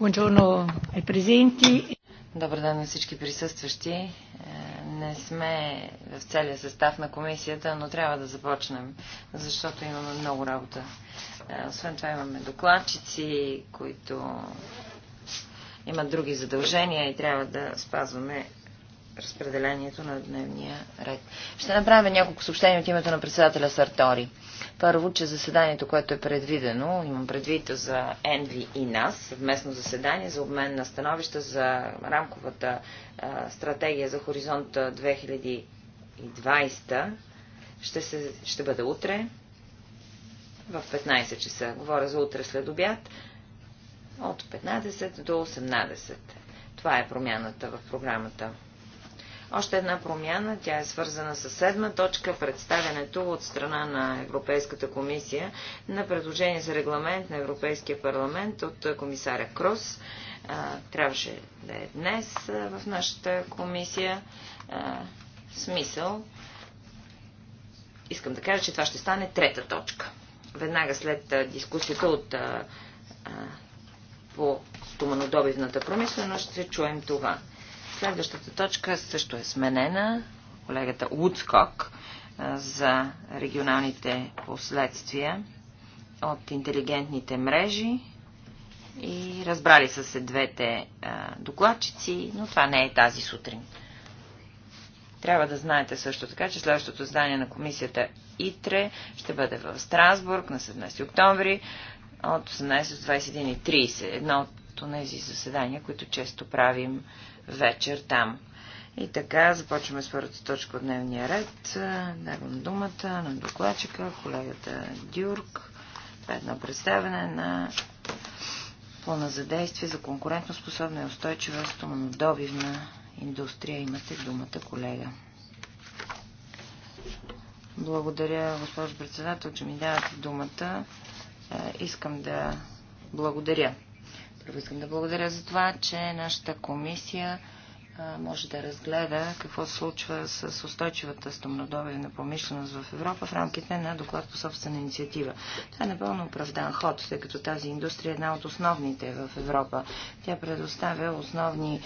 Добър ден на всички присъстващи. Е, не сме в целия състав на комисията, но трябва да започнем, защото имаме много работа. Е, освен това имаме докладчици, които имат други задължения и трябва да спазваме разпределението на дневния ред. Ще направим няколко съобщения от името на председателя Сартори. Първо, че заседанието, което е предвидено, имам предвид за Енви и нас, съвместно заседание за обмен на становища за рамковата а, стратегия за хоризонт 2020, ще, се, ще бъде утре в 15 часа. Говоря за утре след обяд от 15 до 18. Това е промяната в програмата. Още една промяна, тя е свързана с седма точка, представянето от страна на Европейската комисия на предложение за регламент на Европейския парламент от комисаря Крос. Трябваше да е днес в нашата комисия. Смисъл. Искам да кажа, че това ще стане трета точка. Веднага след дискусията от по стоманодобивната промисленост ще чуем това. Следващата точка също е сменена. Колегата Уцкок за регионалните последствия от интелигентните мрежи и разбрали са се двете докладчици, но това не е тази сутрин. Трябва да знаете също така, че следващото здание на комисията ИТРЕ ще бъде в Страсбург на 17 октомври от 18 до 21.30. Едно от тези заседания, които често правим вечер там. И така, започваме с първата точка от дневния ред. Давам думата на докладчика, колегата Дюрк, едно представяне на плана за действие за конкурентоспособна и устойчива стоманодобивна индустрия. Имате думата, колега. Благодаря, госпожо председател, че ми давате думата. Е, искам да благодаря първо искам да благодаря за това, че нашата комисия може да разгледа какво се случва с устойчивата стомнодобивна промишленост в Европа в рамките на доклад по собствена инициатива. Това е напълно оправдан ход, тъй като тази индустрия е една от основните в Европа. Тя предоставя основни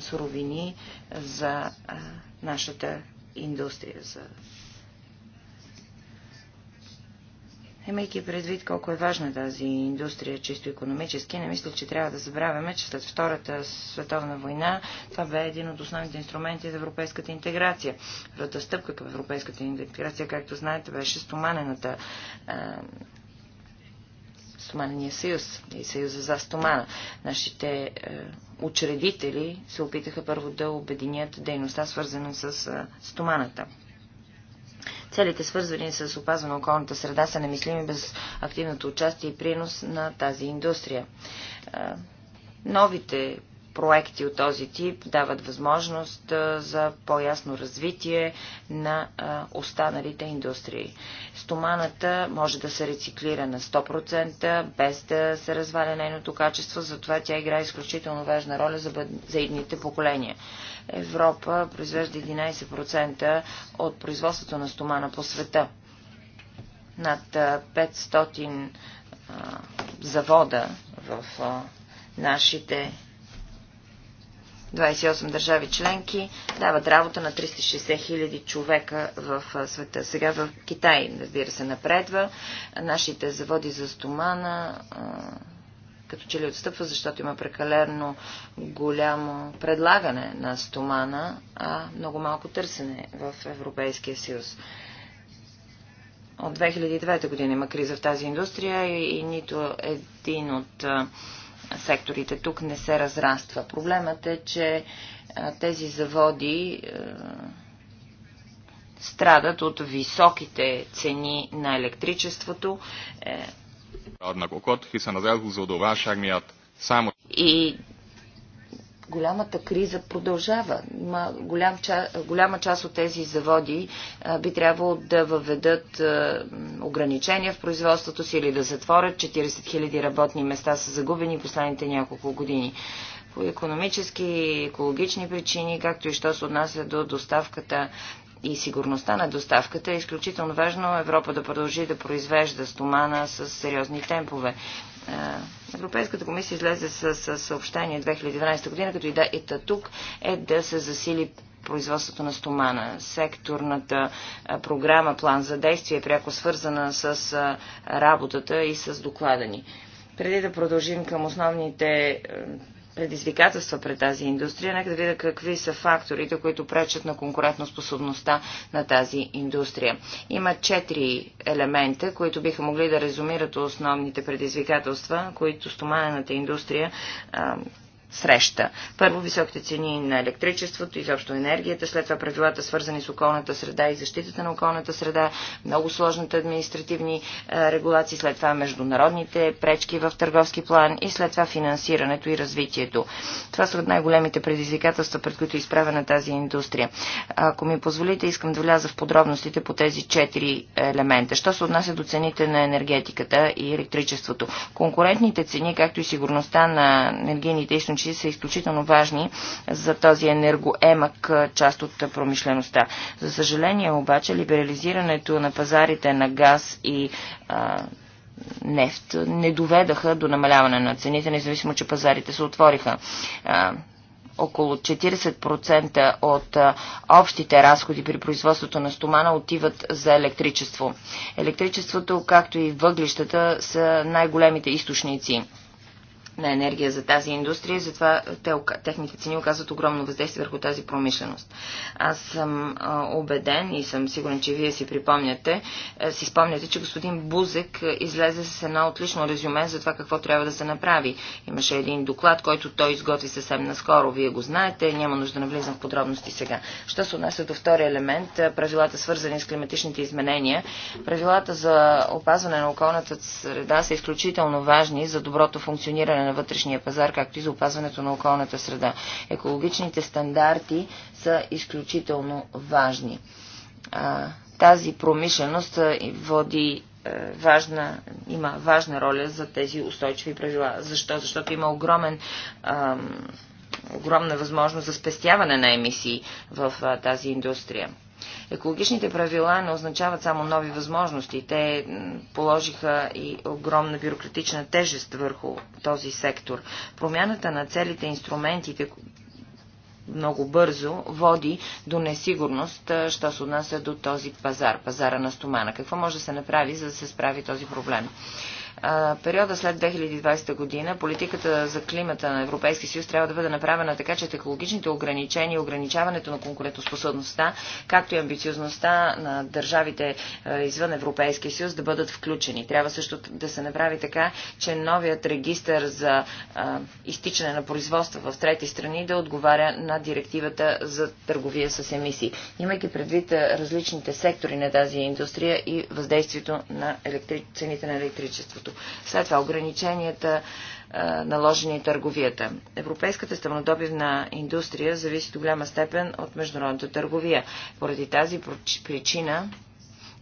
суровини за нашата индустрия, за Имайки предвид колко е важна тази индустрия чисто економически, не мисля, че трябва да забравяме, че след Втората световна война това бе един от основните инструменти за европейската интеграция. Първата стъпка към европейската интеграция, както знаете, беше стоманената Стоманения съюз и съюза за стомана. Нашите е, учредители се опитаха първо да обединят дейността, свързана с е, стоманата. Целите, свързвани с опазване на околната среда, са немислими без активното участие и принос на тази индустрия. Е, новите проекти от този тип дават възможност за по-ясно развитие на останалите индустрии. Стоманата може да се рециклира на 100%, без да се разваля нейното качество, затова тя играе изключително важна роля за, бъд... за едните поколения. Европа произвежда 11% от производството на стомана по света. Над 500 завода в нашите 28 държави членки дават работа на 360 хиляди човека в света. Сега в Китай, разбира се, напредва. Нашите заводи за стомана като че ли отстъпва, защото има прекалено голямо предлагане на стомана, а много малко търсене в Европейския съюз. От 2009 година има криза в тази индустрия и, и нито един от секторите тук не се разраства. Проблемът е, че тези заводи страдат от високите цени на електричеството. Е, и голямата криза продължава. голям ча, голяма част от тези заводи а, би трябвало да въведат а, ограничения в производството си или да затворят. 40 000 работни места са загубени последните няколко години. По економически и екологични причини, както и що се отнася до доставката и сигурността на доставката, е изключително важно Европа да продължи да произвежда стомана с сериозни темпове Европейската комисия излезе с, с съобщение 2012 година, като идеята тук е да се засили производството на стомана. Секторната програма План за действие е пряко свързана с работата и с доклада ни. Преди да продължим към основните предизвикателства пред тази индустрия. Нека да видя какви са факторите, които пречат на конкурентоспособността на тази индустрия. Има четири елемента, които биха могли да резумират основните предизвикателства, които стоманената индустрия а, среща. Първо високите цени на електричеството, изобщо енергията, след това правилата свързани с околната среда и защитата на околната среда, много сложните административни е, регулации, след това международните пречки в търговски план и след това финансирането и развитието. Това са от най-големите предизвикателства, пред които е изправена тази индустрия. Ако ми позволите, искам да вляза в подробностите по тези четири елемента. Що се отнася до цените на енергетиката и електричеството? Конкурентните цени, както и сигурността на енергийните източници, че са изключително важни за този енергоемък част от промишлеността. За съжаление обаче, либерализирането на пазарите на газ и а, нефт не доведаха до намаляване на цените, независимо, че пазарите се отвориха. А, около 40% от общите разходи при производството на стомана отиват за електричество. Електричеството, както и въглищата, са най-големите източници на енергия за тази индустрия и затова те, техните цени оказват огромно въздействие върху тази промишленост. Аз съм а, убеден и съм сигурен, че вие си припомняте, а, си спомняте, че господин Бузек излезе с едно отлично резюме за това какво трябва да се направи. Имаше един доклад, който той изготви съвсем наскоро. Вие го знаете, няма нужда да навлизам в подробности сега. Що се отнася до втория елемент, правилата свързани с климатичните изменения, правилата за опазване на околната среда са изключително важни за доброто функциониране регулиране на вътрешния пазар, както и за опазването на околната среда. Екологичните стандарти са изключително важни. Тази промишленост води важна, има важна роля за тези устойчиви правила. Защо? Защото има огромен огромна възможност за спестяване на емисии в тази индустрия. Екологичните правила не означават само нови възможности. Те положиха и огромна бюрократична тежест върху този сектор. Промяната на целите инструментите, много бързо води до несигурност, що се отнася до този пазар, пазара на стомана. Какво може да се направи, за да се справи този проблем? периода след 2020 година политиката за климата на Европейския съюз трябва да бъде направена така, че технологичните ограничения, ограничаването на конкурентоспособността, както и амбициозността на държавите извън Европейския съюз да бъдат включени. Трябва също да се направи така, че новият регистр за изтичане на производства в трети страни да отговаря на директивата за търговия с емисии. Имайки предвид различните сектори на тази индустрия и въздействието на електри... цените на електричеството. След това ограниченията наложени търговията. Европейската стъмнодобивна индустрия зависи до голяма степен от международната търговия. Поради тази причина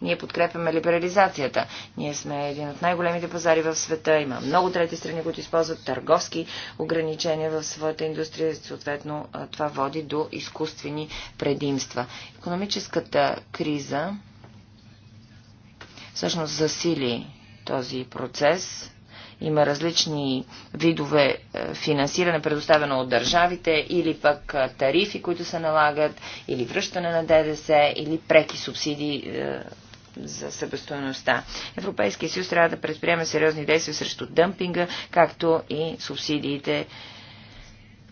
ние подкрепяме либерализацията. Ние сме един от най-големите пазари в света. Има много трети страни, които използват търговски ограничения в своята индустрия. Съответно, това води до изкуствени предимства. Економическата криза всъщност засили този процес. Има различни видове е, финансиране, предоставено от държавите, или пък е, тарифи, които се налагат, или връщане на ДДС, или преки субсидии е, за събестоеността. Европейския съюз трябва да предприеме сериозни действия срещу дъмпинга, както и субсидиите,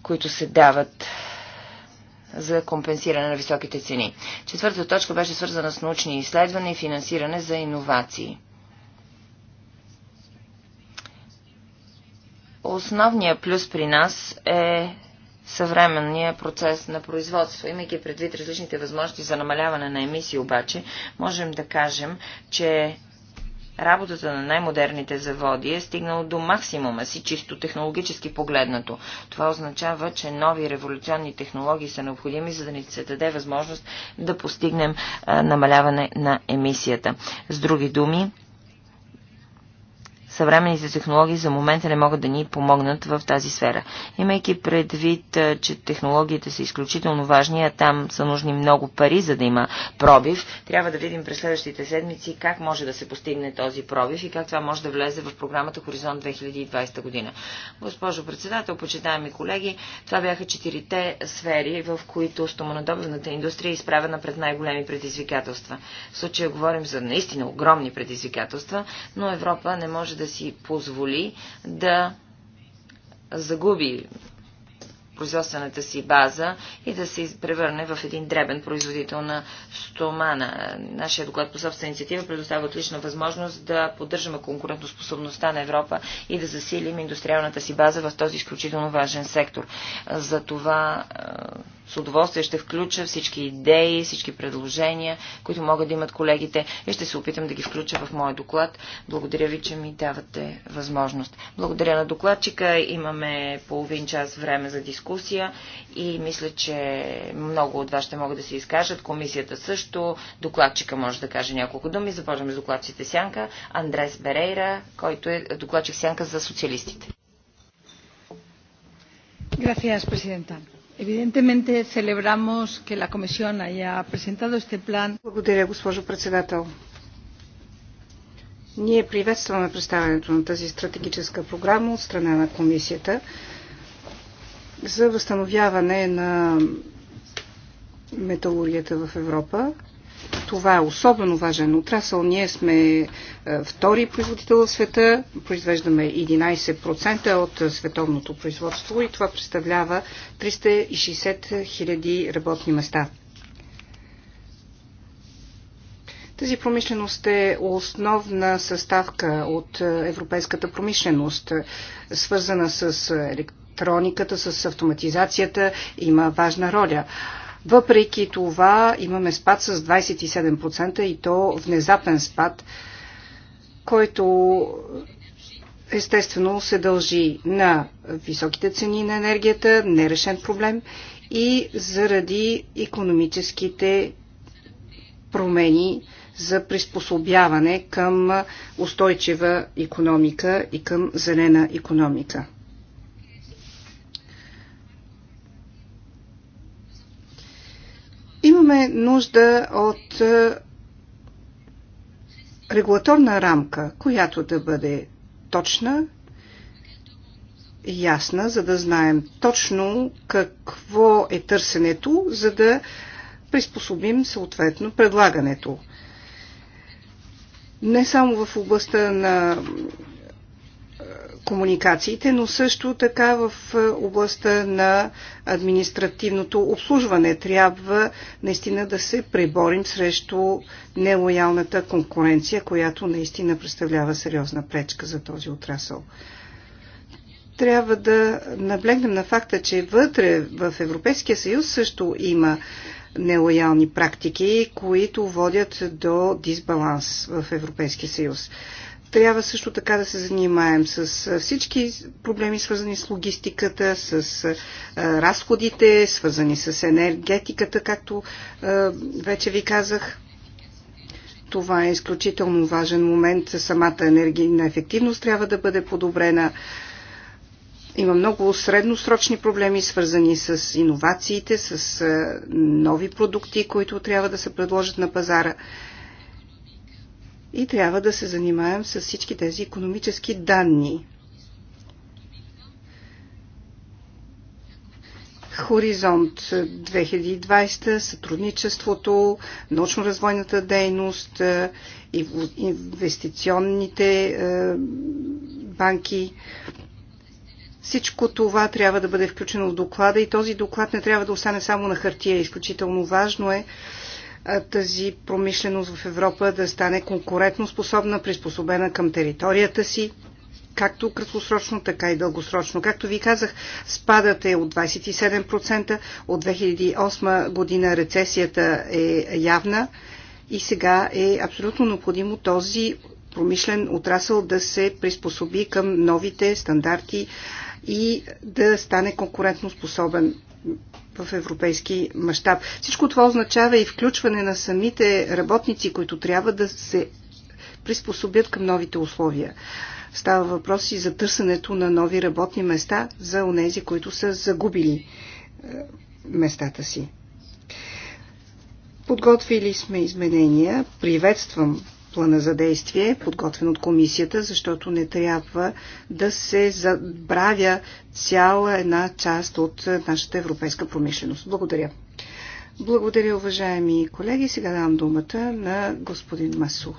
които се дават за компенсиране на високите цени. Четвърта точка беше свързана с научни изследвания и финансиране за иновации. Основният плюс при нас е съвременния процес на производство. Имайки предвид различните възможности за намаляване на емисии обаче, можем да кажем, че работата на най-модерните заводи е стигнала до максимума си, чисто технологически погледнато. Това означава, че нови революционни технологии са необходими, за да ни се даде възможност да постигнем а, намаляване на емисията. С други думи, Съвременните технологии за момента не могат да ни помогнат в тази сфера. Имайки предвид, че технологиите са изключително важни, а там са нужни много пари, за да има пробив, трябва да видим през следващите седмици как може да се постигне този пробив и как това може да влезе в програмата Хоризонт 2020 година. Госпожо председател, почитаеми колеги, това бяха четирите сфери, в които стоманодобната индустрия е изправена пред най-големи предизвикателства. В случая говорим за наистина огромни предизвикателства, но Европа не може да да си позволи да загуби производствената си база и да се превърне в един дребен производител на стомана. Нашия доклад по собствена инициатива предоставя отлична възможност да поддържаме конкурентоспособността на Европа и да засилим индустриалната си база в този изключително важен сектор. За това с удоволствие ще включа всички идеи, всички предложения, които могат да имат колегите и ще се опитам да ги включа в моя доклад. Благодаря ви, че ми давате възможност. Благодаря на докладчика. Имаме половин час време за дискусия и мисля, че много от вас ще могат да се изкажат. Комисията също. Докладчика може да каже няколко думи. Започваме с докладчите Сянка. Андрес Берейра, който е докладчик Сянка за социалистите. Gracias, Presidenta. Evidentemente celebramos que la Comisión haya presentado este plan. Благодаря, госпожо председател. Ние приветстваме представянето на тази стратегическа програма от страна на комисията за възстановяване на металургията в Европа. Това е особено важен отрасъл. Ние сме е, втори производител в света, произвеждаме 11% от световното производство и това представлява 360 000 работни места. Тази промишленост е основна съставка от европейската промишленост, свързана с електрониката, с автоматизацията, има важна роля. Въпреки това имаме спад с 27% и то внезапен спад, който естествено се дължи на високите цени на енергията, нерешен проблем и заради економическите промени за приспособяване към устойчива економика и към зелена економика. Имаме нужда от е, регулаторна рамка, която да бъде точна, ясна, за да знаем точно какво е търсенето, за да приспособим съответно предлагането. Не само в областта на комуникациите, но също така в е, областта на административното обслужване. Трябва наистина да се преборим срещу нелоялната конкуренция, която наистина представлява сериозна пречка за този отрасъл. Трябва да наблегнем на факта, че вътре в Европейския съюз също има нелоялни практики, които водят до дисбаланс в Европейския съюз. Трябва също така да се занимаем с всички проблеми, свързани с логистиката, с разходите, свързани с енергетиката, както вече ви казах. Това е изключително важен момент. Самата енергийна ефективност трябва да бъде подобрена. Има много средносрочни проблеми, свързани с иновациите, с нови продукти, които трябва да се предложат на пазара и трябва да се занимаем с всички тези економически данни. Хоризонт 2020, сътрудничеството, научно-развойната дейност, е, инвестиционните е, банки. Всичко това трябва да бъде включено в доклада и този доклад не трябва да остане само на хартия. Изключително важно е тази промишленост в Европа да стане конкурентно способна, приспособена към територията си, както краткосрочно, така и дългосрочно. Както ви казах, спадът е от 27%, от 2008 година рецесията е явна и сега е абсолютно необходимо този промишлен отрасъл да се приспособи към новите стандарти и да стане конкурентно способен в европейски мащаб. Всичко това означава и включване на самите работници, които трябва да се приспособят към новите условия. Става въпрос и за търсенето на нови работни места за онези, които са загубили е, местата си. Подготвили сме изменения. Приветствам плана за действие, подготвен от комисията, защото не трябва да се забравя цяла една част от нашата европейска промишленост. Благодаря. Благодаря, уважаеми колеги. Сега давам думата на господин Масу.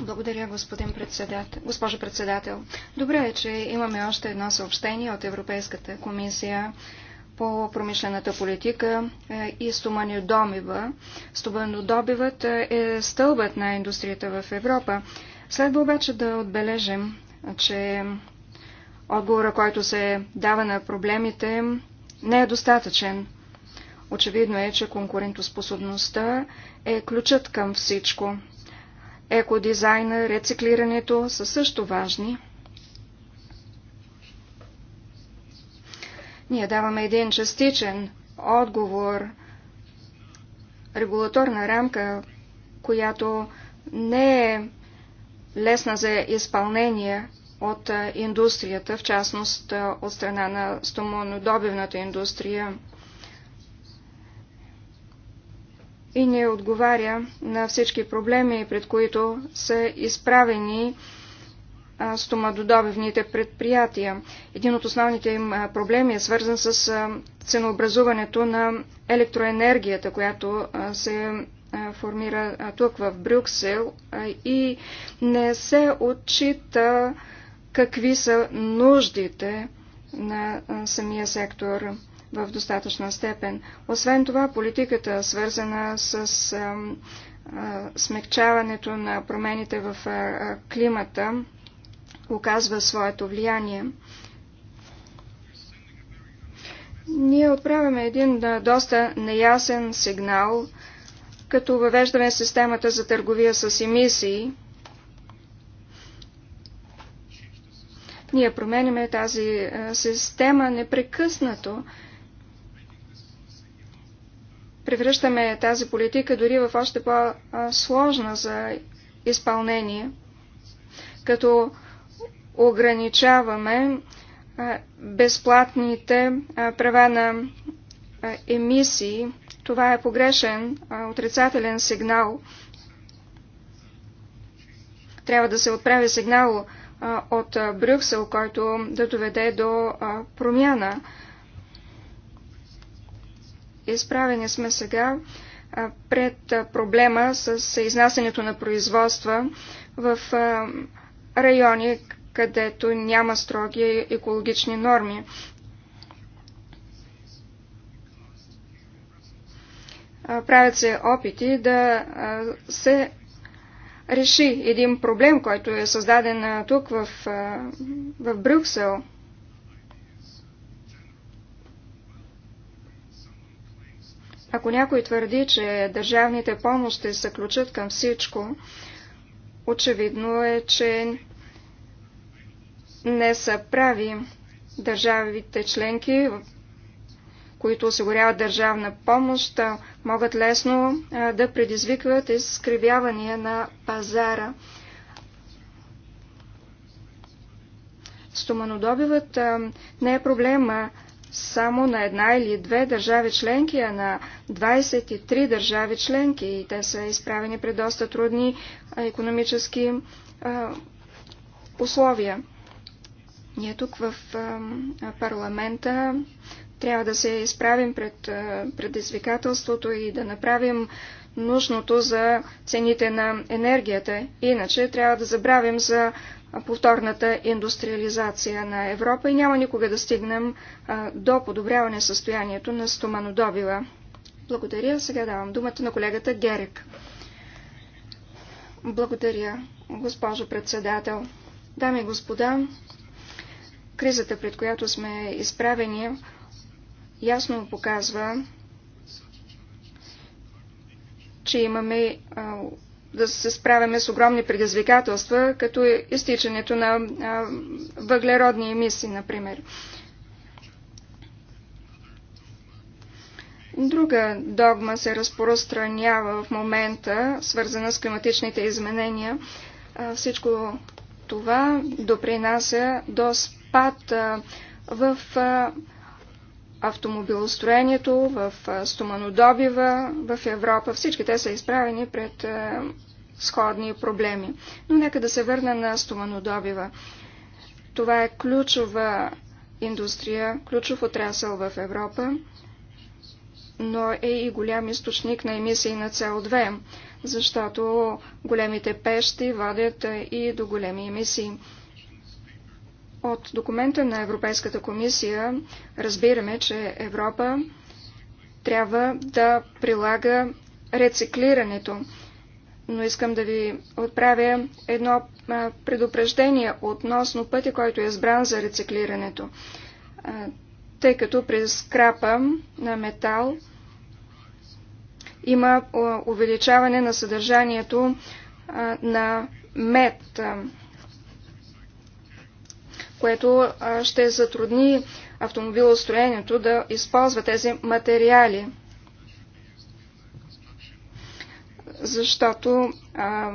Благодаря, господин председател. Госпожо председател, добре е, че имаме още едно съобщение от Европейската комисия по промишлената политика е, и стоманодобива. Стоманодобивът е, е стълбът на индустрията в Европа. Следва обаче да отбележим, че отговора, който се дава на проблемите, не е достатъчен. Очевидно е, че конкурентоспособността е ключът към всичко. Екодизайна, рециклирането са също важни – Ние даваме един частичен отговор, регулаторна рамка, която не е лесна за изпълнение от индустрията, в частност от страна на стомонодобивната индустрия. И не отговаря на всички проблеми, пред които са изправени стомадодобивните предприятия. Един от основните им проблеми е свързан с ценообразуването на електроенергията, която се формира тук в Брюксел и не се отчита какви са нуждите на самия сектор в достатъчна степен. Освен това, политиката, свързана с смягчаването на промените в климата, оказва своето влияние. Ние отправяме един доста неясен сигнал, като въвеждаме системата за търговия с емисии. Ние променяме тази система непрекъснато. Превръщаме тази политика дори в още по-сложна за изпълнение, като ограничаваме безплатните права на емисии. Това е погрешен, отрицателен сигнал. Трябва да се отправи сигнал от Брюксел, който да доведе до промяна. Изправени сме сега пред проблема с изнасянето на производства в райони, където няма строги екологични норми. Правят се опити да се реши един проблем, който е създаден тук в, в Брюксел. Ако някой твърди, че държавните помощи се ключат към всичко, очевидно е, че не са прави. Държавите членки, които осигуряват държавна помощ, могат лесно да предизвикват изкривявания на пазара. Стоманодобивът не е проблема само на една или две държави членки, а на 23 държави членки. И те са изправени при доста трудни економически условия. Ние тук в парламента трябва да се изправим пред предизвикателството и да направим нужното за цените на енергията. Иначе трябва да забравим за повторната индустриализация на Европа и няма никога да стигнем до подобряване състоянието на стоманодобива. Благодаря. Сега давам думата на колегата Герек. Благодаря, госпожо председател. Дами и господа, Кризата, пред която сме изправени, ясно показва, че имаме а, да се справяме с огромни предизвикателства, като изтичането на а, въглеродни емисии, например. Друга догма се разпространява в момента, свързана с климатичните изменения. А, всичко това допринася до спад в автомобилостроението, в стоманодобива, в Европа. Всички те са изправени пред сходни проблеми. Но нека да се върна на стоманодобива. Това е ключова индустрия, ключов отрасъл в Европа, но е и голям източник на емисии на CO2, защото големите пещи водят и до големи емисии. От документа на Европейската комисия разбираме, че Европа трябва да прилага рециклирането. Но искам да ви отправя едно предупреждение относно пътя, който е избран за рециклирането. Тъй като при скрапа на метал има увеличаване на съдържанието на мед което ще затрудни автомобилостроението да използва тези материали. Защото а,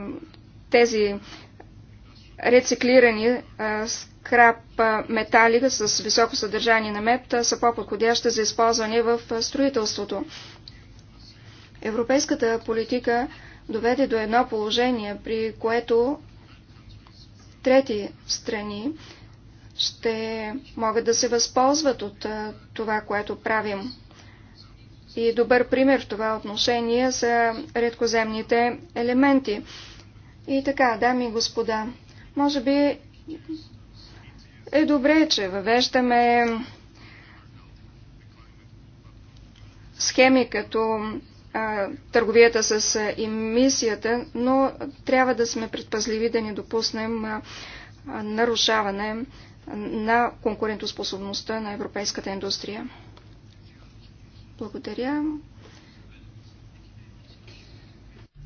тези рециклирани а, скрап а, метали с високо съдържание на мед са по-подходящи за използване в строителството. Европейската политика доведе до едно положение, при което трети страни ще могат да се възползват от това, което правим. И добър пример в това отношение са редкоземните елементи. И така, дами и господа, може би е добре, че въвеждаме схеми като а, търговията с емисията, но трябва да сме предпазливи да не допуснем а, а, нарушаване на конкурентоспособността на европейската индустрия. Благодаря.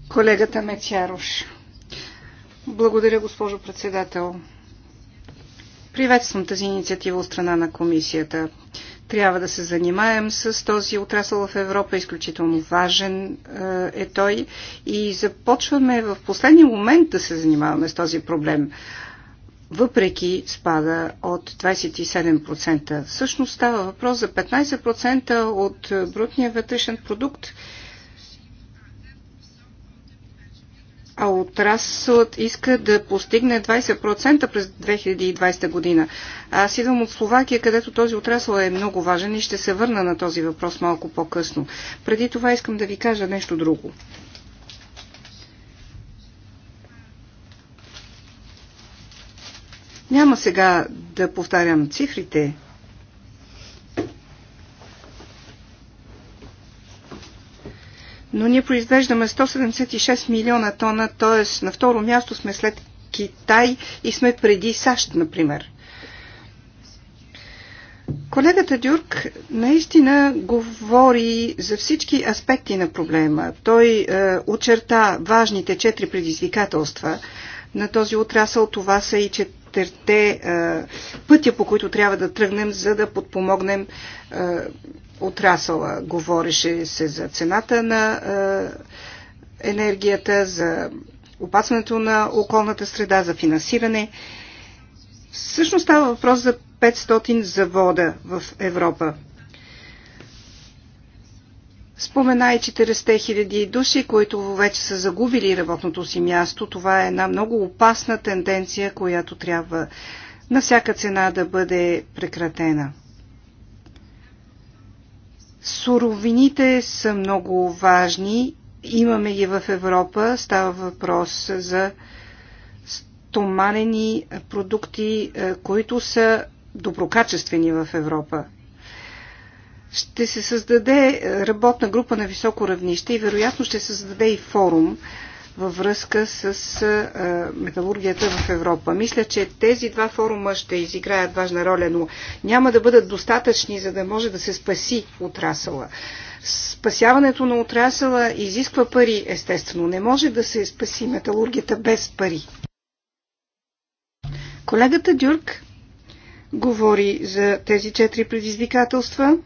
Колегата Мецярош. Благодаря, госпожо председател. Приветствам тази инициатива от страна на комисията. Трябва да се занимаем с този отрасъл в Европа. Изключително важен е, е той. И започваме в последния момент да се занимаваме с този проблем въпреки спада от 27%. Всъщност става въпрос за 15% от брутния вътрешен продукт, а отрасълът иска да постигне 20% през 2020 година. Аз идвам от Словакия, където този отрасъл е много важен и ще се върна на този въпрос малко по-късно. Преди това искам да ви кажа нещо друго. Няма сега да повтарям цифрите. Но ние произвеждаме 176 милиона тона, т.е. на второ място сме след Китай и сме преди САЩ, например. Колегата Дюрк наистина говори за всички аспекти на проблема. Той е, очерта важните четири предизвикателства на този отрасъл. Това са и че четирте е, пътя, по които трябва да тръгнем, за да подпомогнем е, отрасъла. Говореше се за цената на е, енергията, за опасването на околната среда, за финансиране. Всъщност става въпрос за 500 завода в Европа. Спомена и 40 хиляди души, които вече са загубили работното си място. Това е една много опасна тенденция, която трябва на всяка цена да бъде прекратена. Суровините са много важни. Имаме ги в Европа. Става въпрос за стоманени продукти, е, които са доброкачествени в Европа ще се създаде е, работна група на високо равнище и вероятно ще се създаде и форум във връзка с е, е, металургията в Европа. Мисля, че тези два форума ще изиграят важна роля, но няма да бъдат достатъчни, за да може да се спаси отрасъла. Спасяването на отрасъла изисква пари, естествено. Не може да се спаси металургията без пари. Колегата Дюрк говори за тези четири предизвикателства –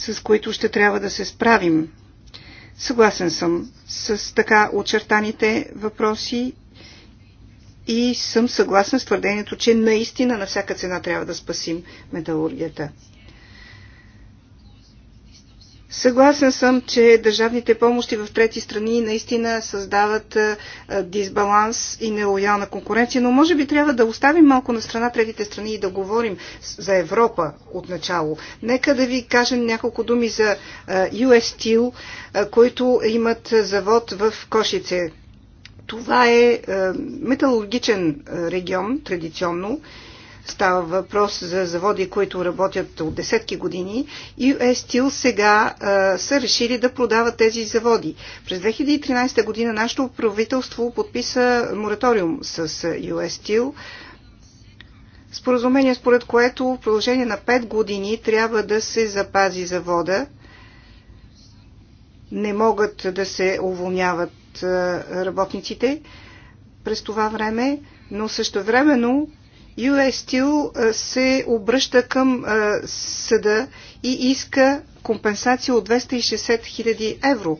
с които ще трябва да се справим. Съгласен съм с така очертаните въпроси и съм съгласен с твърдението, че наистина на всяка цена трябва да спасим металургията. Съгласен съм, че държавните помощи в трети страни наистина създават дисбаланс и нелоялна конкуренция, но може би трябва да оставим малко на страна третите страни и да говорим за Европа отначало. Нека да ви кажем няколко думи за US Steel, които имат завод в Кошице. Това е металургичен регион, традиционно, Става въпрос за заводи, които работят от десетки години. US Steel сега а, са решили да продават тези заводи. През 2013 година нашето правителство подписа мораториум с US Steel. Споразумение, според което в продължение на 5 години трябва да се запази завода. Не могат да се уволняват работниците през това време, но същевременно USTIL се обръща към съда и иска компенсация от 260 000 евро.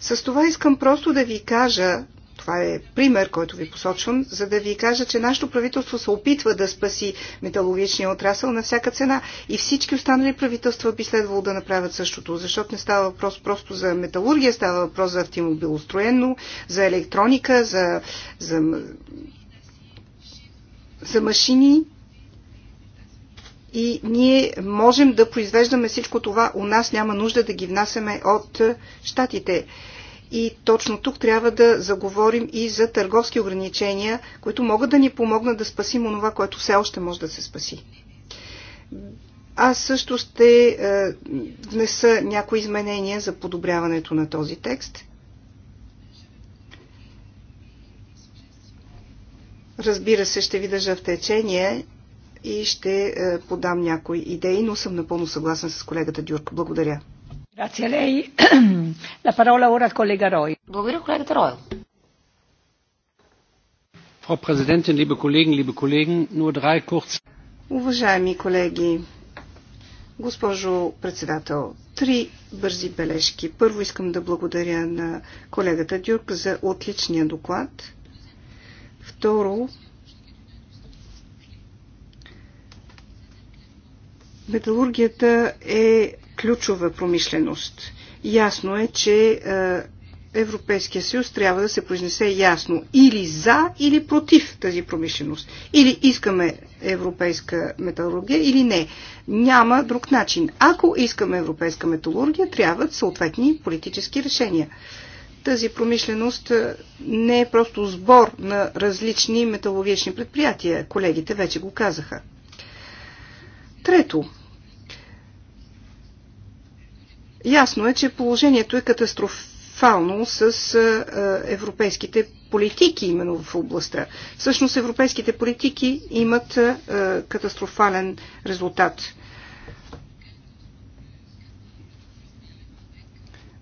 С това искам просто да ви кажа, това е пример, който ви посочвам, за да ви кажа, че нашето правителство се опитва да спаси металогичния отрасъл на всяка цена и всички останали правителства би следвало да направят същото, защото не става въпрос просто за металургия, става въпрос за автомобилостроено, за електроника, за, за са машини и ние можем да произвеждаме всичко това у нас, няма нужда да ги внасяме от е, щатите. И точно тук трябва да заговорим и за търговски ограничения, които могат да ни помогнат да спасим онова, което все още може да се спаси. Аз също ще е, внеса някои изменения за подобряването на този текст – Разбира се, ще ви държа в течение и ще е, подам някои идеи, но съм напълно съгласен с колегата Дюрк. Благодаря. Grazie a lei. La parola ora al collega Roy. Благодаря, колегата Ройл. Frau Präsidentin, liebe Kollegen, liebe Kollegen, nur drei kurz. Уважаеми колеги, госпожо председател, три бързи бележки. Първо искам да благодаря на колегата Дюрк за отличния доклад Второ, металургията е ключова промишленост. Ясно е, че е, Европейския съюз трябва да се произнесе ясно или за, или против тази промишленост. Или искаме европейска металургия, или не. Няма друг начин. Ако искаме европейска металургия, трябват съответни политически решения тази промишленост е, не е просто сбор на различни металогични предприятия. Колегите вече го казаха. Трето. Ясно е, че положението е катастрофално с е, европейските политики именно в областта. Всъщност европейските политики имат е, катастрофален резултат.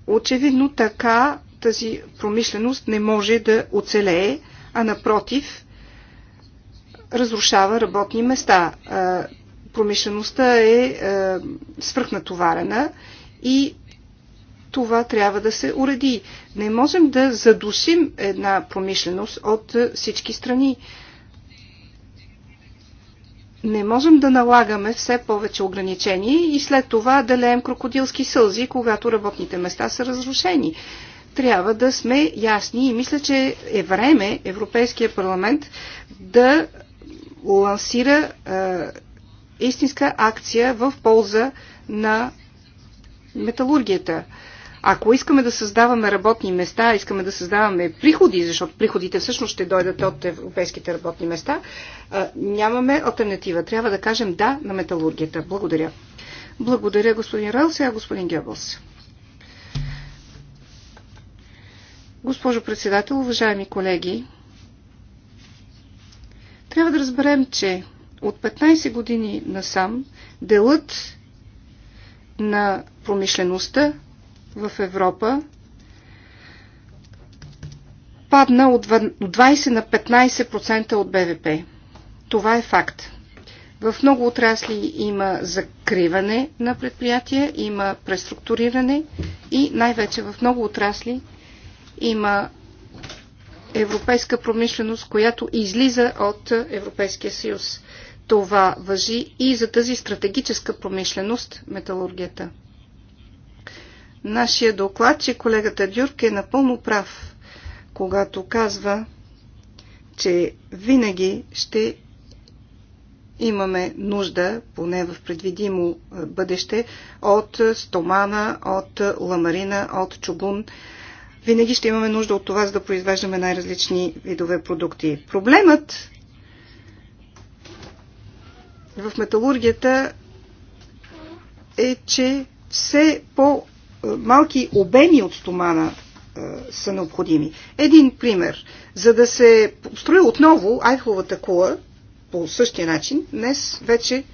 Очевидно така тази промишленост не може да оцелее, а напротив разрушава работни места. Промишлеността е свръхнатоварена и това трябва да се уреди. Не можем да задушим една промишленост от всички страни. Не можем да налагаме все повече ограничения и след това да леем крокодилски сълзи, когато работните места са разрушени трябва да сме ясни и мисля, че е време Европейския парламент да лансира е, истинска акция в полза на металургията. Ако искаме да създаваме работни места, искаме да създаваме приходи, защото приходите всъщност ще дойдат от европейските работни места, е, нямаме альтернатива. Трябва да кажем да на металургията. Благодаря. Благодаря, господин Райл. Сега господин Гебълс. Госпожо председател, уважаеми колеги, трябва да разберем, че от 15 години насам делът на промишлеността в Европа падна от 20 на 15% от БВП. Това е факт. В много отрасли има закриване на предприятия, има преструктуриране и най-вече в много отрасли има европейска промишленост, която излиза от Европейския съюз. Това въжи и за тази стратегическа промишленост металургията. Нашия доклад, че колегата Дюрк е напълно прав, когато казва, че винаги ще имаме нужда, поне в предвидимо бъдеще, от стомана, от ламарина, от чугун, винаги ще имаме нужда от това, за да произвеждаме най-различни видове продукти. Проблемът в металургията е, че все по-малки обеми от стомана са необходими. Един пример. За да се построи отново Айховата кула по същия начин, днес вече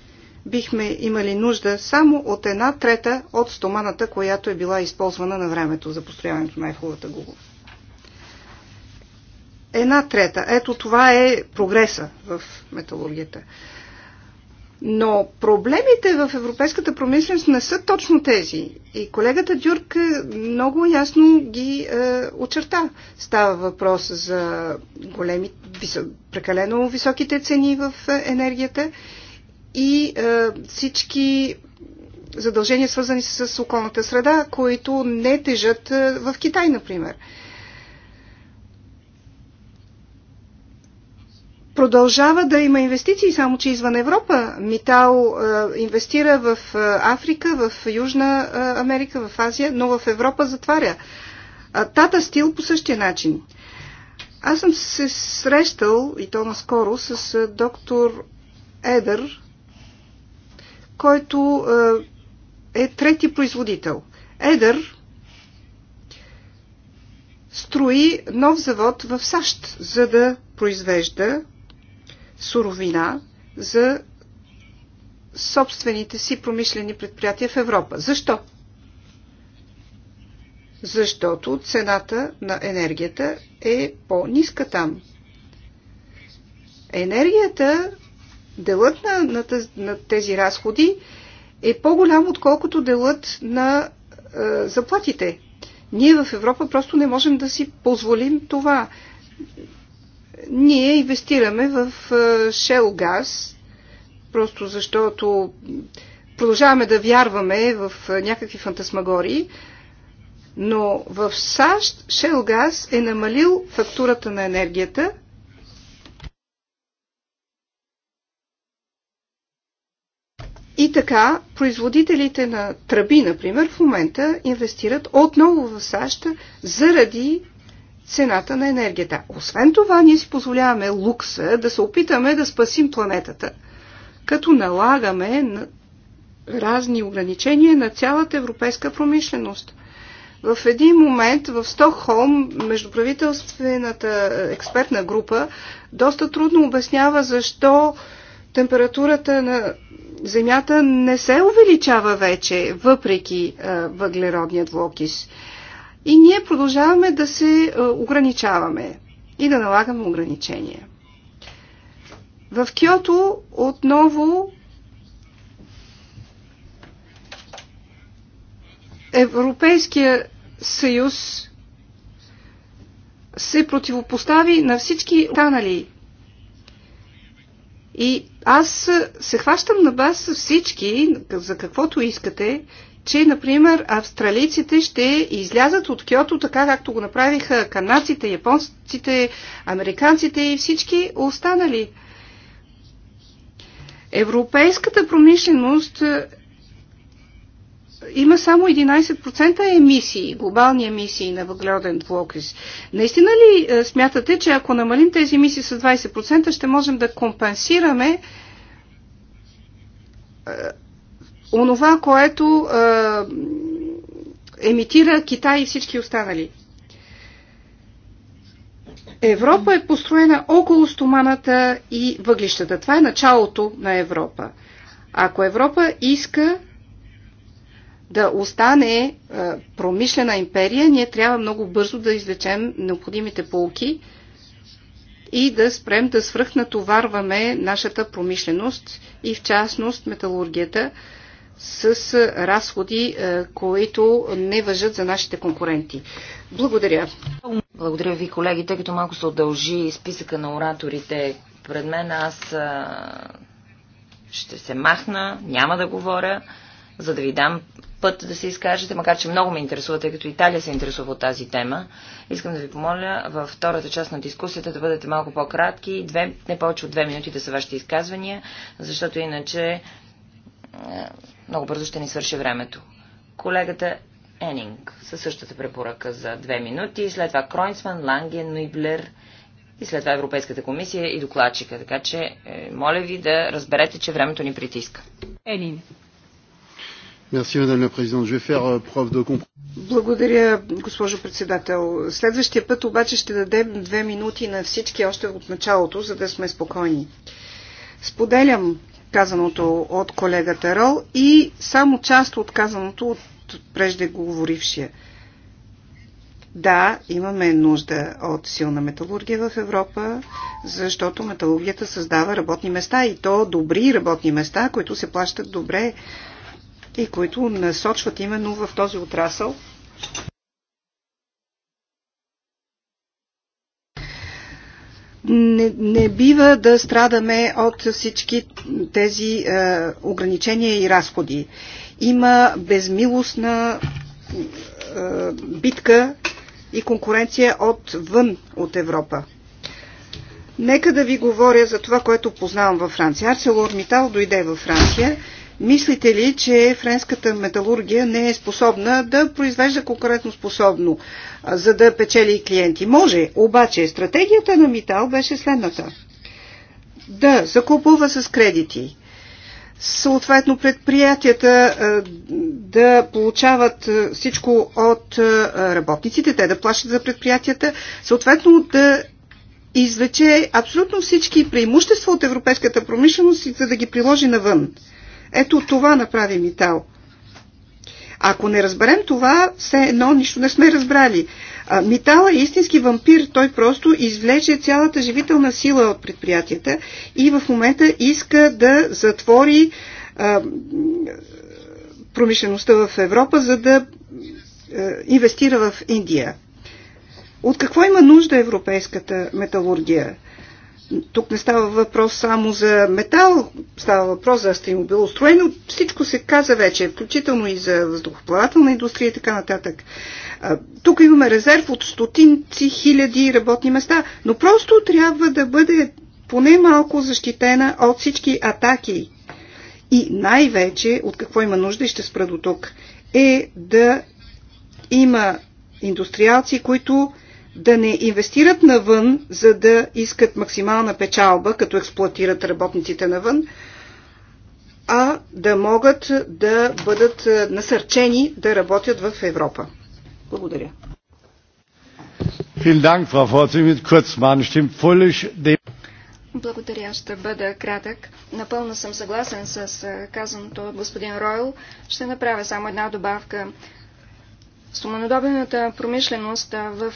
бихме имали нужда само от една трета от стоманата, която е била използвана на времето за построяването на ефовата губа. Една трета. Ето това е прогреса в металургията. Но проблемите в европейската промишленост не са точно тези. И колегата Дюрк много ясно ги е, очерта. Става въпрос за големи, прекалено високите цени в енергията и е, всички задължения, свързани с околната среда, които не тежат е, в Китай, например. Продължава да има инвестиции, само че извън Европа. Митал е, инвестира в е, Африка, в Южна Америка, в Азия, но в Европа затваря. А Тата Стил по същия начин. Аз съм се срещал, и то наскоро, с доктор Едър, който е, е трети производител. Едър строи нов завод в САЩ, за да произвежда суровина за собствените си промишлени предприятия в Европа. Защо? Защото цената на енергията е по-ниска там. Енергията делът на, на, тези, на тези разходи е по-голям, отколкото делът на е, заплатите. Ние в Европа просто не можем да си позволим това. Ние инвестираме в е, шел газ, просто защото продължаваме да вярваме в е, някакви фантасмагории, но в САЩ шел газ е намалил фактурата на енергията – И така, производителите на тръби, например, в момента инвестират отново в САЩ заради цената на енергията. Освен това, ние си позволяваме лукса да се опитаме да спасим планетата, като налагаме на разни ограничения на цялата европейска промишленост. В един момент в Стокхолм междуправителствената експертна група доста трудно обяснява защо температурата на Земята не се увеличава вече, въпреки е, въглеродния двуокис. И ние продължаваме да се е, ограничаваме и да налагаме ограничения. В Киото отново Европейския съюз се противопостави на всички останали. И аз се хващам на вас всички, за каквото искате, че, например, австралийците ще излязат от Киото, така както го направиха канадците, японците, американците и всички останали. Европейската промишленост е, има само 11% емисии, глобални емисии на въглероден двуокис. Наистина ли е, смятате, че ако намалим тези емисии с 20%, ще можем да компенсираме е, онова, което е, емитира Китай и всички останали. Европа е построена около стоманата и въглищата. Това е началото на Европа. Ако Европа иска да остане е, промишлена империя, ние трябва много бързо да извлечем необходимите полки и да спрем да свръхнатоварваме нашата промишленост и в частност металургията с разходи, които не въжат за нашите конкуренти. Благодаря. Благодаря ви, колеги, тъй като малко се удължи списъка на ораторите пред мен. Аз ще се махна, няма да говоря за да ви дам път да се изкажете, макар че много ме интересува, тъй като Италия се интересува от тази тема. Искам да ви помоля във втората част на дискусията да бъдете малко по-кратки, две, не повече от две минути да са вашите изказвания, защото иначе е, много бързо ще ни свърши времето. Колегата Енинг със същата препоръка за две минути, след това Кройнсман, Ланген, Нойблер и след това Европейската комисия и докладчика. Така че, е, моля ви да разберете, че времето ни притиска. Енинг. Euh, Благодаря, госпожо председател. Следващия път обаче ще дадем две минути на всички още от началото, за да сме спокойни. Споделям казаното от колегата Рол и само част от казаното от преждеговорившия. Да, имаме нужда от силна металургия в Европа, защото металургията създава работни места и то добри работни места, които се плащат добре и които насочват именно в този отрасъл. не, не бива да страдаме от всички тези е, ограничения и разходи. Има безмилостна е, битка и конкуренция отвън от Европа. Нека да ви говоря за това, което познавам във Франция. Арселор Митал дойде във Франция Мислите ли, че френската металургия не е способна да произвежда конкретно способно, за да печели клиенти? Може, обаче стратегията на Митал беше следната. Да, закупува с кредити. Съответно, предприятията да получават всичко от работниците, те да плащат за предприятията, съответно да извлече абсолютно всички преимущества от европейската промишленост и за да ги приложи навън. Ето това направи Митал. Ако не разберем това, все едно нищо не сме разбрали. Митал е истински вампир. Той просто извлече цялата живителна сила от предприятията и в момента иска да затвори а, промишлеността в Европа, за да а, инвестира в Индия. От какво има нужда европейската металургия? тук не става въпрос само за метал, става въпрос за устроено, Всичко се каза вече, включително и за въздухоплавателна индустрия и така нататък. Тук имаме резерв от стотинци хиляди работни места, но просто трябва да бъде поне малко защитена от всички атаки. И най-вече, от какво има нужда, и ще спра до тук, е да има индустриалци, които да не инвестират навън, за да искат максимална печалба, като експлуатират работниците навън, а да могат да бъдат е, насърчени да работят в Европа. Благодаря. Благодаря, ще бъда кратък. Напълно съм съгласен с е, казаното от господин Ройл. Ще направя само една добавка. Стоманодобената промишленост в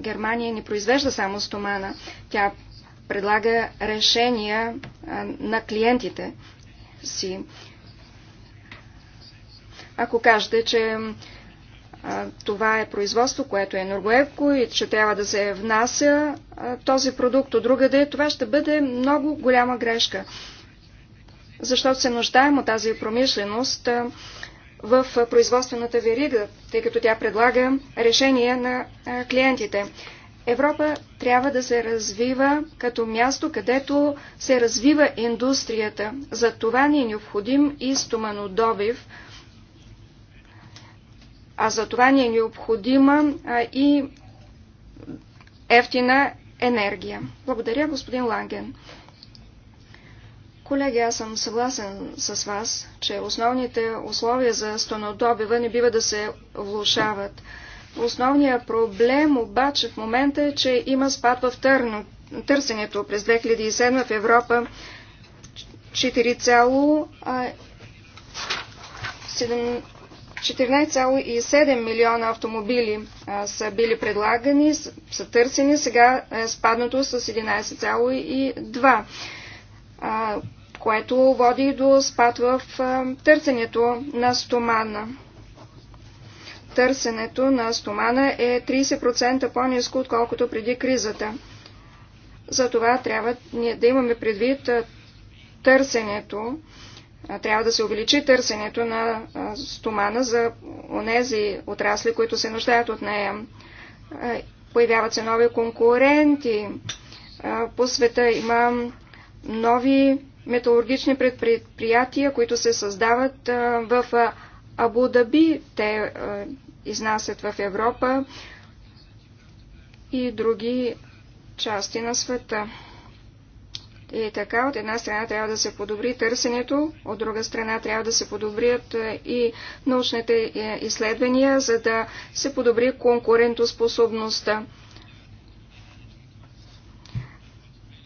Германия не произвежда само стомана. Тя предлага решения на клиентите си. Ако кажете, че това е производство, което е енергоевко и че трябва да се внася този продукт от другаде, това ще бъде много голяма грешка. Защото се нуждаем от тази промишленост, в производствената верига, тъй като тя предлага решение на клиентите. Европа трябва да се развива като място, където се развива индустрията. За това ни е необходим и стоманодобив, а за това ни е необходима и ефтина енергия. Благодаря, господин Ланген. Колеги, аз съм съгласен с вас, че основните условия за стонодобива не бива да се влушават. Основният проблем обаче в момента е, че има спад в търно, търсенето през 2007 в Европа 14,7 милиона автомобили а, са били предлагани, са, са търсени, сега е спаднато с 11,2 което води до спад в търсенето на стомана. Търсенето на стомана е 30% по-низко, отколкото преди кризата. Затова трябва ние да имаме предвид търсенето, трябва да се увеличи търсенето на стомана за онези отрасли, които се нуждаят от нея. Появяват се нови конкуренти. По света има нови металургични предприятия, които се създават в Абу-Даби. Те изнасят в Европа и други части на света. И така, от една страна трябва да се подобри търсенето, от друга страна трябва да се подобрят и научните е, изследвания, за да се подобри конкурентоспособността.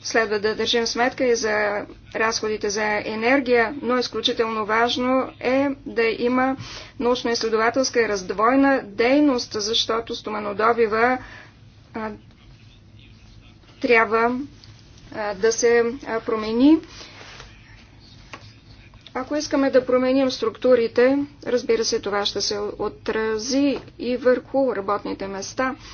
Следва да държим сметка и за разходите за енергия, но изключително важно е да има научно-изследователска и раздвойна дейност, защото стоманодобива а, трябва а, да се а, промени. Ако искаме да променим структурите, разбира се, това ще се отрази и върху работните места –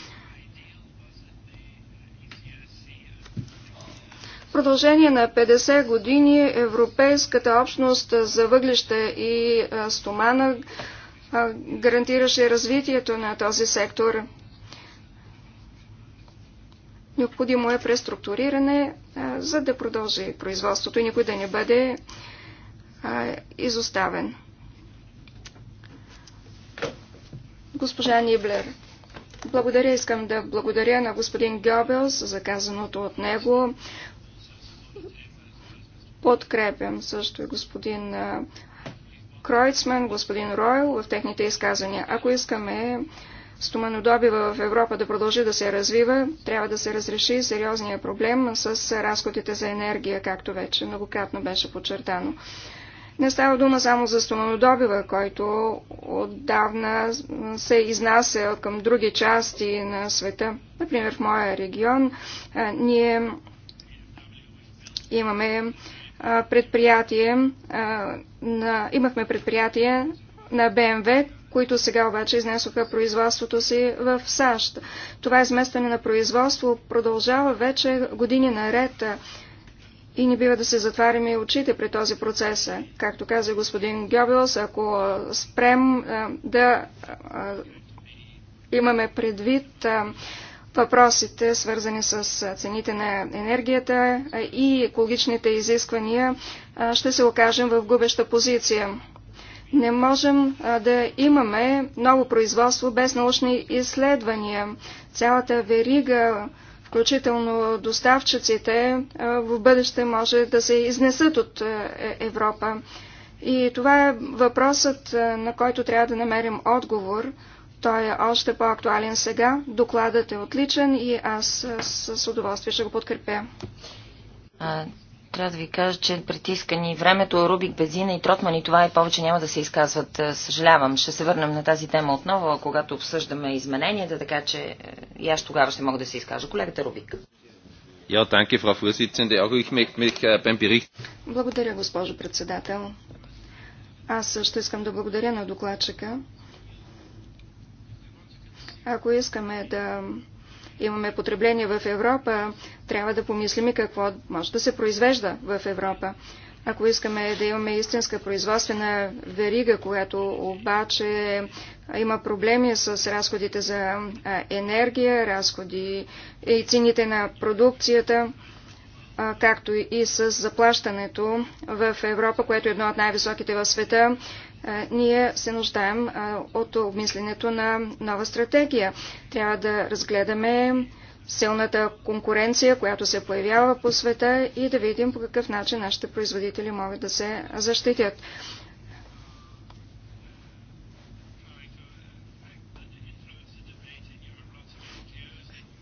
продължение на 50 години Европейската общност за въглища и стомана гарантираше развитието на този сектор. Необходимо е преструктуриране, за да продължи производството и никой да не бъде изоставен. Госпожа Ниблер. Благодаря, искам да благодаря на господин Гьобелс за казаното от него. Подкрепям също и господин Кройцман, господин Ройл в техните изказания. Ако искаме стоманодобива в Европа да продължи да се развива, трябва да се разреши сериозния проблем с разходите за енергия, както вече многократно беше подчертано. Не става дума само за стоманодобива, който отдавна се изнася към други части на света. Например, в моя регион ние имаме предприятие, на, имахме предприятие на БМВ, които сега обаче изнесоха производството си в САЩ. Това изместване на производство продължава вече години наред и не бива да се затваряме очите при този процес. Както каза господин Гьобелс, ако спрем да имаме предвид въпросите, свързани с цените на енергията и екологичните изисквания, ще се окажем в губеща позиция. Не можем да имаме ново производство без научни изследвания. Цялата верига, включително доставчиците, в бъдеще може да се изнесат от е, Европа. И това е въпросът, на който трябва да намерим отговор – той е още по-актуален сега. Докладът е отличен и аз с, удоволствие ще го подкрепя. А, трябва да ви кажа, че притискани времето Рубик, Безина и Тротман и това и повече няма да се изказват. Съжалявам. Ще се върнем на тази тема отново, когато обсъждаме измененията, така че и аз тогава ще мога да се изкажа. Колегата Рубик. Äh, благодаря, госпожо председател. Аз също искам да благодаря на докладчика. Ако искаме да имаме потребление в Европа, трябва да помислим и какво може да се произвежда в Европа. Ако искаме да имаме истинска производствена верига, която обаче има проблеми с разходите за енергия, разходи и цените на продукцията, както и с заплащането в Европа, което е едно от най-високите в света, ние се нуждаем от обмисленето на нова стратегия. Трябва да разгледаме силната конкуренция, която се появява по света и да видим по какъв начин нашите производители могат да се защитят.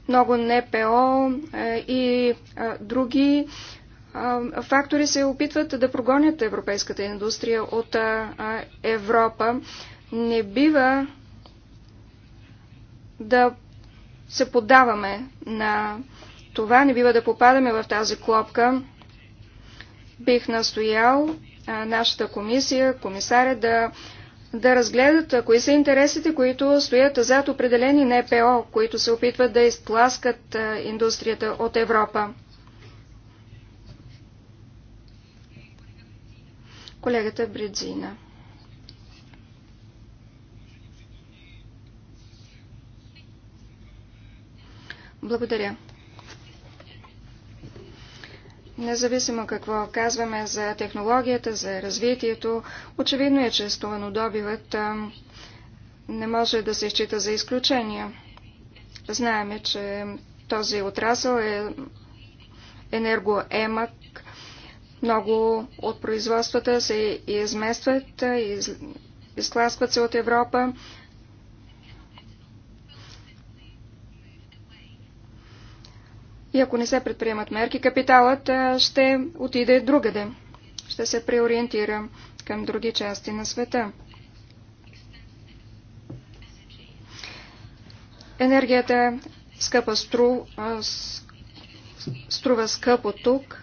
Много НПО и други фактори се опитват да прогонят европейската индустрия от Европа. Не бива да се поддаваме на това, не бива да попадаме в тази клопка. Бих настоял нашата комисия, комисаря да, да разгледат кои са интересите, които стоят зад определени НПО, които се опитват да изтласкат индустрията от Европа. колегата Бриджина. Благодаря. Независимо какво казваме за технологията, за развитието, очевидно е, че стоманодобивът не може да се счита за изключение. Знаеме, че този отрасъл е енергоемък много от производствата се изместват, из... изкласват се от Европа. И ако не се предприемат мерки, капиталът ще отиде другаде. Ще се преориентира към други части на света. Енергията скъпа стру, струва скъпо тук.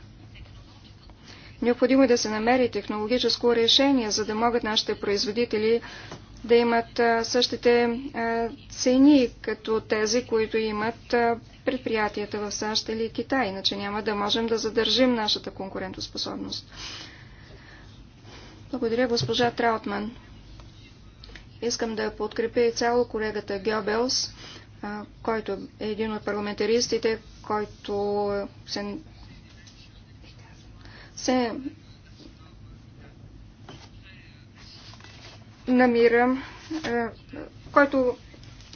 Необходимо е да се намери технологическо решение, за да могат нашите производители да имат същите цени, като тези, които имат предприятията в САЩ или Китай. Иначе няма да можем да задържим нашата конкурентоспособност. Благодаря, госпожа Траутман. Искам да подкрепя и цяло колегата Гебелс, който е един от парламентаристите, който се се намирам, е, който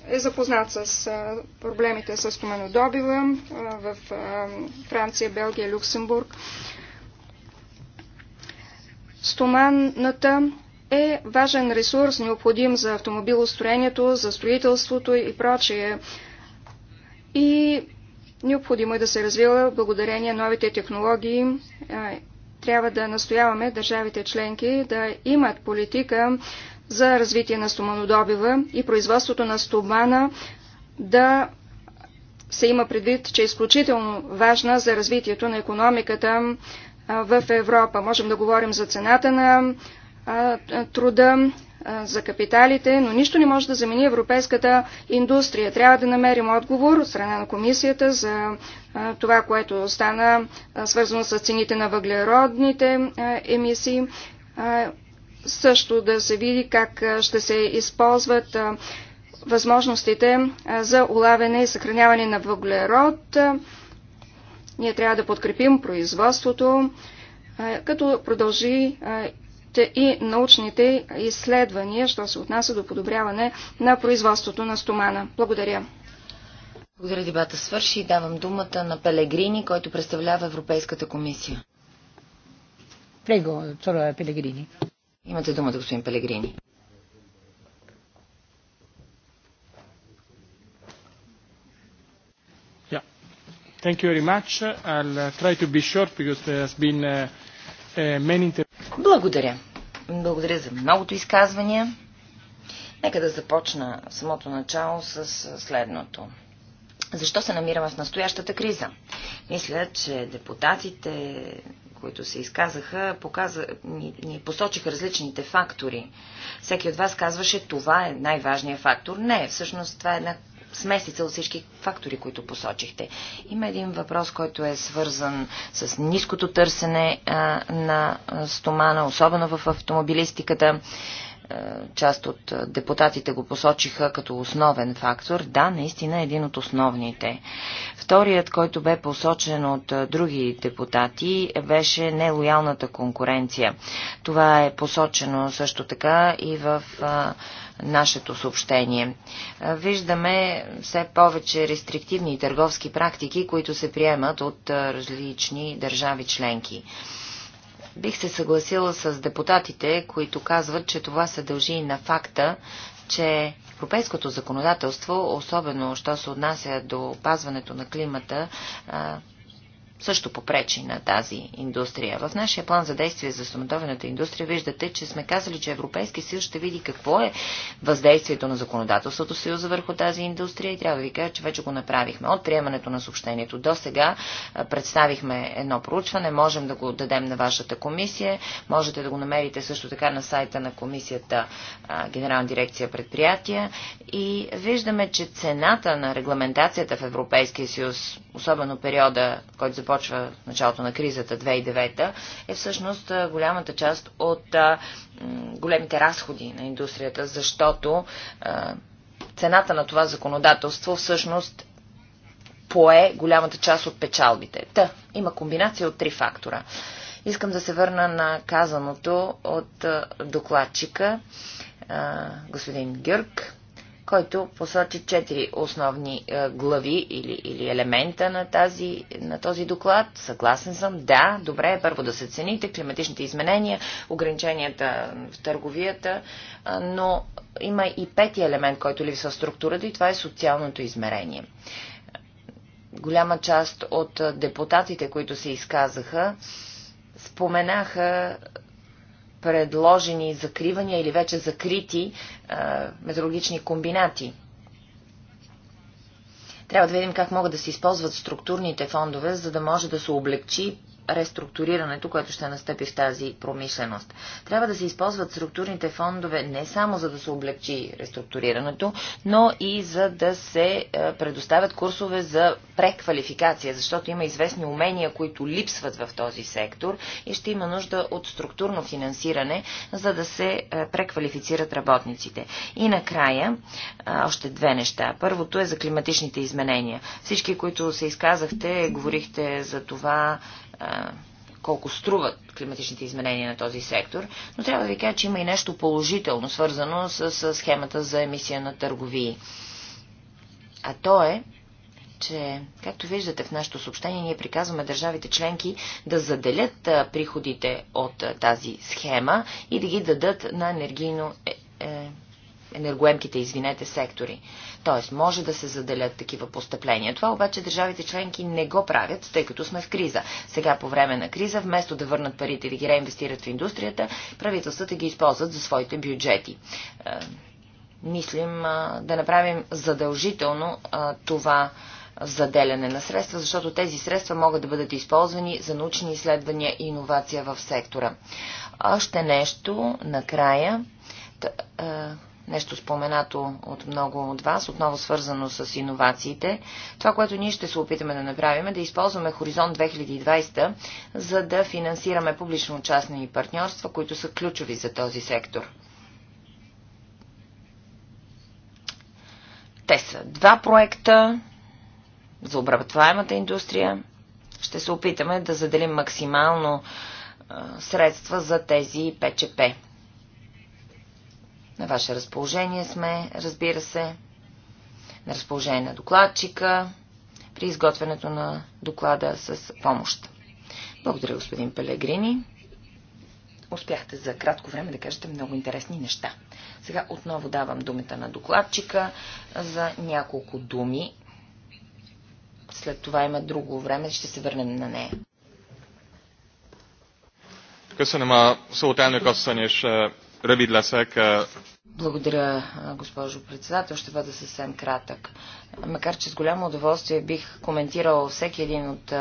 е запознат с е, проблемите с Томенодобива е, в Франция, Белгия, Люксембург. Стоманната е важен ресурс, необходим за автомобилостроението, за строителството и прочие. И необходимо е да се развива благодарение новите технологии трябва да настояваме държавите членки да имат политика за развитие на стоманодобива и производството на стомана да се има предвид, че е изключително важна за развитието на економиката в Европа. Можем да говорим за цената на труда, за капиталите, но нищо не може да замени европейската индустрия. Трябва да намерим отговор от страна на комисията за това, което стана свързано с цените на въглеродните емисии. Също да се види как ще се използват възможностите за улавяне и съхраняване на въглерод. Ние трябва да подкрепим производството, като продължи и научните изследвания, що се отнася до подобряване на производството на стомана. Благодаря. Благодаря, дебата свърши давам думата на Пелегрини, който представлява Европейската комисия. Прего, цоро е Пелегрини. Имате думата, господин Пелегрини. Thank you very much. I'll try to be short because there has been uh, е, Благодаря. Благодаря за многото изказвания. Нека да започна самото начало с следното. Защо се намираме в настоящата криза? Мисля, че депутатите, които се изказаха, показа, ни, ни посочиха различните фактори. Всеки от вас казваше, това е най-важният фактор. Не, всъщност това е една смесица от всички фактори, които посочихте. Има един въпрос, който е свързан с ниското търсене на стомана, особено в автомобилистиката част от депутатите го посочиха като основен фактор. Да, наистина е един от основните. Вторият, който бе посочен от други депутати, беше нелоялната конкуренция. Това е посочено също така и в нашето съобщение. Виждаме все повече рестриктивни търговски практики, които се приемат от различни държави членки. Бих се съгласила с депутатите, които казват, че това се дължи на факта, че европейското законодателство, особено що се отнася до опазването на климата, също попречи на тази индустрия. В нашия план за действие за самодовената индустрия виждате, че сме казали, че Европейски съюз ще види какво е въздействието на законодателството съюза върху тази индустрия и трябва да ви кажа, че вече го направихме. От приемането на съобщението до сега представихме едно проучване, можем да го дадем на вашата комисия, можете да го намерите също така на сайта на комисията Генерална дирекция предприятия и виждаме, че цената на регламентацията в Европейския съюз, особено периода, който започва започва началото на кризата 2009, е всъщност голямата част от големите разходи на индустрията, защото цената на това законодателство всъщност пое голямата част от печалбите. Та, има комбинация от три фактора. Искам да се върна на казаното от докладчика господин Гюрк който посочи четири основни е, глави или, или елемента на, тази, на този доклад. Съгласен съм. Да, добре е първо да се цените климатичните изменения, ограниченията в търговията, е, но има и пети елемент, който липсва в структурата и това е социалното измерение. Голяма част от депутатите, които се изказаха, споменаха предложени закривания или вече закрити е, металургични комбинати. Трябва да видим как могат да се използват структурните фондове, за да може да се облегчи реструктурирането, което ще настъпи в тази промишленост. Трябва да се използват структурните фондове не само за да се облегчи реструктурирането, но и за да се е, предоставят курсове за преквалификация, защото има известни умения, които липсват в този сектор и ще има нужда от структурно финансиране, за да се е, преквалифицират работниците. И накрая, е, още две неща. Първото е за климатичните изменения. Всички, които се изказахте, говорихте за това, колко струват климатичните изменения на този сектор, но трябва да ви кажа, че има и нещо положително, свързано с, с схемата за емисия на търговии. А то е, че, както виждате в нашето съобщение, ние приказваме държавите членки да заделят приходите от тази схема и да ги дадат на енергийно е, е, енергоемките, извинете, сектори. Тоест, може да се заделят такива постъпления. Това обаче държавите членки не го правят, тъй като сме в криза. Сега по време на криза, вместо да върнат парите и да ги реинвестират в индустрията, правителствата ги използват за своите бюджети е, мислим да направим задължително това заделяне на средства, защото тези средства могат да бъдат използвани за научни изследвания и иновация в сектора. Още нещо накрая нещо споменато от много от вас, отново свързано с иновациите. Това, което ние ще се опитаме да направим е да използваме Хоризонт 2020, за да финансираме публично-частни партньорства, които са ключови за този сектор. Те са два проекта за обработваемата индустрия. Ще се опитаме да заделим максимално средства за тези ПЧП. На ваше разположение сме, разбира се, на разположение на докладчика при изготвянето на доклада с помощ. Благодаря, господин Пелегрини. Успяхте за кратко време да кажете много интересни неща. Сега отново давам думата на докладчика за няколко думи. След това има друго време, ще се върнем на нея. Köszönöm a szót, elnök asszony, és Рабид Ласак. Благодаря, госпожо председател. Ще бъда съвсем кратък. Макар, че с голямо удоволствие бих коментирал всеки един от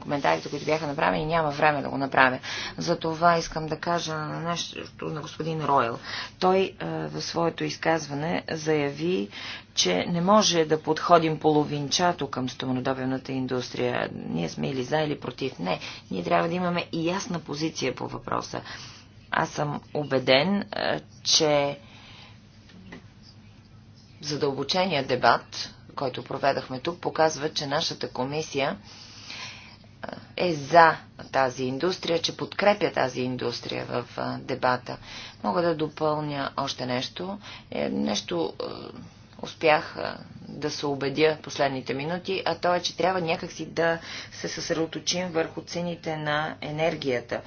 коментарите, които бяха направени, няма време да го направя. Затова искам да кажа нещо на господин Ройл. Той в своето изказване заяви, че не може да подходим половинчато към стоманодобивната индустрия. Ние сме или за, или против. Не, ние трябва да имаме и ясна позиция по въпроса. Аз съм убеден, е, че задълбочения дебат, който проведахме тук, показва, че нашата комисия е за тази индустрия, че подкрепя тази индустрия в е, дебата. Мога да допълня още нещо. Е, нещо успях да се убедя последните минути, а то е, че трябва някакси да се съсредоточим върху цените на енергията.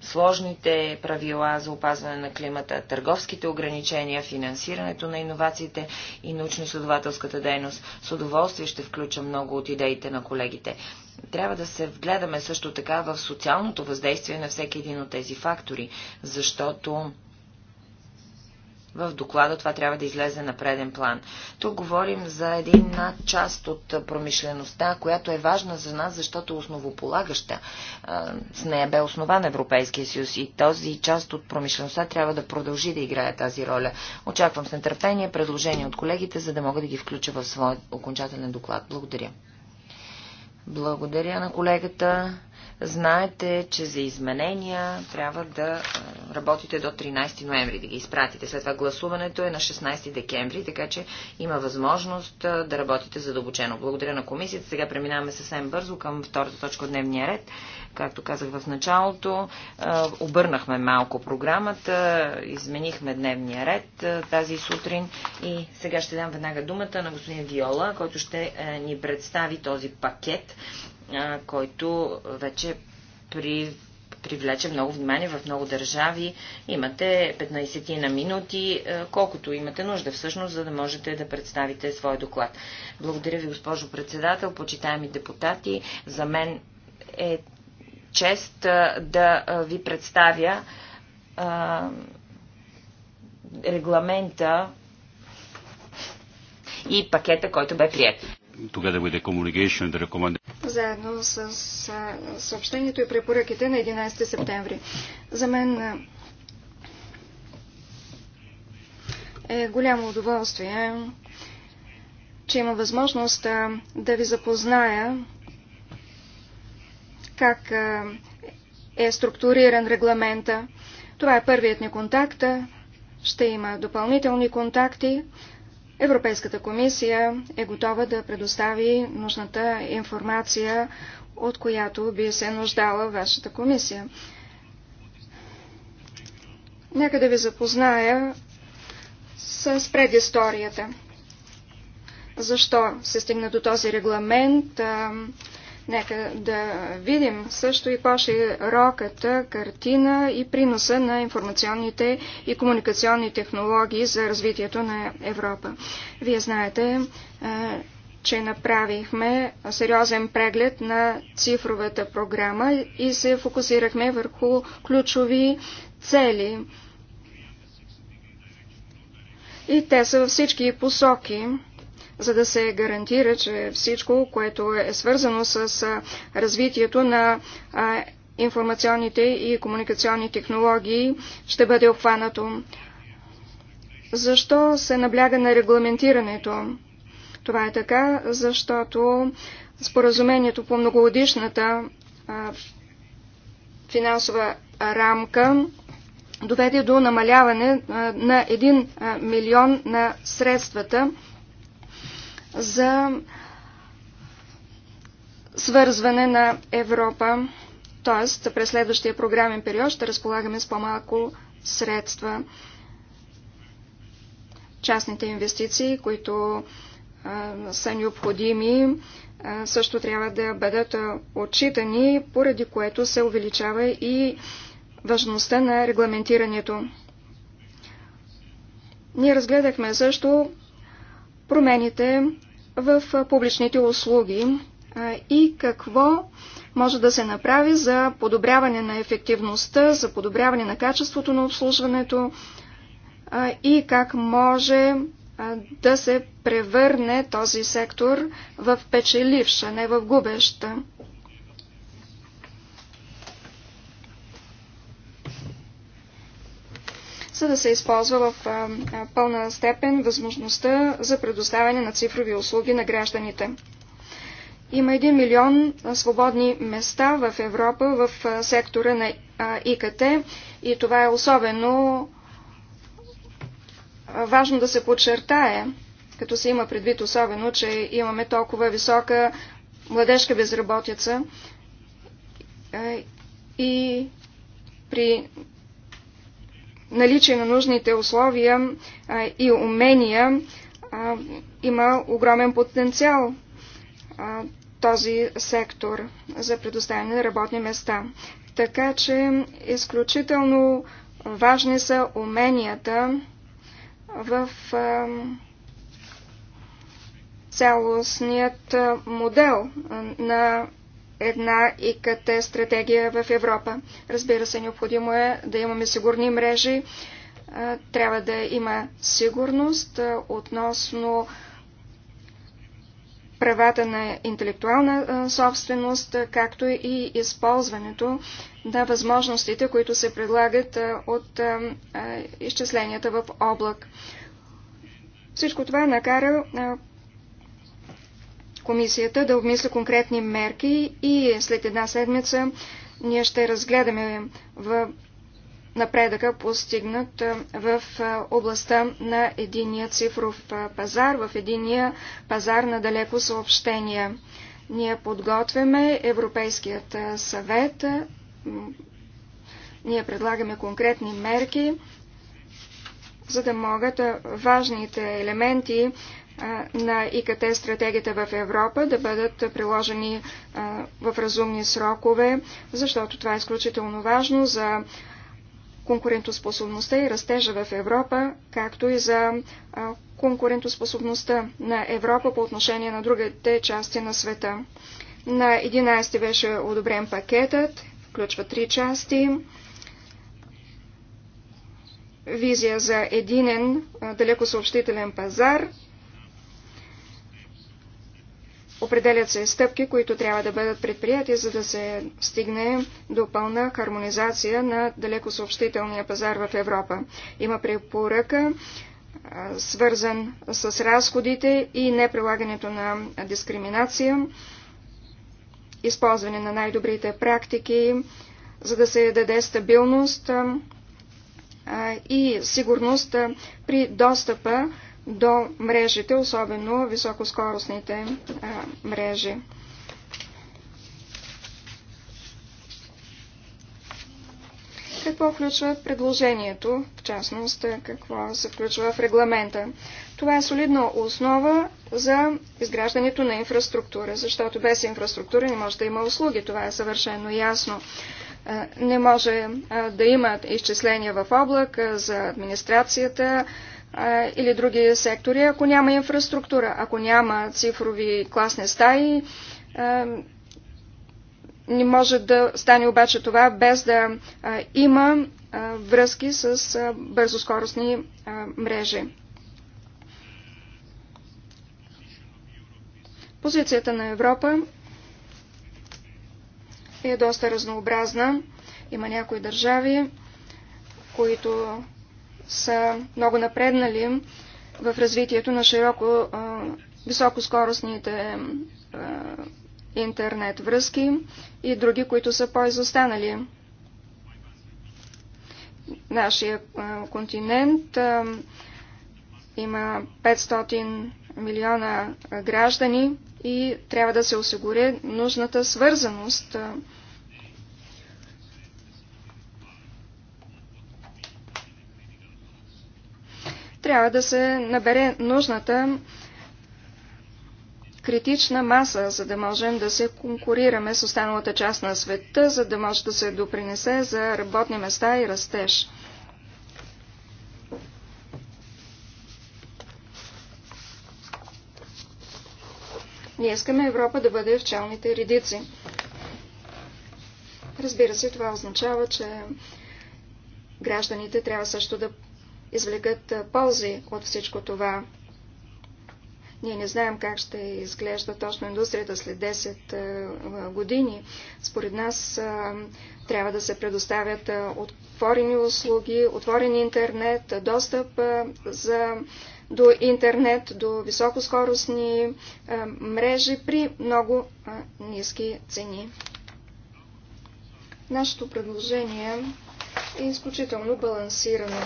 Сложните правила за опазване на климата, търговските ограничения, финансирането на иновациите и научно-изследователската дейност. С удоволствие ще включа много от идеите на колегите. Трябва да се вгледаме също така в социалното въздействие на всеки един от тези фактори, защото в доклада това трябва да излезе на преден план. Тук говорим за една част от промишлеността, която е важна за нас, защото е основополагаща. С нея бе основан Европейския съюз и този част от промишлеността трябва да продължи да играе тази роля. Очаквам с нетърпение предложения от колегите, за да мога да ги включа в своят окончателен доклад. Благодаря. Благодаря на колегата Знаете, че за изменения трябва да работите до 13 ноември, да ги изпратите. След това гласуването е на 16 декември, така че има възможност да работите задълбочено. Благодаря на комисията. Сега преминаваме съвсем бързо към втората точка от дневния ред. Както казах в началото, обърнахме малко програмата, изменихме дневния ред тази сутрин и сега ще дам веднага думата на господин Виола, който ще е, ни представи този пакет който вече при привлече много внимание в много държави. Имате 15 на минути, колкото имате нужда всъщност, за да можете да представите своя доклад. Благодаря ви, госпожо председател, почитаеми депутати. За мен е чест да ви представя а, регламента и пакета, който бе прият together with the communication, the recommendation. Заедно с съобщението и препоръките на 11 септември. За мен е голямо удоволствие, че има възможност да ви запозная как е структуриран регламента. Това е първият ни контакт. Ще има допълнителни контакти Европейската комисия е готова да предостави нужната информация, от която би се нуждала вашата комисия. Нека да ви запозная с предисторията. Защо се стигна до този регламент? Нека да видим също и по-широката картина и приноса на информационните и комуникационни технологии за развитието на Европа. Вие знаете, е, че направихме сериозен преглед на цифровата програма и се фокусирахме върху ключови цели. И те са във всички посоки за да се гарантира, че всичко, което е свързано с развитието на информационните и комуникационни технологии, ще бъде обхванато. Защо се набляга на регламентирането? Това е така, защото споразумението по многогодишната финансова рамка доведе до намаляване на 1 милион на средствата за свързване на Европа, т.е. през следващия програмен период ще разполагаме с по-малко средства. Частните инвестиции, които а, са необходими, а, също трябва да бъдат отчитани, поради което се увеличава и важността на регламентирането. Ние разгледахме също промените в публичните услуги и какво може да се направи за подобряване на ефективността, за подобряване на качеството на обслужването и как може да се превърне този сектор в печеливша, не в губеща. за да се използва в пълна степен възможността за предоставяне на цифрови услуги на гражданите. Има 1 милион свободни места в Европа в сектора на ИКТ и това е особено важно да се подчертае, като се има предвид особено, че имаме толкова висока младежка безработица и при наличие на нужните условия и умения има огромен потенциал този сектор за предоставяне на работни места. Така че изключително важни са уменията в цялостният модел на една ИКТ стратегия в Европа. Разбира се, необходимо е да имаме сигурни мрежи, трябва да има сигурност относно правата на интелектуална собственост, както и използването на възможностите, които се предлагат от изчисленията в облак. Всичко това накара комисията да обмисля конкретни мерки и след една седмица ние ще разгледаме в напредъка постигнат в областта на единия цифров пазар, в единия пазар на далеко съобщение. Ние подготвяме Европейският съвет, ние предлагаме конкретни мерки, за да могат важните елементи на ИКТ стратегията в Европа да бъдат приложени в разумни срокове, защото това е изключително важно за конкурентоспособността и растежа в Европа, както и за конкурентоспособността на Европа по отношение на другите части на света. На 11 беше одобрен пакетът, включва три части. Визия за единен далекосъобщителен пазар – Определят се стъпки, които трябва да бъдат предприяти, за да се стигне до пълна хармонизация на далекосъобщителния пазар в Европа. Има препоръка, свързан с разходите и неприлагането на дискриминация, използване на най-добрите практики, за да се даде стабилност и сигурност при достъпа до мрежите, особено високоскоростните а, мрежи. Какво включва предложението, в частност какво се включва в регламента? Това е солидна основа за изграждането на инфраструктура, защото без инфраструктура не може да има услуги. Това е съвършено ясно не може да има изчисления в облак за администрацията, или други сектори, ако няма инфраструктура, ако няма цифрови класни стаи, не може да стане обаче това без да има връзки с бързоскоростни мрежи. Позицията на Европа е доста разнообразна. Има някои държави, които са много напреднали в развитието на широко високоскоростните интернет връзки и други, които са по-изостанали. Нашия континент има 500 милиона граждани и трябва да се осигури нужната свързаност трябва да се набере нужната критична маса, за да можем да се конкурираме с останалата част на света, за да може да се допринесе за работни места и растеж. Ние искаме Европа да бъде в челните редици. Разбира се, това означава, че гражданите трябва също да извлекат ползи от всичко това. Ние не знаем как ще изглежда точно индустрията след 10 години. Според нас трябва да се предоставят отворени услуги, отворен интернет, достъп за, до интернет, до високоскоростни мрежи при много ниски цени. Нашето предложение е изключително балансирано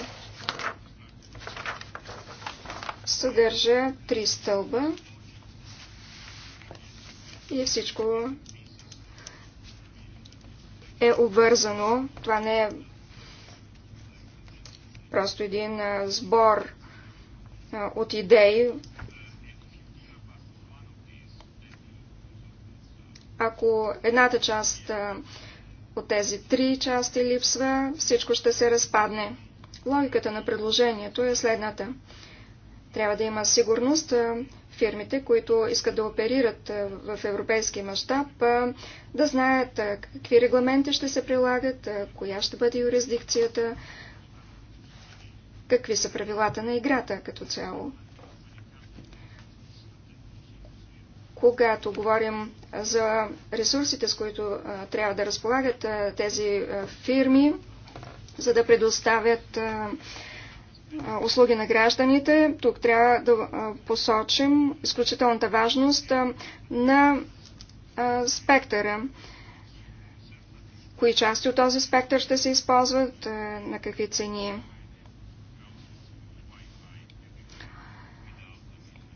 съдържа три стълба и всичко е обвързано. Това не е просто един сбор от идеи. Ако едната част от тези три части липсва, всичко ще се разпадне. Логиката на предложението е следната. Трябва да има сигурност фирмите, които искат да оперират в европейски мащаб, да знаят какви регламенти ще се прилагат, коя ще бъде юрисдикцията, какви са правилата на играта като цяло. Когато говорим за ресурсите, с които трябва да разполагат тези фирми, за да предоставят услуги на гражданите. Тук трябва да посочим изключителната важност на спектъра. Кои части от този спектър ще се използват, на какви цени.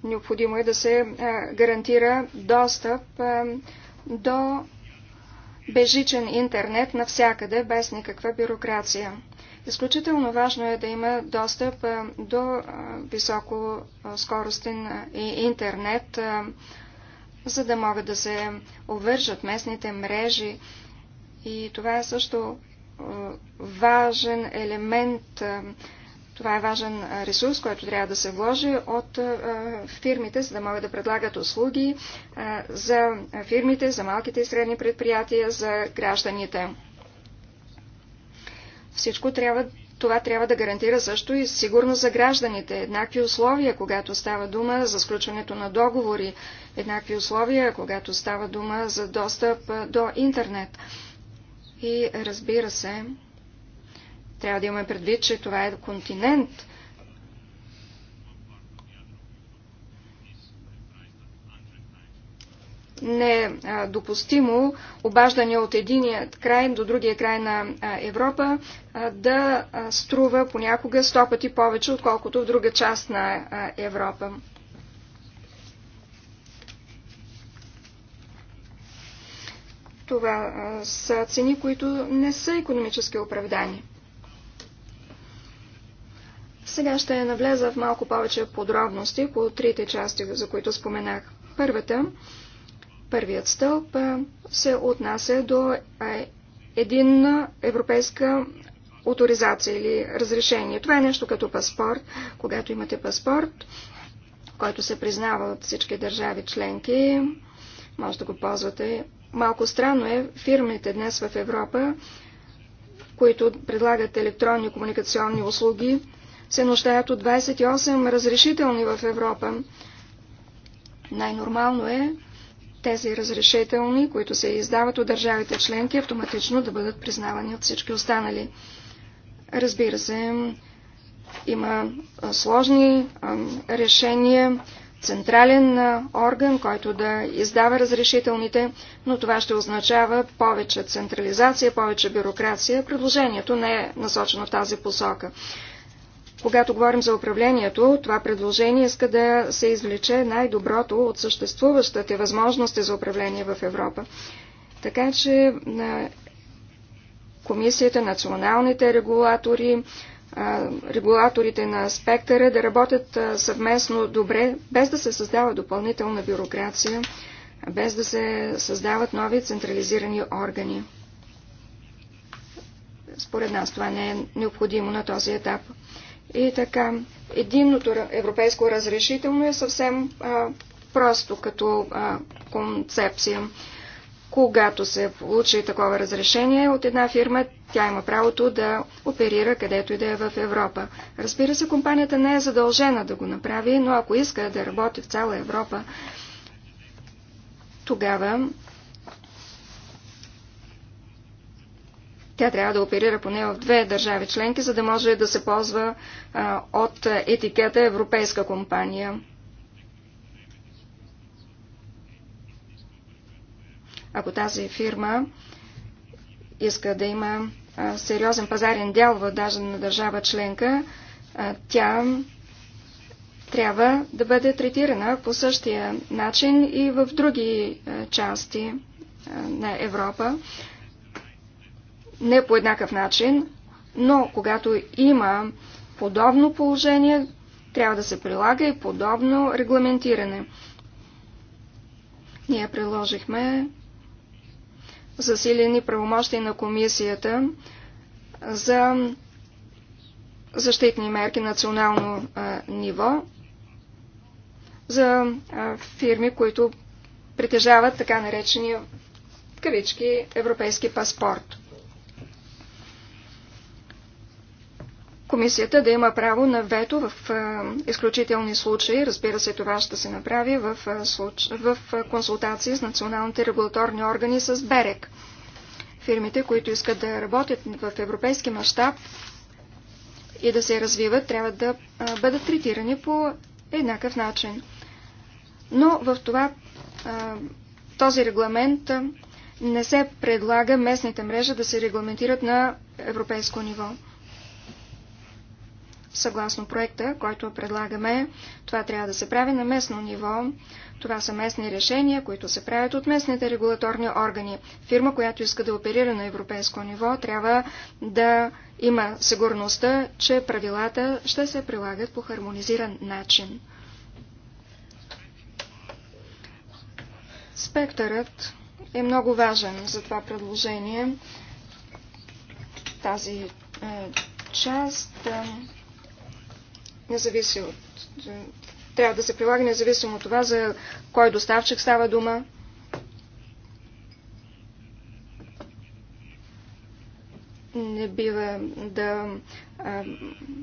Необходимо е да се гарантира достъп до бежичен интернет навсякъде, без никаква бюрокрация. Изключително важно е да има достъп до високо скоростен интернет, за да могат да се обвържат местните мрежи. И това е също важен елемент, това е важен ресурс, който трябва да се вложи от фирмите, за да могат да предлагат услуги за фирмите, за малките и средни предприятия, за гражданите. Всичко трябва, това трябва да гарантира също и сигурност за гражданите, еднакви условия, когато става дума за сключването на договори, еднакви условия, когато става дума за достъп до интернет. И разбира се, трябва да имаме предвид, че това е континент, недопустимо обаждане от единия край до другия край на Европа да струва понякога сто пъти повече, отколкото в друга част на Европа. Това са цени, които не са економически оправдани. Сега ще навлеза в малко повече подробности по трите части, за които споменах. Първата Първият стълб се отнася до един европейска авторизация или разрешение. Това е нещо като паспорт. Когато имате паспорт, който се признава от всички държави членки, може да го ползвате. Малко странно е фирмите днес в Европа, които предлагат електронни комуникационни услуги, се нуждаят от 28 разрешителни в Европа. Най-нормално е тези разрешителни, които се издават от държавите членки, автоматично да бъдат признавани от всички останали. Разбира се, има сложни решения, централен орган, който да издава разрешителните, но това ще означава повече централизация, повече бюрокрация. Предложението не е насочено в тази посока когато говорим за управлението, това предложение иска да се извлече най-доброто от съществуващите възможности за управление в Европа. Така че на комисията, националните регулатори, регулаторите на спектъра да работят съвместно добре, без да се създава допълнителна бюрокрация, без да се създават нови централизирани органи. Според нас това не е необходимо на този етап. И така, единното европейско разрешително е съвсем а, просто като а, концепция. Когато се получи такова разрешение от една фирма, тя има правото да оперира където и да е в Европа. Разбира се, компанията не е задължена да го направи, но ако иска да работи в цяла Европа, тогава Тя трябва да оперира поне в две държави членки, за да може да се ползва а, от етикета европейска компания. Ако тази фирма иска да има а, сериозен пазарен дял в даже на държава членка, а, тя трябва да бъде третирана по същия начин и в други а, части а, на Европа не по еднакъв начин, но когато има подобно положение, трябва да се прилага и подобно регламентиране. Ние приложихме засилени правомощи на комисията за защитни мерки национално а, ниво за а, фирми, които притежават така наречения кавички европейски паспорт. комисията да има право на вето в изключителни случаи. Разбира се, това ще се направи в, в консултации с националните регулаторни органи с БЕРЕК. Фирмите, които искат да работят в европейски мащаб и да се развиват, трябва да бъдат третирани по еднакъв начин. Но в това, този регламент не се предлага местните мрежи да се регламентират на европейско ниво. Съгласно проекта, който предлагаме, това трябва да се прави на местно ниво. Това са местни решения, които се правят от местните регулаторни органи. Фирма, която иска да оперира на европейско ниво, трябва да има сигурността, че правилата ще се прилагат по хармонизиран начин. Спектърът е много важен за това предложение. Тази е, част е, независимо от... трябва да се прилага независимо от това, за кой доставчик става дума. Не бива да а,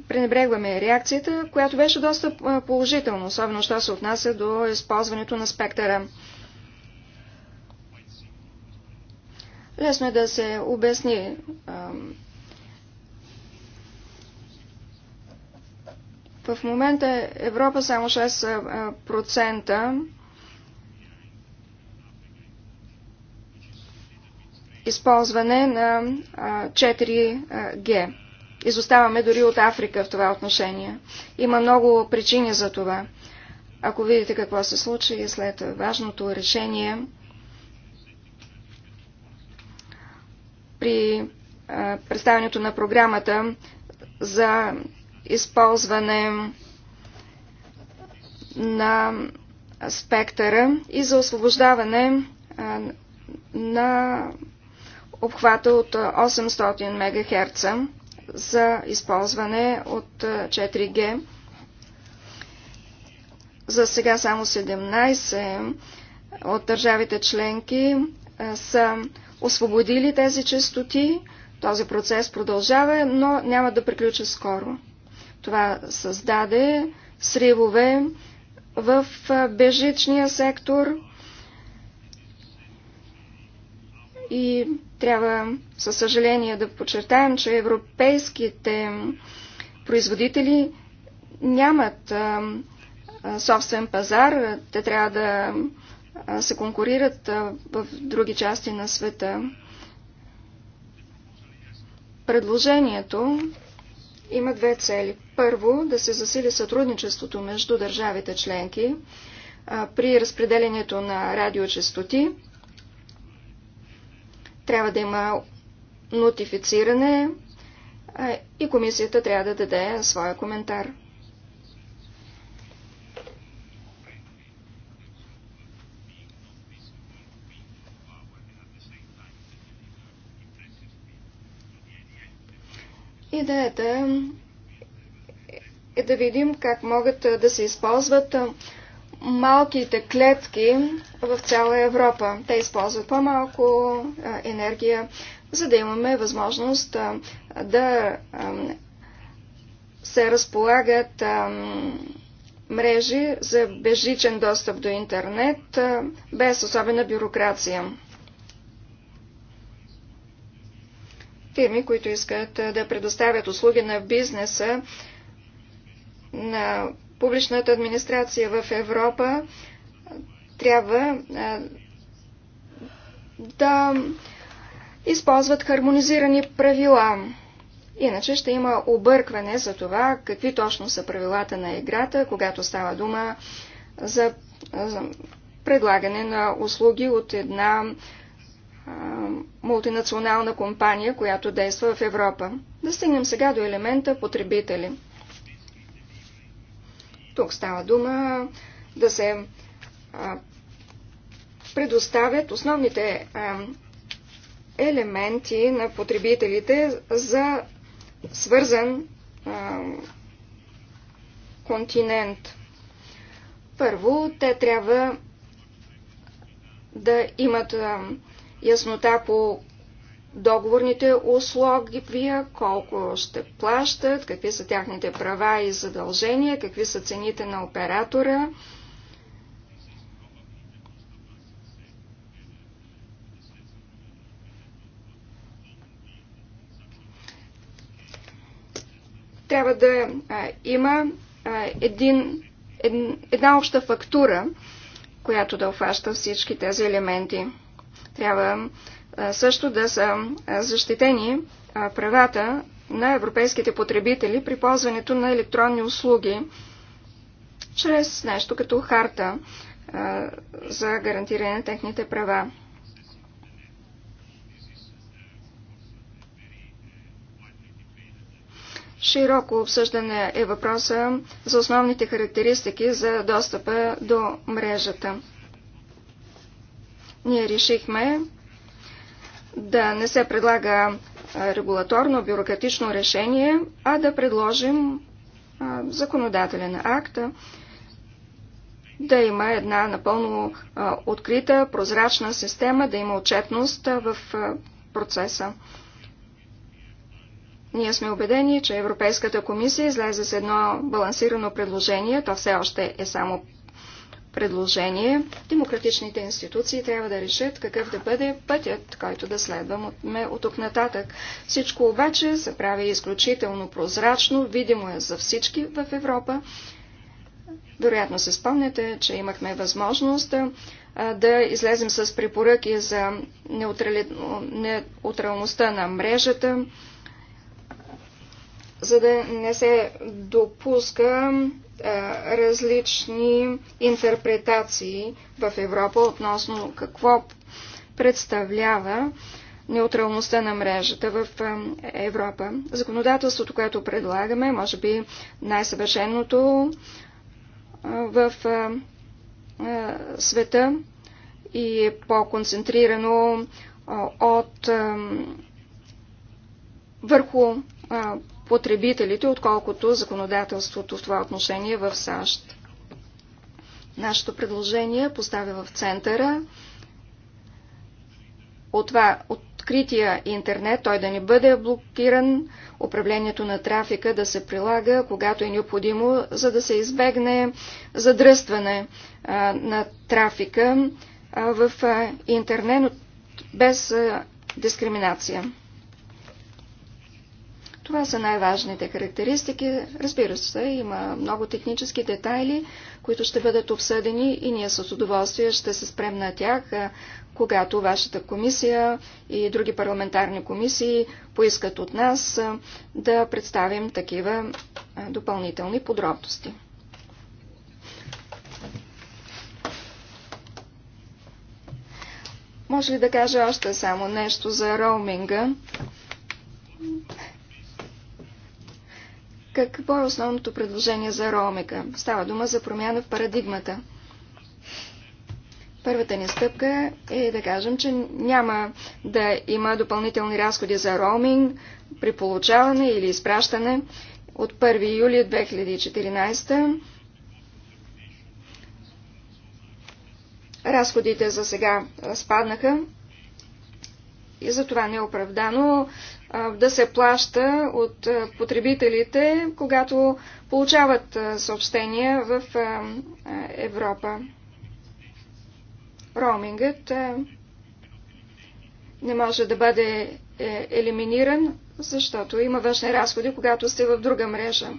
пренебрегваме реакцията, която беше доста положителна, особено що се отнася до използването на спектъра. Лесно е да се обясни а, В момента Европа само 6% използване на 4G. Изоставаме дори от Африка в това отношение. Има много причини за това. Ако видите какво се случи след важното решение при представянето на програмата за използване на спектъра и за освобождаване на обхвата от 800 МГц за използване от 4G. За сега само 17 от държавите членки са освободили тези частоти. Този процес продължава, но няма да приключи скоро. Това създаде сривове в бежичния сектор и трябва със съжаление да подчертаем, че европейските производители нямат собствен пазар. Те трябва да се конкурират в други части на света. Предложението има две цели. Първо, да се засили сътрудничеството между държавите членки при разпределението на радиочастоти. Трябва да има нотифициране и комисията трябва да даде своя коментар. Идеята е да видим как могат да се използват малките клетки в цяла Европа. Те използват по-малко енергия, за да имаме възможност да се разполагат мрежи за безжичен достъп до интернет без особена бюрокрация. Фирми, които искат да предоставят услуги на бизнеса, на публичната администрация в Европа трябва да използват хармонизирани правила. Иначе ще има объркване за това какви точно са правилата на играта, когато става дума за, предлагане на услуги от една мултинационална компания, която действа в Европа. Да стигнем сега до елемента потребители. Тук става дума да се предоставят основните елементи на потребителите за свързан континент. Първо, те трябва да имат яснота по договорните условия, колко ще плащат, какви са тяхните права и задължения, какви са цените на оператора. Трябва да а, има а, един, ед, една обща фактура, която да обхваща всички тези елементи. Трябва също да са защитени правата на европейските потребители при ползването на електронни услуги чрез нещо като харта за гарантиране на техните права. Широко обсъждане е въпроса за основните характеристики за достъпа до мрежата. Ние решихме да не се предлага регулаторно, бюрократично решение, а да предложим законодателен акт, да има една напълно открита, прозрачна система, да има отчетност в процеса. Ние сме убедени, че Европейската комисия излезе с едно балансирано предложение, то все още е само предложение. Демократичните институции трябва да решат какъв да бъде пътят, който да следваме от тук нататък. Всичко обаче се прави изключително прозрачно, видимо е за всички в Европа. Вероятно се спомняте, че имахме възможност да излезем с препоръки за неутралността на мрежата, за да не се допуска различни интерпретации в Европа относно какво представлява неутралността на мрежата в Европа. Законодателството, което предлагаме, може би най-съвършеното в света и е по-концентрирано от върху потребителите, отколкото законодателството в това отношение в САЩ. Нашето предложение поставя в центъра от това открития интернет, той да не бъде блокиран, управлението на трафика да се прилага, когато е необходимо, за да се избегне задръстване а, на трафика а, в а, интернет без дискриминация. Това са най-важните характеристики. Разбира се, има много технически детайли, които ще бъдат обсъдени и ние с удоволствие ще се спрем на тях, когато вашата комисия и други парламентарни комисии поискат от нас да представим такива допълнителни подробности. Може ли да кажа още само нещо за роуминга? Какво е основното предложение за Ромека? Става дума за промяна в парадигмата. Първата ни стъпка е да кажем, че няма да има допълнителни разходи за роуминг при получаване или изпращане от 1 юли 2014. Разходите за сега спаднаха и затова не е оправдано да се плаща от потребителите, когато получават съобщения в Европа. Роумингът не може да бъде е, елиминиран, защото има външни разходи, когато сте в друга мрежа.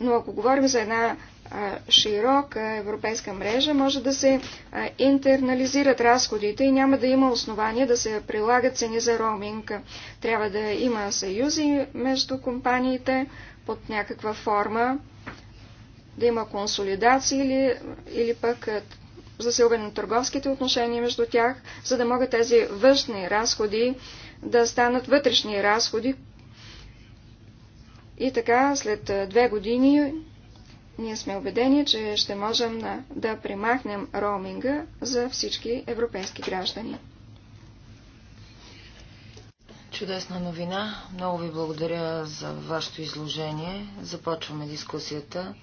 Но ако говорим за една широка европейска мрежа може да се интернализират разходите и няма да има основания да се прилагат цени за роуминг. Трябва да има съюзи между компаниите под някаква форма, да има консолидация или, или пък засилване на търговските отношения между тях, за да могат тези външни разходи да станат вътрешни разходи. И така, след две години ние сме убедени, че ще можем да примахнем роуминга за всички европейски граждани. Чудесна новина. Много ви благодаря за вашето изложение. Започваме дискусията.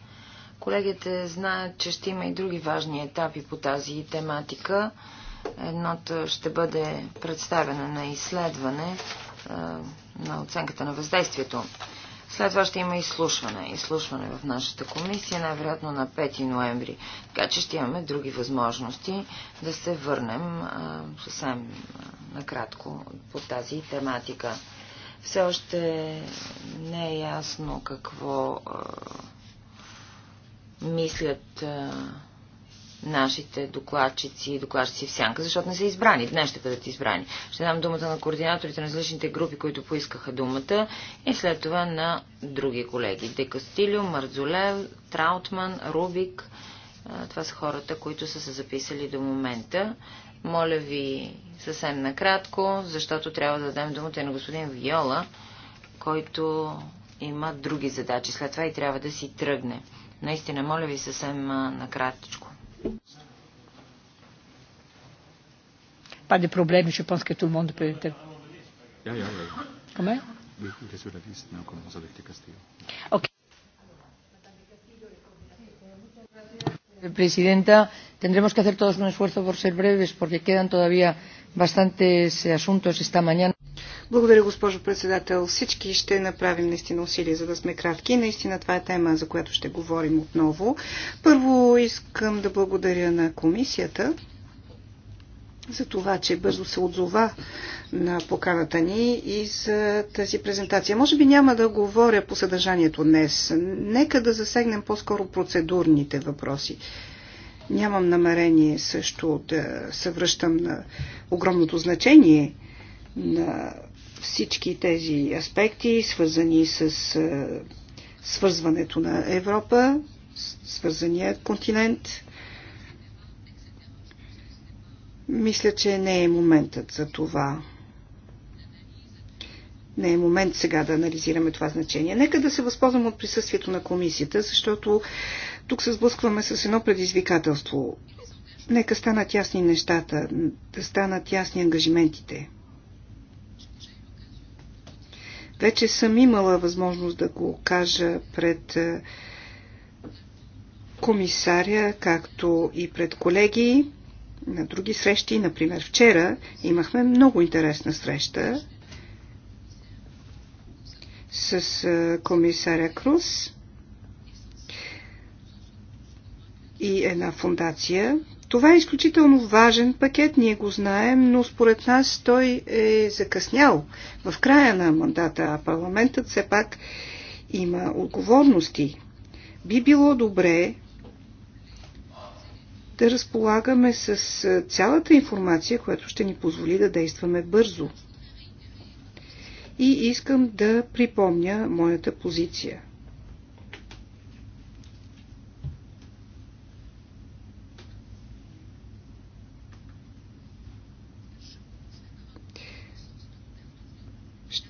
Колегите знаят, че ще има и други важни етапи по тази тематика. Едното ще бъде представено на изследване на оценката на въздействието. След това ще има изслушване. Изслушване в нашата комисия, най-вероятно на 5 ноември. Така че ще имаме други възможности да се върнем а, съвсем а, накратко по тази тематика. Все още не е ясно какво а, мислят. А, нашите докладчици и докладчици в сянка, защото не са избрани. Днес ще бъдат избрани. Ще дам думата на координаторите на различните групи, които поискаха думата и след това на други колеги. Де Кастилио, Марзолев, Траутман, Рубик. Това са хората, които са се записали до момента. Моля ви съвсем накратко, защото трябва да дадем думата на господин Виола, който има други задачи. След това и трябва да си тръгне. Наистина, моля ви съвсем накратичко. Pas de problème, je pense que tout le monde peut intervenir. yeah, yeah. ja. Comment Oui, les sur la liste, mais on commence avec les Castillo. Ok. Presidenta, tendremos que hacer todos un esfuerzo por ser breves porque quedan todavía bastantes asuntos esta mañana. Благодаря, госпожо председател. Всички ще направим наистина усилия, за да сме кратки. Наистина това е тема, за която ще говорим отново. Първо искам да благодаря на комисията за това, че бързо се отзова на поканата ни и за тази презентация. Може би няма да говоря по съдържанието днес. Нека да засегнем по-скоро процедурните въпроси. Нямам намерение също да се връщам на огромното значение на всички тези аспекти, свързани с свързването на Европа, свързания континент. Мисля, че не е моментът за това. Не е момент сега да анализираме това значение. Нека да се възползвам от присъствието на комисията, защото тук се сблъскваме с едно предизвикателство. Нека станат ясни нещата, да станат ясни ангажиментите. Вече съм имала възможност да го кажа пред е, комисаря, както и пред колеги на други срещи. Например, вчера имахме много интересна среща с е, комисаря Круз и една фундация, това е изключително важен пакет, ние го знаем, но според нас той е закъснял в края на мандата, а парламентът все пак има отговорности. Би било добре да разполагаме с цялата информация, която ще ни позволи да действаме бързо. И искам да припомня моята позиция –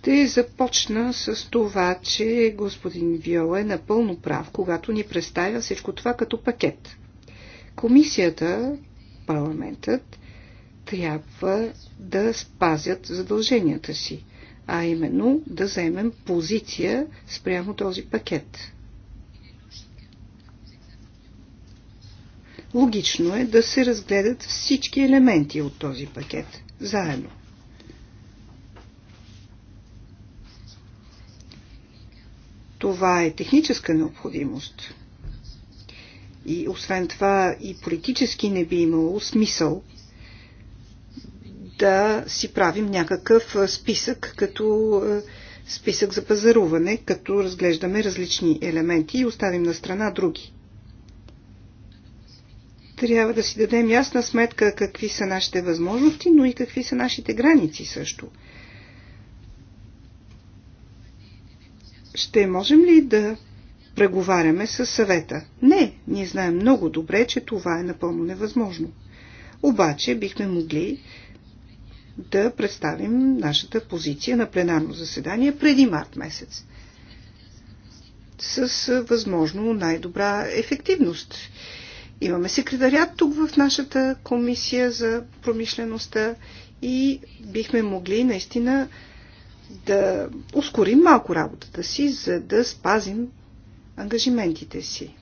Ще започна с това, че господин Виола е напълно прав, когато ни представя всичко това като пакет. Комисията, парламентът, трябва да спазят задълженията си, а именно да заемем позиция спрямо този пакет. Логично е да се разгледат всички елементи от този пакет заедно. Това е техническа необходимост. И освен това и политически не би имало смисъл да си правим някакъв списък, като списък за пазаруване, като разглеждаме различни елементи и оставим на страна други. Трябва да си дадем ясна сметка какви са нашите възможности, но и какви са нашите граници също. ще можем ли да преговаряме с съвета? Не, ние знаем много добре, че това е напълно невъзможно. Обаче бихме могли да представим нашата позиция на пленарно заседание преди март месец. С възможно най-добра ефективност. Имаме секретарят тук в нашата комисия за промишлеността и бихме могли наистина да ускорим малко работата си, за да спазим ангажиментите си.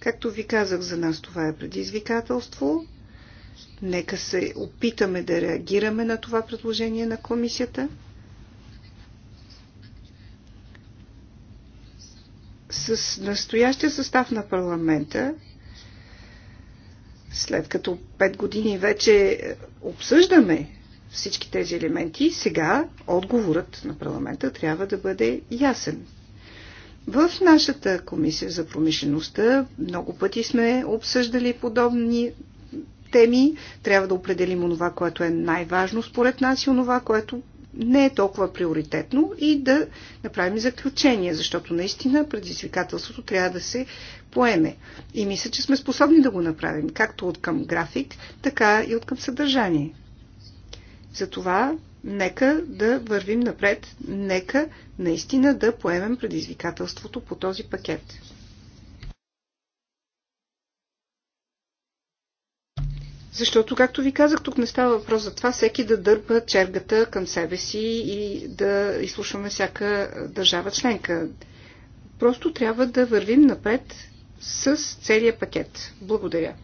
Както ви казах, за нас това е предизвикателство. Нека се опитаме да реагираме на това предложение на комисията. С настоящия състав на парламента, след като 5 години вече обсъждаме всички тези елементи. Сега отговорът на парламента трябва да бъде ясен. В нашата комисия за промишлеността много пъти сме обсъждали подобни теми. Трябва да определим онова, което е най-важно според нас и онова, което не е толкова приоритетно и да направим заключение, защото наистина предизвикателството трябва да се поеме. И мисля, че сме способни да го направим, както от към график, така и от към съдържание. Затова нека да вървим напред, нека наистина да поемем предизвикателството по този пакет. Защото, както ви казах, тук не става въпрос за това всеки да дърпа чергата към себе си и да изслушваме всяка държава членка. Просто трябва да вървим напред с целият пакет. Благодаря.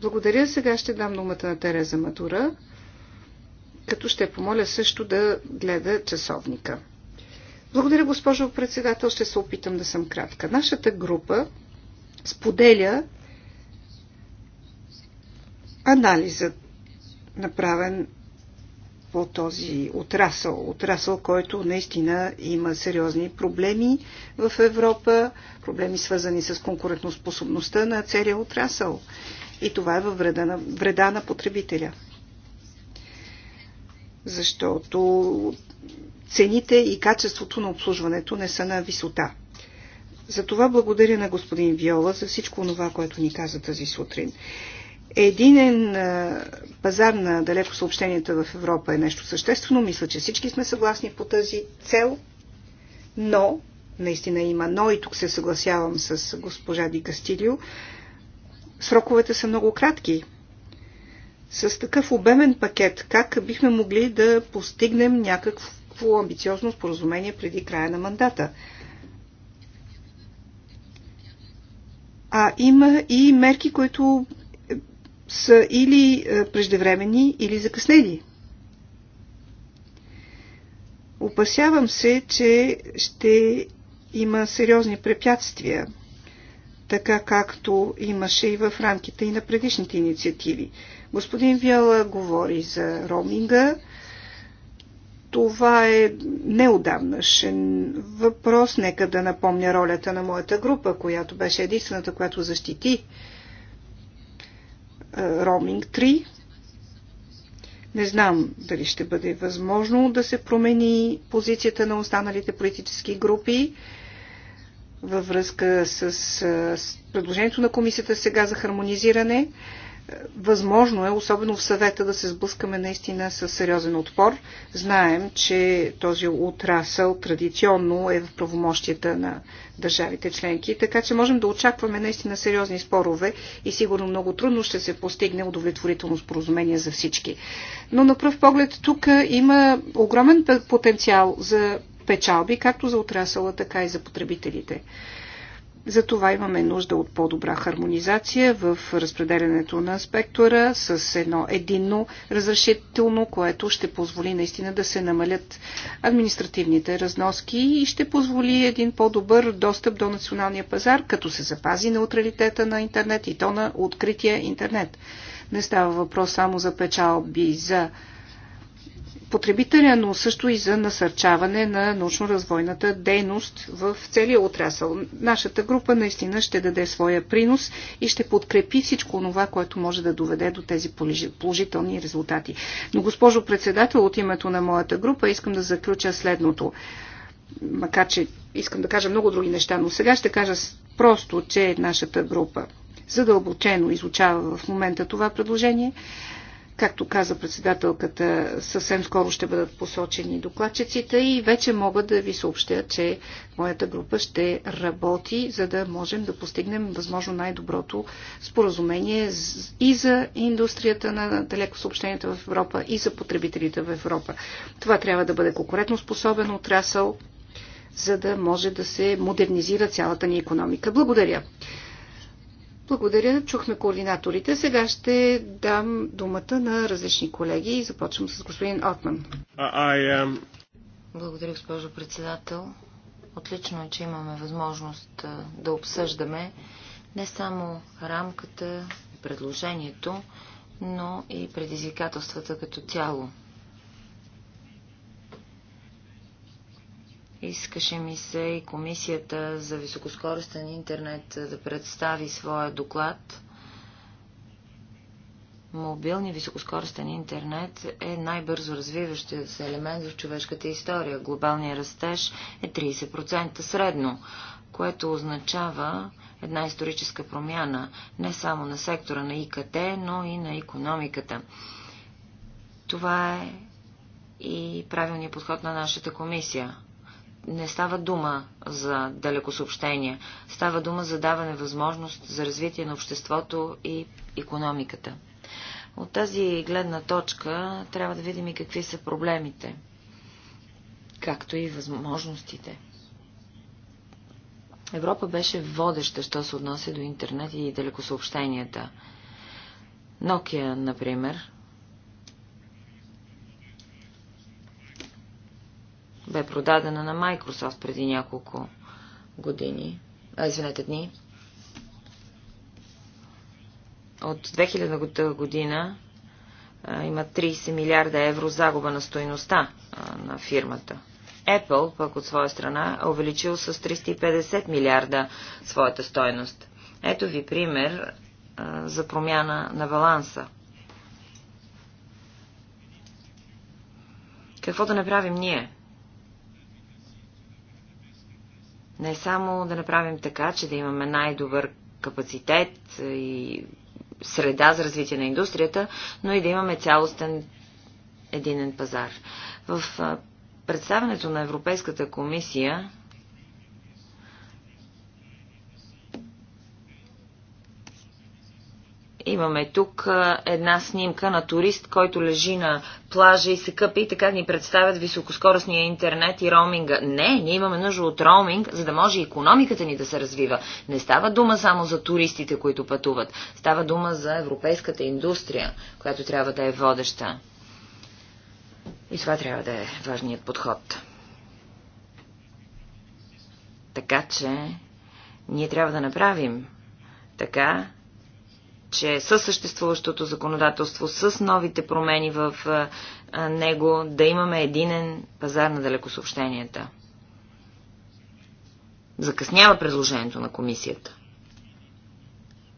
Благодаря. Сега ще дам думата на Тереза Матура като ще помоля също да гледа часовника. Благодаря, госпожо председател. Ще се опитам да съм кратка. Нашата група споделя анализът, направен по този отрасъл. Отрасъл, който наистина има сериозни проблеми в Европа, проблеми свързани с конкурентоспособността на целия отрасъл. И това е във вреда на, вреда на потребителя защото цените и качеството на обслужването не са на висота. Затова благодаря на господин Виола за всичко това, което ни каза тази сутрин. Единен пазар на далеко съобщенията в Европа е нещо съществено. Мисля, че всички сме съгласни по тази цел, но, наистина има но и тук се съгласявам с госпожа Ди Кастилио, сроковете са много кратки с такъв обемен пакет, как бихме могли да постигнем някакво амбициозно споразумение преди края на мандата? А има и мерки, които са или е, преждевременни, или закъснени. Опасявам се, че ще има сериозни препятствия, така както имаше и в рамките и на предишните инициативи. Господин Виала говори за роминга. Това е неодавнашен въпрос. Нека да напомня ролята на моята група, която беше единствената, която защити роминг 3. Не знам дали ще бъде възможно да се промени позицията на останалите политически групи във връзка с предложението на комисията сега за хармонизиране. Възможно е, особено в съвета, да се сблъскаме наистина с сериозен отпор. Знаем, че този отрасъл традиционно е в правомощията на държавите членки, така че можем да очакваме наистина сериозни спорове и сигурно много трудно ще се постигне удовлетворително споразумение за всички. Но на пръв поглед тук има огромен потенциал за печалби, както за отрасъла, така и за потребителите. Затова имаме нужда от по-добра хармонизация в разпределянето на спектъра с едно единно разрешително, което ще позволи наистина да се намалят административните разноски и ще позволи един по-добър достъп до националния пазар, като се запази неутралитета на интернет и то на открития интернет. Не става въпрос само за печалби за потребителя, но също и за насърчаване на научно-развойната дейност в целия отрасъл. Нашата група наистина ще даде своя принос и ще подкрепи всичко това, което може да доведе до тези положителни резултати. Но, госпожо председател, от името на моята група искам да заключа следното. Макар, че искам да кажа много други неща, но сега ще кажа просто, че нашата група задълбочено изучава в момента това предложение. Както каза председателката, съвсем скоро ще бъдат посочени докладчиците и вече мога да ви съобщя, че моята група ще работи, за да можем да постигнем възможно най-доброто споразумение и за индустрията на далеко съобщенията в Европа, и за потребителите в Европа. Това трябва да бъде конкурентно способен отрасъл, за да може да се модернизира цялата ни економика. Благодаря. Благодаря. Чухме координаторите. Сега ще дам думата на различни колеги и започвам с господин Отман. Am... Благодаря, госпожо председател. Отлично е, че имаме възможност да обсъждаме не само рамката, предложението, но и предизвикателствата като цяло. Искаше ми се и Комисията за високоскоростен интернет да представи своя доклад. Мобилният високоскоростен интернет е най-бързо развиващият се елемент в човешката история. Глобалният растеж е 30% средно, което означава една историческа промяна не само на сектора на ИКТ, но и на економиката. Това е и правилният подход на нашата комисия не става дума за далекосъобщения, става дума за даване възможност за развитие на обществото и економиката. От тази гледна точка трябва да видим и какви са проблемите, както и възможностите. Европа беше водеща, що се отнася до интернет и далекосъобщенията. Nokia, например, бе продадена на Microsoft преди няколко години, а, извинете, дни. От 2000 година а, има 30 милиарда евро загуба на стоеността на фирмата. Apple, пък от своя страна, е увеличил с 350 милиарда своята стойност. Ето ви пример а, за промяна на баланса. Какво да направим ние? Не само да направим така, че да имаме най-добър капацитет и среда за развитие на индустрията, но и да имаме цялостен единен пазар. В представенето на Европейската комисия Имаме тук една снимка на турист, който лежи на плажа и се къпи и така ни представят високоскоростния интернет и роуминга. Не, ние имаме нужда от роуминг, за да може економиката ни да се развива. Не става дума само за туристите, които пътуват. Става дума за европейската индустрия, която трябва да е водеща. И това трябва да е важният подход. Така че ние трябва да направим така, че със съществуващото законодателство, с новите промени в него, да имаме единен пазар на далекосъобщенията. Закъснява предложението на комисията.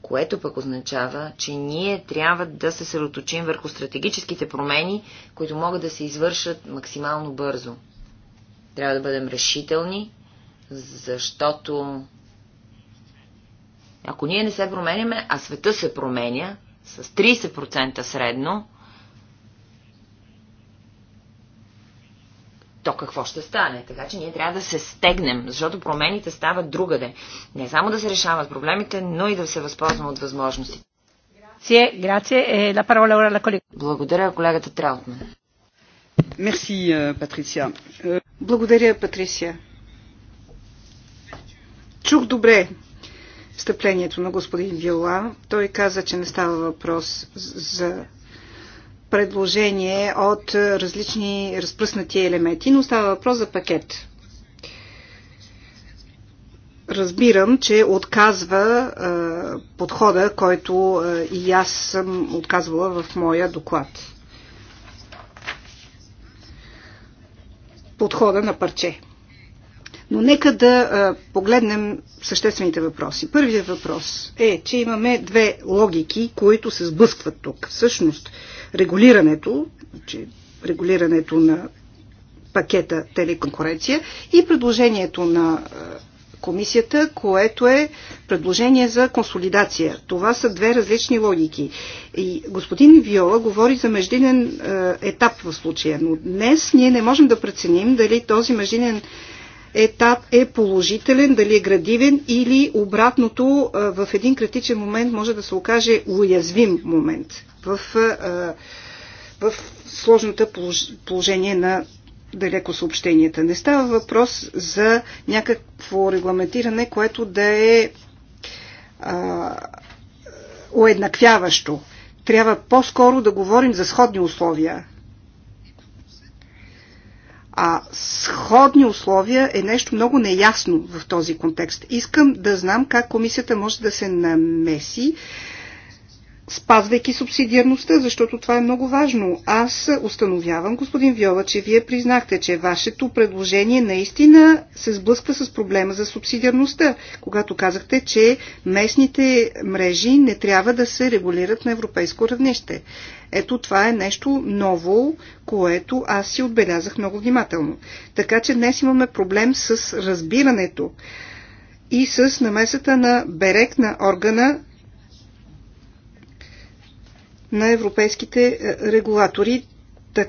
Което пък означава, че ние трябва да се съсредоточим върху стратегическите промени, които могат да се извършат максимално бързо. Трябва да бъдем решителни, защото ако ние не се променяме, а света се променя с 30% средно, то какво ще стане? Така че ние трябва да се стегнем, защото промените стават другаде. Не само да се решават проблемите, но и да се възползваме от възможностите. Е, благодаря, колегата Траутман. Мерси, е, Патриция. Е, благодаря, Патриция. Чух добре встъплението на господин Вила. Той каза, че не става въпрос за предложение от различни разпръснати елементи, но става въпрос за пакет. Разбирам, че отказва е, подхода, който е, и аз съм отказвала в моя доклад. Подхода на парче. Но нека да погледнем съществените въпроси. Първият въпрос е, че имаме две логики, които се сблъскват тук. Всъщност, регулирането, значи, регулирането на пакета телеконкуренция и предложението на комисията, което е предложение за консолидация. Това са две различни логики. И господин Виола говори за междинен етап в случая, но днес ние не можем да преценим дали този междинен етап е положителен, дали е градивен или обратното в един критичен момент може да се окаже уязвим момент в, в сложното положение на далеко съобщенията. Не става въпрос за някакво регламентиране, което да е а, уеднаквяващо. Трябва по-скоро да говорим за сходни условия. А сходни условия е нещо много неясно в този контекст. Искам да знам как комисията може да се намеси спазвайки субсидиарността, защото това е много важно. Аз установявам, господин Виола, че вие признахте, че вашето предложение наистина се сблъсква с проблема за субсидиарността, когато казахте, че местните мрежи не трябва да се регулират на европейско равнище. Ето това е нещо ново, което аз си отбелязах много внимателно. Така че днес имаме проблем с разбирането и с намесата на берек на органа на европейските е, регулатори, е,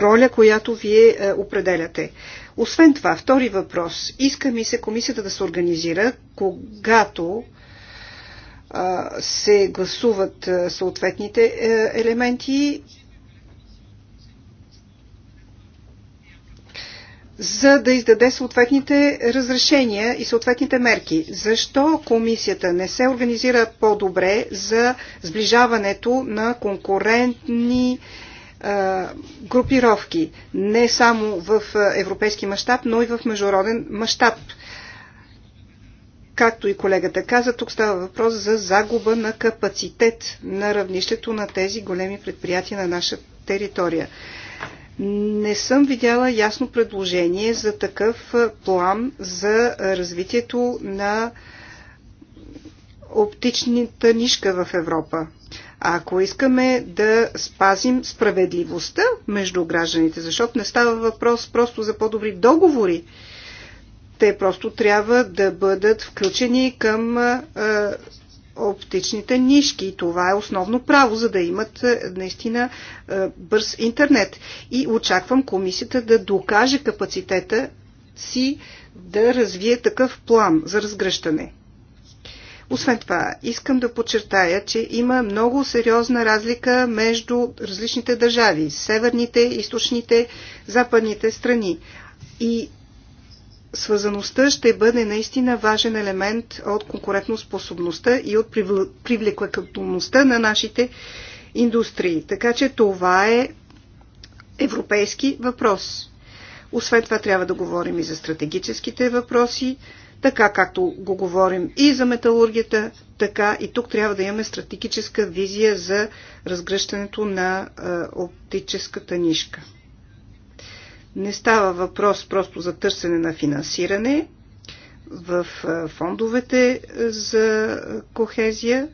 роля, която вие е, определяте. Освен това, втори въпрос. Иска ми се комисията да се организира, когато се гласуват съответните е, елементи, за да издаде съответните разрешения и съответните мерки. Защо комисията не се организира по-добре за сближаването на конкурентни групировки, не само в европейски мащаб, но и в международен мащаб? Както и колегата каза, тук става въпрос за загуба на капацитет на равнището на тези големи предприятия на наша територия. Не съм видяла ясно предложение за такъв план за развитието на оптичната нишка в Европа. А ако искаме да спазим справедливостта между гражданите, защото не става въпрос просто за по-добри договори, те просто трябва да бъдат включени към оптичните нишки. Това е основно право, за да имат наистина бърз интернет. И очаквам комисията да докаже капацитета си да развие такъв план за разгръщане. Освен това, искам да подчертая, че има много сериозна разлика между различните държави северните, източните, западните страни. И свързаността ще бъде наистина важен елемент от конкурентоспособността и от привлекателността на нашите индустрии. Така че това е европейски въпрос. Освен това трябва да говорим и за стратегическите въпроси, така както го говорим и за металургията, така и тук трябва да имаме стратегическа визия за разгръщането на оптическата нишка. Не става въпрос просто за търсене на финансиране в фондовете за кохезия,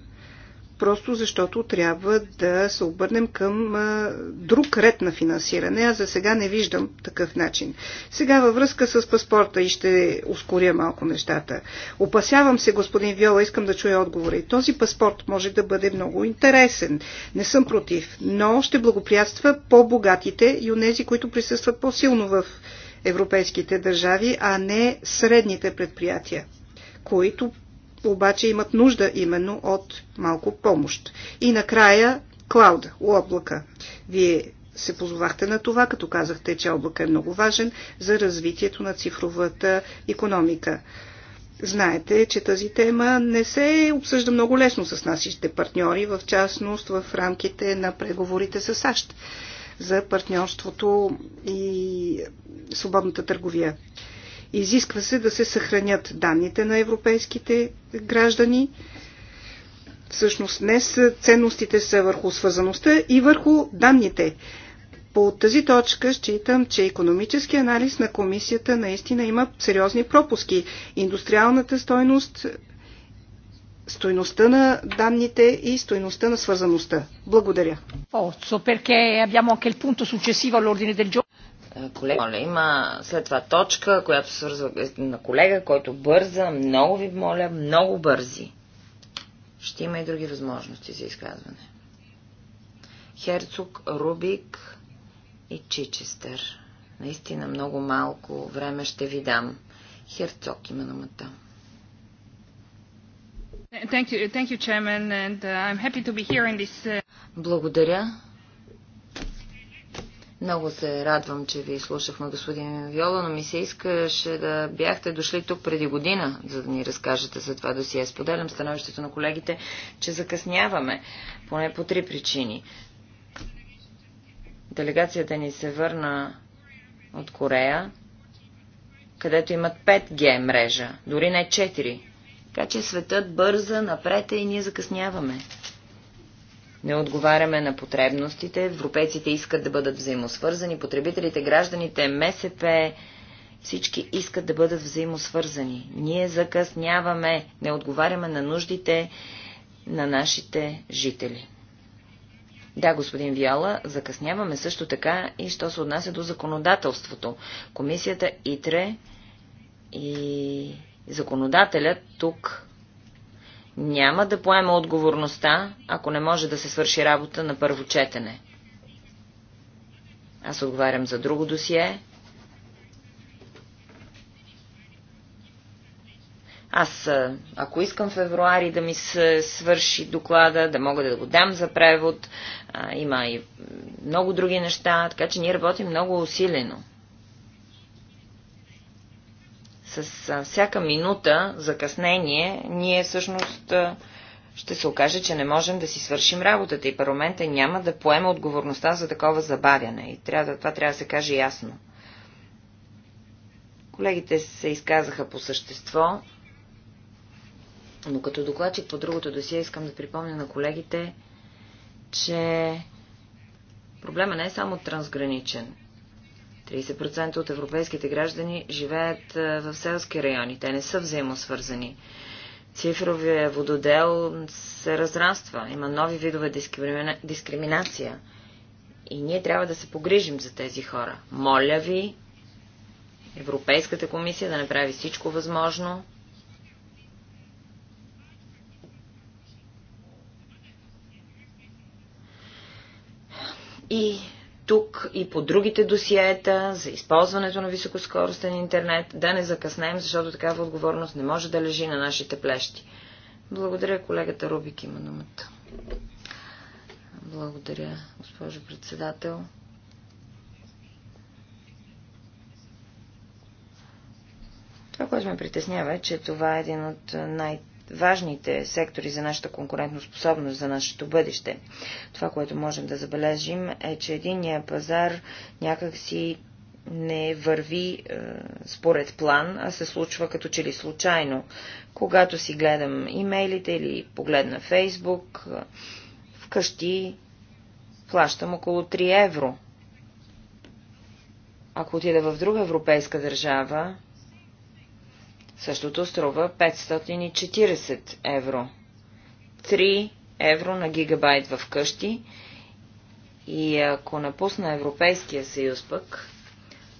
просто защото трябва да се обърнем към друг ред на финансиране, а за сега не виждам такъв начин. Сега във връзка с паспорта и ще ускоря малко нещата. Опасявам се, господин Виола, искам да чуя отговора. И този паспорт може да бъде много интересен. Не съм против, но ще благоприятства по-богатите и онези, които присъстват по-силно в европейските държави, а не средните предприятия които обаче имат нужда именно от малко помощ. И накрая клауда, облака. Вие се позовахте на това, като казахте, че облака е много важен за развитието на цифровата економика. Знаете, че тази тема не се обсъжда много лесно с нашите партньори, в частност в рамките на преговорите с САЩ за партньорството и свободната търговия. Изисква се да се съхранят данните на европейските граждани. Всъщност днес ценностите са върху свързаността и върху данните. По тази точка считам, че економически анализ на комисията наистина има сериозни пропуски. Индустриалната стойност, стойността на данните и стойността на свързаността. Благодаря колега. Моля, има след това точка, която свързва на колега, който бърза. Много ви моля, много бързи. Ще има и други възможности за изказване. Херцог, Рубик и Чичестър. Наистина много малко време ще ви дам. Херцог има на Thank uh, uh, Благодаря. Много се радвам, че ви слушахме, господин Виола, но ми се искаше да бяхте дошли тук преди година, за да ни разкажете за това досие. Споделям становището на колегите, че закъсняваме, поне по три причини. Делегацията ни се върна от Корея, където имат 5G мрежа, дори не 4. Така че светът бърза напред и ние закъсняваме не отговаряме на потребностите. Европейците искат да бъдат взаимосвързани, потребителите, гражданите, МСП, всички искат да бъдат взаимосвързани. Ние закъсняваме, не отговаряме на нуждите на нашите жители. Да, господин Виола, закъсняваме също така и що се отнася до законодателството. Комисията ИТРЕ и законодателят тук няма да поема отговорността, ако не може да се свърши работа на първо четене. Аз отговарям за друго досие. Аз, ако искам февруари да ми се свърши доклада, да мога да го дам за превод, има и много други неща, така че ние работим много усилено с всяка минута закъснение, ние всъщност ще се окаже, че не можем да си свършим работата и парламента няма да поема отговорността за такова забавяне. И трябва, това трябва да се каже ясно. Колегите се изказаха по същество, но като докладчик по другото досие искам да припомня на колегите, че проблема не е само трансграничен. 30% от европейските граждани живеят в селски райони. Те не са взаимосвързани. Цифровия вододел се разраства. Има нови видове дискримина... дискриминация. И ние трябва да се погрижим за тези хора. Моля ви, Европейската комисия да направи всичко възможно, И тук и по другите досиета за използването на високоскоростен интернет, да не закъснем, защото такава отговорност не може да лежи на нашите плещи. Благодаря, колегата Рубик има думата. Благодаря, госпожо председател. Това, което ме притеснява е, че това е един от най- важните сектори за нашата конкурентоспособност, за нашето бъдеще. Това, което можем да забележим е, че единния пазар някакси не върви е, според план, а се случва като че ли случайно. Когато си гледам имейлите или погледна Фейсбук, е, вкъщи плащам около 3 евро. Ако отида в друга европейска държава, Същото струва 540 евро. 3 евро на гигабайт в къщи. И ако напусна Европейския съюз пък,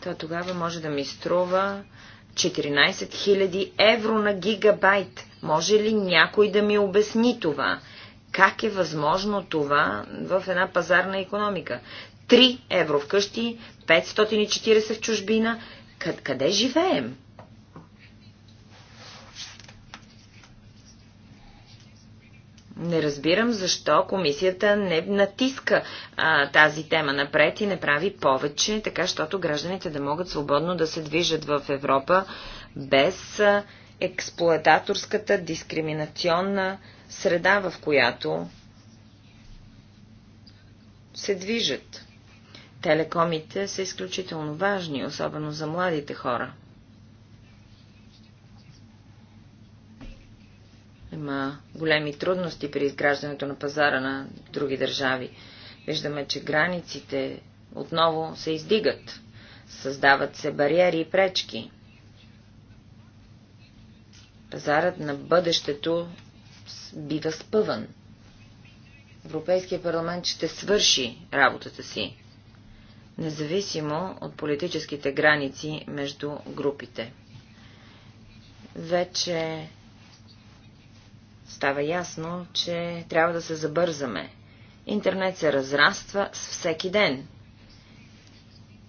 то тогава може да ми струва 14 000 евро на гигабайт. Може ли някой да ми обясни това? Как е възможно това в една пазарна економика? 3 евро вкъщи, 540 в чужбина. Къде живеем? Не разбирам защо комисията не натиска а, тази тема напред и не прави повече, така щото гражданите да могат свободно да се движат в Европа без а, експлуататорската дискриминационна среда, в която се движат. Телекомите са изключително важни, особено за младите хора. Има големи трудности при изграждането на пазара на други държави. Виждаме, че границите отново се издигат. Създават се бариери и пречки. Пазарът на бъдещето бива спъван. Европейския парламент ще свърши работата си, независимо от политическите граници между групите. Вече става ясно, че трябва да се забързаме. Интернет се разраства с всеки ден.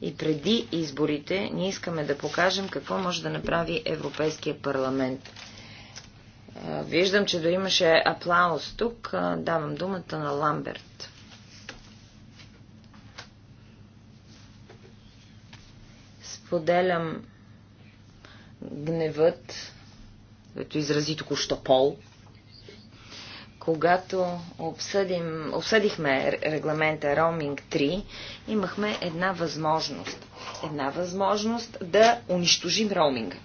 И преди изборите ние искаме да покажем какво може да направи Европейския парламент. Виждам, че дори имаше аплауз тук. Давам думата на Ламберт. Споделям гневът, който изрази току-що Пол, когато обсъдим, обсъдихме регламента Роуминг 3, имахме една възможност. Една възможност да унищожим роуминга.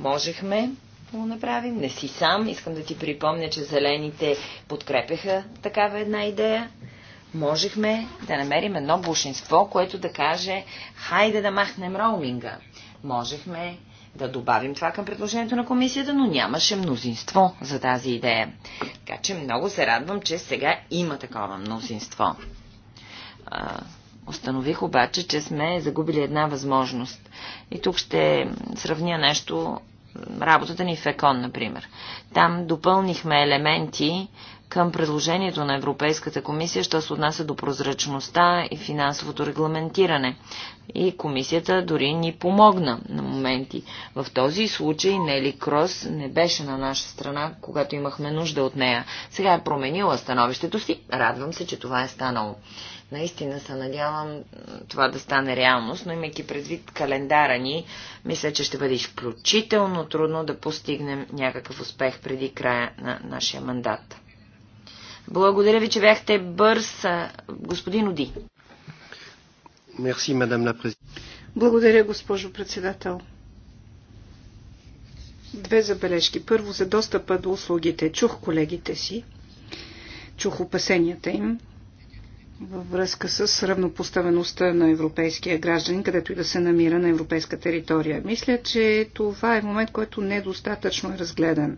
Можехме да го направим. Не си сам. Искам да ти припомня, че зелените подкрепяха такава една идея. Можехме да намерим едно бушинство, което да каже хайде да махнем роуминга. Можехме да добавим това към предложението на комисията, но нямаше мнозинство за тази идея. Така че много се радвам, че сега има такова мнозинство. А, установих обаче, че сме загубили една възможност. И тук ще сравня нещо работата ни в ЕКОН, например. Там допълнихме елементи, към предложението на Европейската комисия, що се отнася до прозрачността и финансовото регламентиране. И комисията дори ни помогна на моменти. В този случай Нели Крос не беше на наша страна, когато имахме нужда от нея. Сега е променила становището си. Радвам се, че това е станало. Наистина се надявам това да стане реалност, но имайки предвид календара ни, мисля, че ще бъде изключително трудно да постигнем някакъв успех преди края на нашия мандат. Благодаря ви, че бяхте бърз, господин Оди. Мерси, мадам ла Благодаря, госпожо председател. Две забележки. Първо за достъпа до услугите. Чух колегите си, чух опасенията им във връзка с равнопоставеността на европейския гражданин, където и да се намира на европейска територия. Мисля, че това е момент, който недостатъчно е разгледан.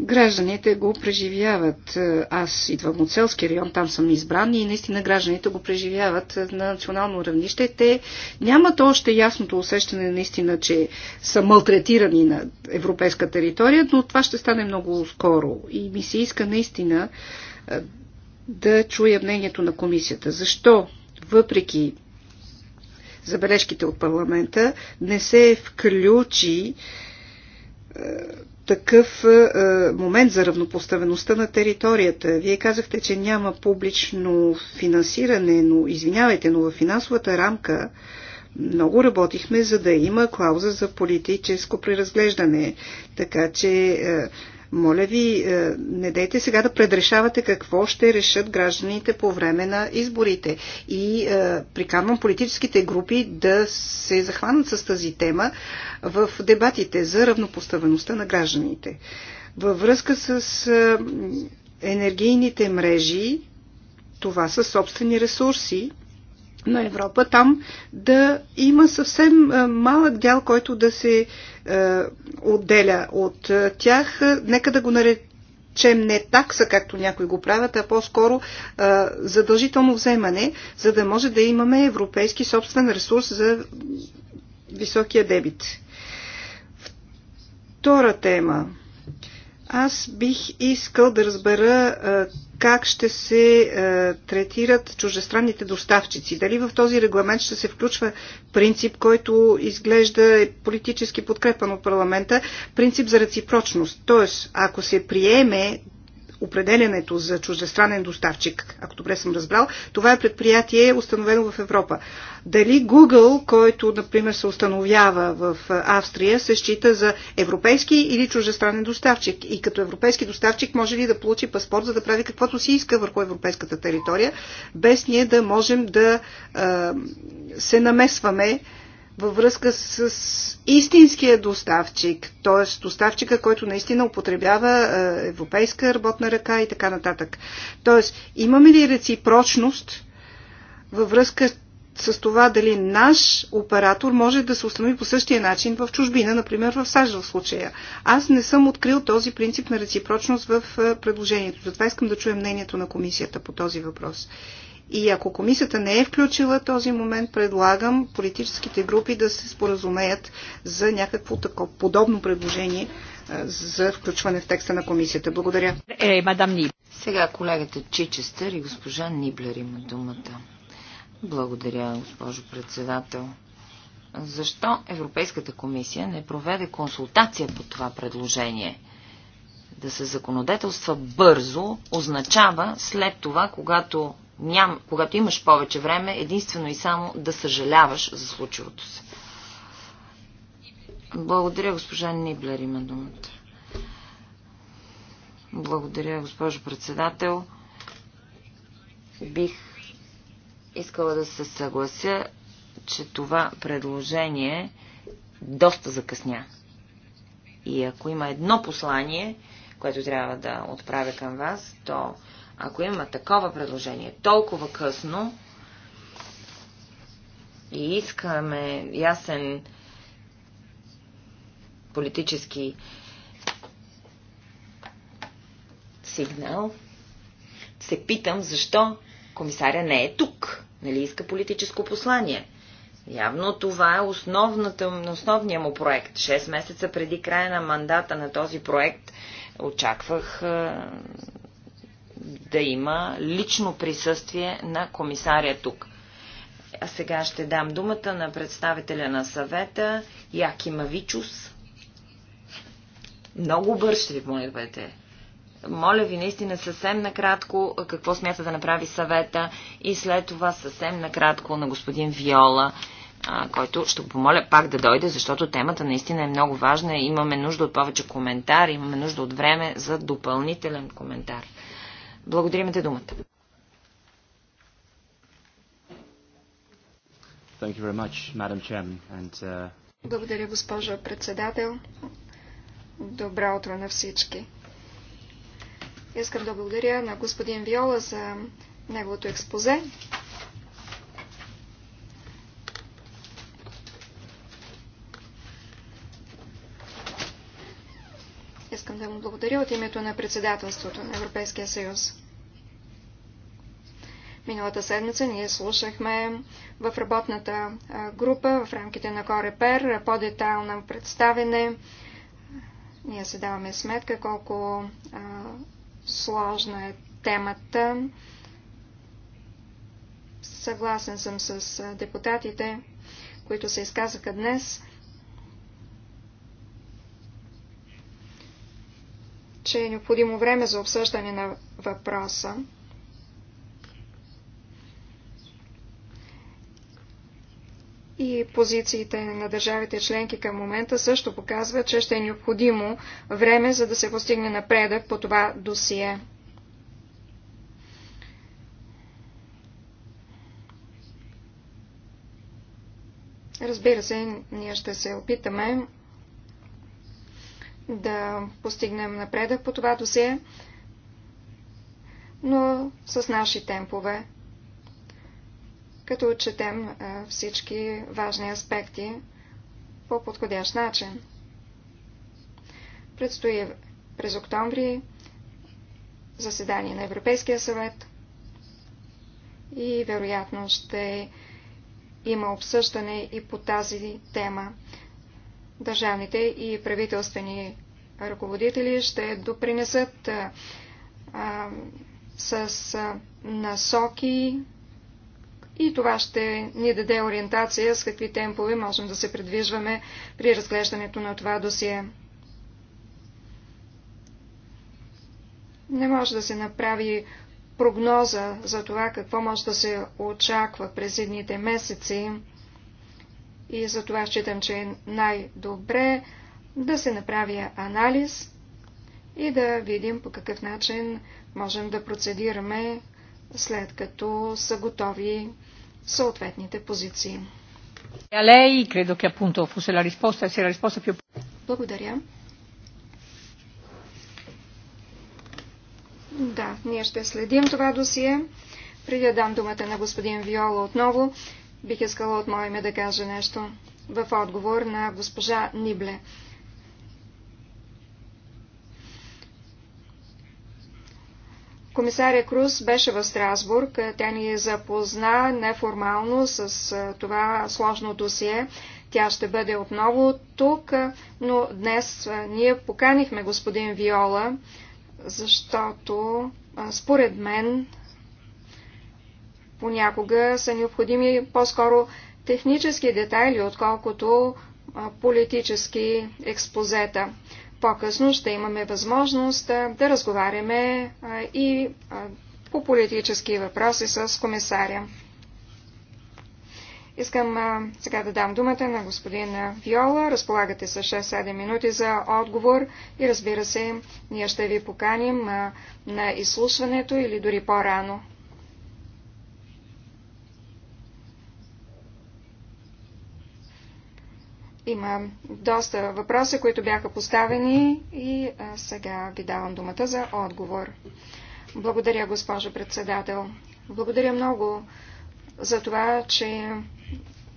Гражданите го преживяват. Аз идвам от селски район, там съм избран и наистина гражданите го преживяват на национално равнище. Те нямат още ясното усещане наистина, че са малтретирани на европейска територия, но това ще стане много скоро. И ми се иска наистина да чуя мнението на комисията. Защо, въпреки забележките от парламента, не се включи такъв е, е, момент за равнопоставеността на територията. Вие казахте, че няма публично финансиране, но извинявайте, но в финансовата рамка много работихме, за да има клауза за политическо преразглеждане. Така че е, моля ви, е, не дейте сега да предрешавате какво ще решат гражданите по време на изборите. И е, приканвам политическите групи да се захванат с тази тема в дебатите за равнопоставеността на гражданите. Във връзка с е, енергийните мрежи, това са собствени ресурси, на Европа, там да има съвсем малък дял, който да се е, отделя от е, тях. Нека да го наречем не такса, както някои го правят, а по-скоро е, задължително вземане, за да може да имаме европейски собствен ресурс за високия дебит. Втора тема аз бих искал да разбера е, как ще се е, третират чужестранните доставчици. Дали в този регламент ще се включва принцип, който изглежда е политически подкрепан от парламента, принцип за реципрочност. Тоест, ако се приеме определенето за чуждестранен доставчик, ако добре съм разбрал, това е предприятие установено в Европа. Дали Google, който, например, се установява в Австрия, се счита за европейски или чуждестранен доставчик? И като европейски доставчик може ли да получи паспорт, за да прави каквото си иска върху европейската територия, без ние да можем да а, се намесваме във връзка с истинския доставчик, т.е. доставчика, който наистина употребява е, европейска работна ръка и така нататък. Т.е. имаме ли реципрочност във връзка с това дали наш оператор може да се установи по същия начин в чужбина, например в САЖ в случая. Аз не съм открил този принцип на реципрочност в е, предложението. Затова искам да чуя мнението на комисията по този въпрос. И ако комисията не е включила този момент, предлагам политическите групи да се споразумеят за някакво тако, подобно предложение за включване в текста на комисията. Благодаря. Е, мадам Ниб. Сега колегата Чичестър и госпожа Ниблер има думата. Благодаря, госпожо председател. Защо Европейската комисия не проведе консултация по това предложение? Да се законодателства бързо означава след това, когато ням, когато имаш повече време, единствено и само да съжаляваш за случилото се. Благодаря, госпожа Ниблер има думата. Благодаря, госпожо председател. Бих искала да се съглася, че това предложение доста закъсня. И ако има едно послание, което трябва да отправя към вас, то ако има такова предложение толкова късно и искаме ясен политически сигнал, се питам защо комисаря не е тук. Нали иска политическо послание? Явно това е основната, основния му проект. Шест месеца преди края на мандата на този проект очаквах да има лично присъствие на комисаря тук. А сега ще дам думата на представителя на съвета Яки Мавичус. Много бърз ще ви моля да бъдете. Моля ви наистина съвсем накратко какво смята да направи съвета и след това съвсем накратко на господин Виола, който ще го помоля пак да дойде, защото темата наистина е много важна. Имаме нужда от повече коментар, имаме нужда от време за допълнителен коментар. Благодарим те думата. Much, And, uh... Благодаря, госпожо председател. Добро утро на всички. Искам да благодаря на господин Виола за неговото експозе. Искам да му благодаря от името на председателството на Европейския съюз. Миналата седмица ние слушахме в работната група, в рамките на Корепер, по-детайлно представене. Ние се даваме сметка колко а, сложна е темата. Съгласен съм с депутатите, които се изказаха днес. че е необходимо време за обсъждане на въпроса. И позициите на държавите членки към момента също показват, че ще е необходимо време, за да се постигне напредък по това досие. Разбира се, ние ще се опитаме да постигнем напредък по това досие, но с наши темпове, като отчетем всички важни аспекти по подходящ начин. Предстои през октомври заседание на Европейския съвет и вероятно ще има обсъждане и по тази тема държавните и правителствени ръководители ще допринесат а, с а, насоки и това ще ни даде ориентация с какви темпове можем да се предвижваме при разглеждането на това досие. Не може да се направи прогноза за това какво може да се очаква през едните месеци и за това считам, че е най-добре да се направи анализ и да видим по какъв начин можем да процедираме след като са готови съответните позиции. Благодаря. Да, ние ще следим това досие. Преди да дам думата на господин Виола отново, бих искала от мое име да кажа нещо в отговор на госпожа Нибле. Комисаря Круз беше в Страсбург. Тя ни е запозна неформално с това сложно досие. Тя ще бъде отново тук, но днес ние поканихме господин Виола, защото според мен Понякога са необходими по-скоро технически детайли, отколкото политически експозета. По-късно ще имаме възможност да разговаряме и по политически въпроси с комисаря. Искам сега да дам думата на господин Виола. Разполагате с 6-7 минути за отговор и разбира се, ние ще ви поканим на изслушването или дори по-рано. Има доста въпроса, които бяха поставени и сега ви давам думата за отговор. Благодаря, госпожо председател. Благодаря много за това, че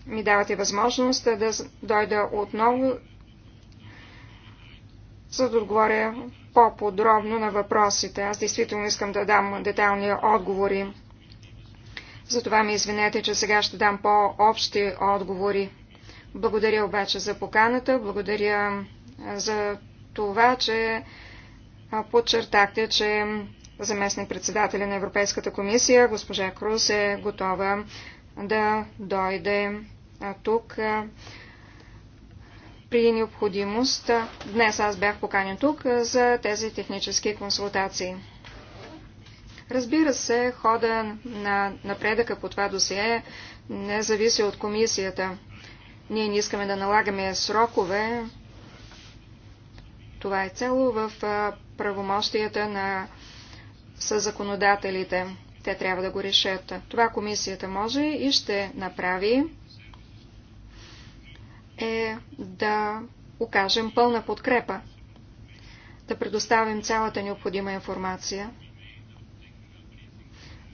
ми давате възможност да дойда отново, за да отговоря по-подробно на въпросите. Аз действително искам да дам детайлни отговори. Затова ми извинете, че сега ще дам по-общи отговори. Благодаря обаче за поканата, благодаря за това, че подчертахте, че заместник председателя на Европейската комисия, госпожа Крус, е готова да дойде тук при необходимост. Днес аз бях поканен тук за тези технически консултации. Разбира се, хода на напредъка по това досие не зависи от комисията. Ние не искаме да налагаме срокове. Това е цело в правомощията на съзаконодателите. Те трябва да го решат. Това комисията може и ще направи е да окажем пълна подкрепа, да предоставим цялата необходима информация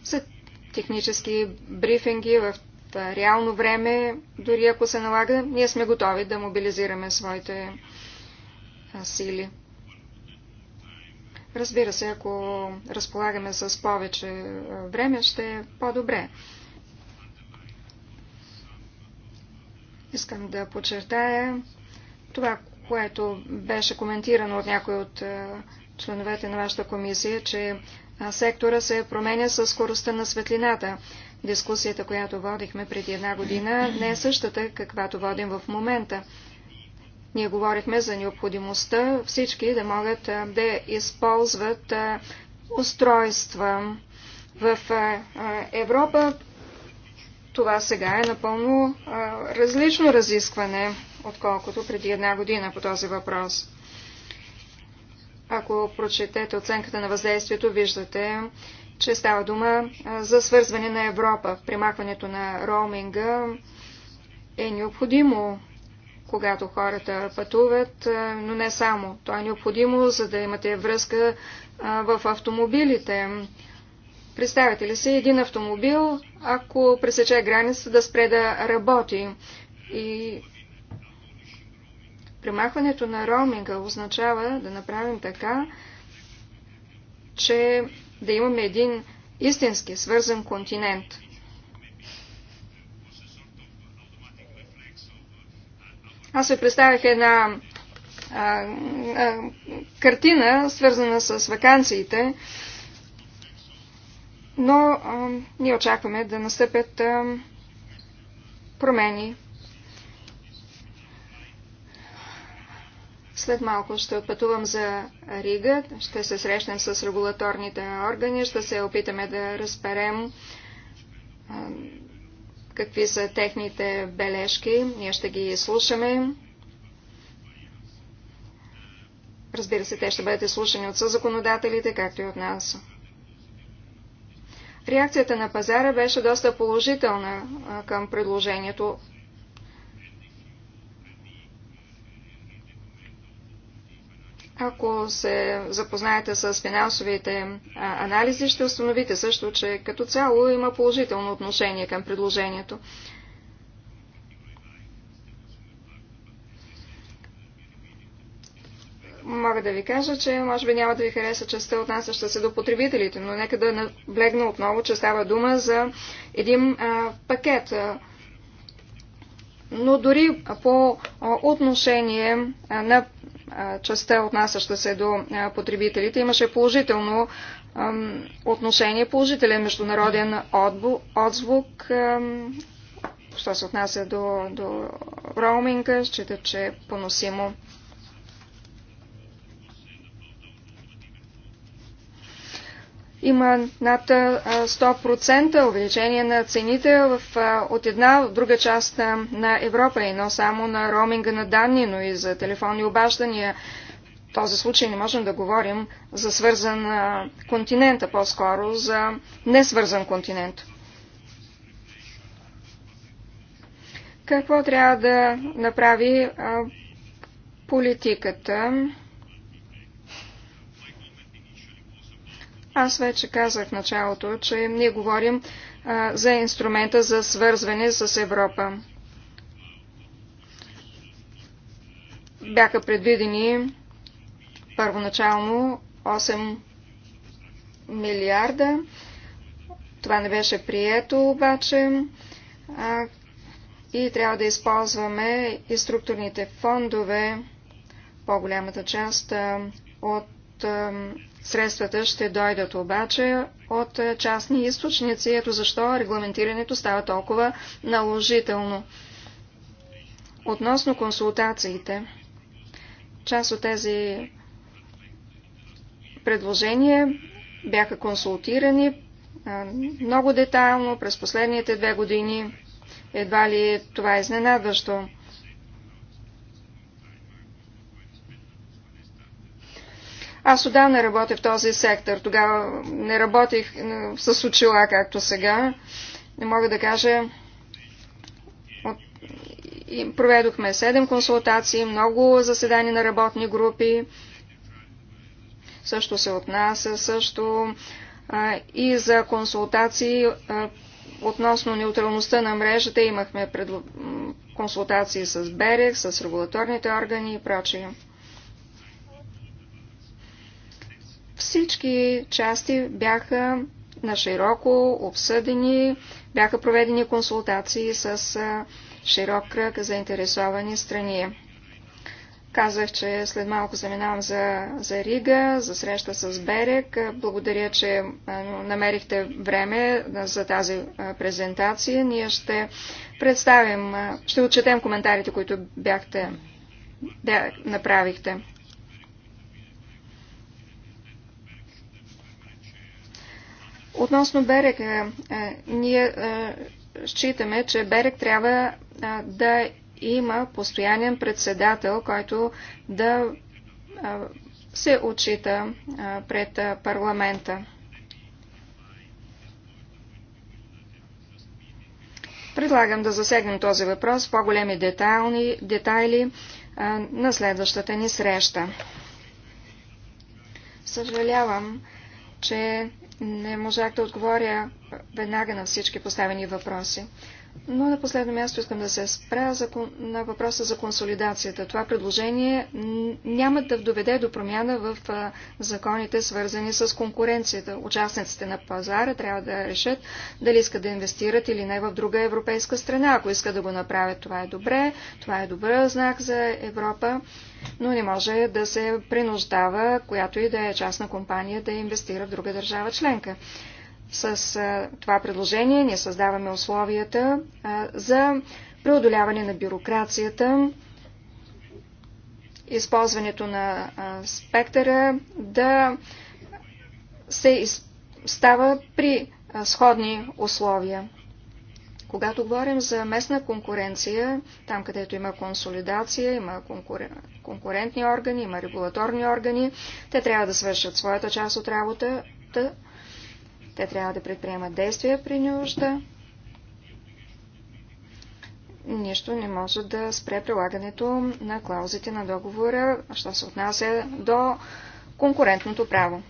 за технически брифинги в реално време, дори ако се налага, ние сме готови да мобилизираме своите сили. Разбира се, ако разполагаме с повече време, ще е по-добре. Искам да подчертая това, което беше коментирано от някой от членовете на вашата комисия, че сектора се променя със скоростта на светлината. Дискусията, която водихме преди една година, не е същата, каквато водим в момента. Ние говорихме за необходимостта всички да могат да използват устройства. В Европа това сега е напълно различно разискване, отколкото преди една година по този въпрос. Ако прочетете оценката на въздействието, виждате, че става дума за свързване на Европа. Примахването на роуминга е необходимо, когато хората пътуват, но не само. Това е необходимо, за да имате връзка в автомобилите. Представете ли си един автомобил, ако пресече граница да спре да работи? И примахването на роуминга означава да направим така, че да имаме един истински свързан континент. Аз ви представях една а, а, картина, свързана с вакансиите, но а, ние очакваме да настъпят а, промени След малко ще пътувам за Рига, ще се срещнем с регулаторните органи, ще се опитаме да разперем какви са техните бележки. Ние ще ги слушаме. Разбира се, те ще бъдете слушани от съзаконодателите, както и от нас. Реакцията на пазара беше доста положителна към предложението Ако се запознаете с финансовите анализи, ще установите също, че като цяло има положително отношение към предложението. мога да ви кажа, че може би няма да ви хареса частта отнасяща се до потребителите, но нека да наблегна отново, че става дума за един а, пакет. Но дори по отношение на частта отнасяща се до потребителите, имаше положително отношение, положителен международен отзвук, що се отнася до, до роуминга, считат, че е поносимо. Има над 100% увеличение на цените в, от една от друга част на Европа и не само на роуминга на данни, но и за телефонни обаждания. В този случай не можем да говорим за свързан континент, а по-скоро за несвързан континент. Какво трябва да направи политиката? Аз вече казах в началото, че ние говорим а, за инструмента за свързване с Европа. Бяха предвидени първоначално 8 милиарда. Това не беше прието обаче а, и трябва да използваме и структурните фондове, по-голямата част а, от а, Средствата ще дойдат обаче от частни източници, ето защо регламентирането става толкова наложително. Относно консултациите, част от тези предложения бяха консултирани много детайлно през последните две години. Едва ли това е изненадващо. Аз отдавна работя в този сектор. Тогава не работих с очила, както сега. Не мога да кажа. От... И проведохме 7 консултации, много заседания на работни групи. Също се отнася също а, и за консултации а, относно неутралността на мрежата. Имахме консултации с Берег, с регулаторните органи и прочие. Всички части бяха на широко обсъдени, бяха проведени консултации с широк кръг заинтересовани страни. Казах, че след малко заминавам за, за Рига, за среща с Берег. Благодаря, че намерихте време за тази презентация. Ние ще представим, ще отчетем коментарите, които бяхте, бя, направихте. Относно Берег, е, е, ние е, считаме, че Берег трябва да има постоянен председател, който да се отчита пред парламента. Предлагам да засегнем този въпрос в по-големи детайли на следващата ни среща. Съжалявам, че не можах да отговоря веднага на всички поставени въпроси. Но на последно място искам да се спра за, на въпроса за консолидацията. Това предложение няма да доведе до промяна в законите, свързани с конкуренцията. Участниците на пазара трябва да решат дали искат да инвестират или не в друга европейска страна. Ако искат да го направят, това е добре, това е добър знак за Европа, но не може да се принуждава, която и да е частна компания, да инвестира в друга държава членка. С това предложение ние създаваме условията за преодоляване на бюрокрацията, използването на спектъра да се става при сходни условия. Когато говорим за местна конкуренция, там където има консолидация, има конкурен... конкурентни органи, има регулаторни органи, те трябва да свършат своята част от работата, те трябва да предприемат действия при нужда. Нищо не може да спре прилагането на клаузите на договора, що се отнася до конкурентното право.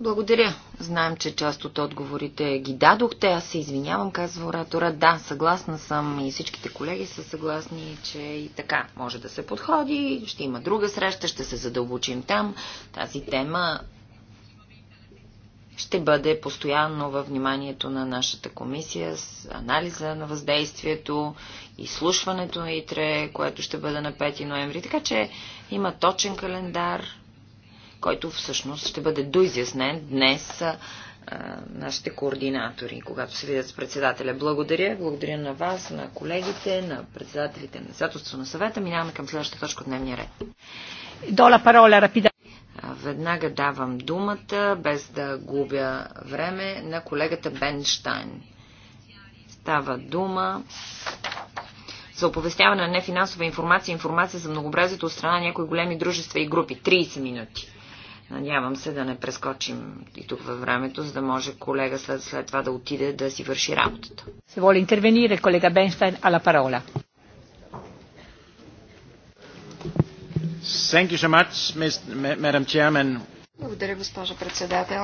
Благодаря. Знаем, че част от отговорите ги дадохте. Аз се извинявам, казва оратора. Да, съгласна съм и всичките колеги са съгласни, че и така може да се подходи. Ще има друга среща, ще се задълбочим там. Тази тема ще бъде постоянно във вниманието на нашата комисия с анализа на въздействието, изслушването на ИТРЕ, което ще бъде на 5 ноември. Така че има точен календар, който всъщност ще бъде доизяснен днес нашите координатори, когато се видят с председателя. Благодаря. Благодаря на вас, на колегите, на председателите на председателство на съвета. Минаваме към следващата точка от дневния ред. Дола пароля, рапида. Веднага давам думата, без да губя време, на колегата Бенштайн. Става дума за оповестяване на нефинансова информация и информация за многообразието от страна някои големи дружества и групи. 30 минути. Надявам се да не прескочим и тук във времето, за да може колега след, след това да отиде да си върши работата. Се воля интервенира колега Бенштайн, ала парола. Благодаря, госпожо председател.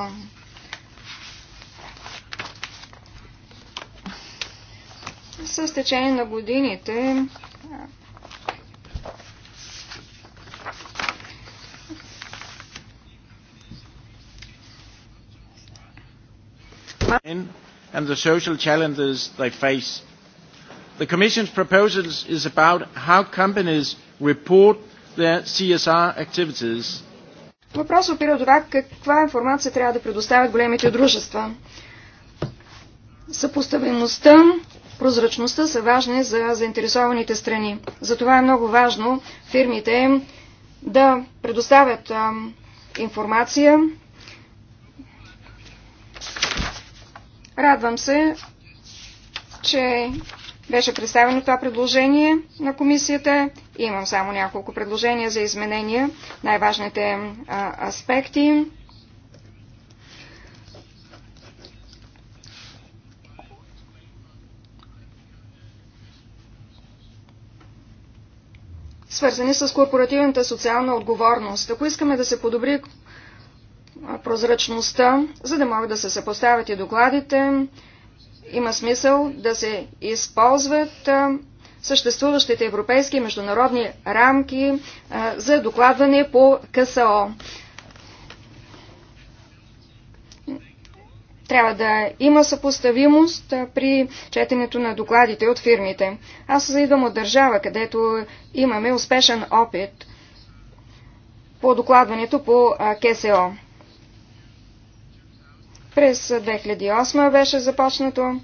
С течение на годините and the social challenges they face. The Commission's proposals is about how companies report their CSR activities. Въпрос опира това каква информация трябва да предоставят големите дружества. Съпоставеността, прозрачността са важни за заинтересованите страни. Затова е много важно фирмите да предоставят а, информация. Радвам се, че беше представено това предложение на комисията Имам само няколко предложения за изменения, най-важните аспекти. свързани с корпоративната социална отговорност. Ако искаме да се подобри прозрачността, за да могат да се съпоставят и докладите, има смисъл да се използват съществуващите европейски и международни рамки за докладване по КСО. Трябва да има съпоставимост при четенето на докладите от фирмите. Аз идвам от държава, където имаме успешен опит по докладването по КСО. През 2008 беше започнато.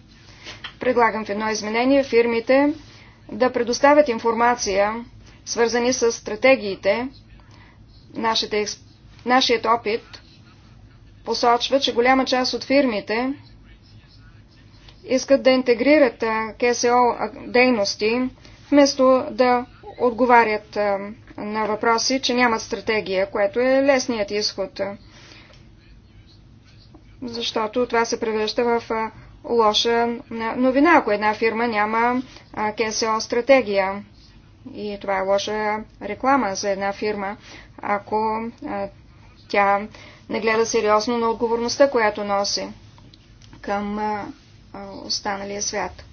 Предлагам в едно изменение фирмите да предоставят информация, свързани с стратегиите. Нашите, нашият опит посочва, че голяма част от фирмите искат да интегрират КСО дейности, вместо да отговарят на въпроси, че нямат стратегия, което е лесният изход. Защото това се превръща в лоша новина, ако една фирма няма КСО стратегия. И това е лоша реклама за една фирма, ако тя не гледа сериозно на отговорността, която носи към останалия свят.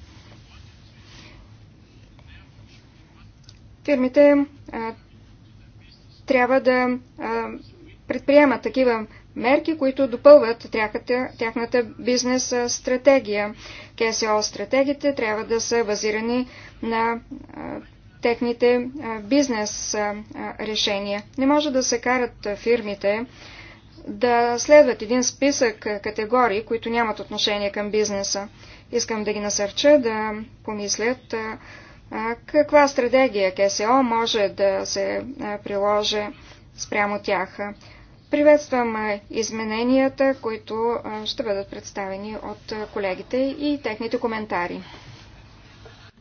Фирмите трябва да предприемат такива мерки, които допълват тяхната, тяхната бизнес стратегия. КСО стратегите трябва да са базирани на а, техните а, бизнес а, решения. Не може да се карат фирмите да следват един списък категории, които нямат отношение към бизнеса. Искам да ги насърча да помислят каква стратегия КСО може да се приложи спрямо тях. Приветствам измененията, които ще бъдат представени от колегите и техните коментари.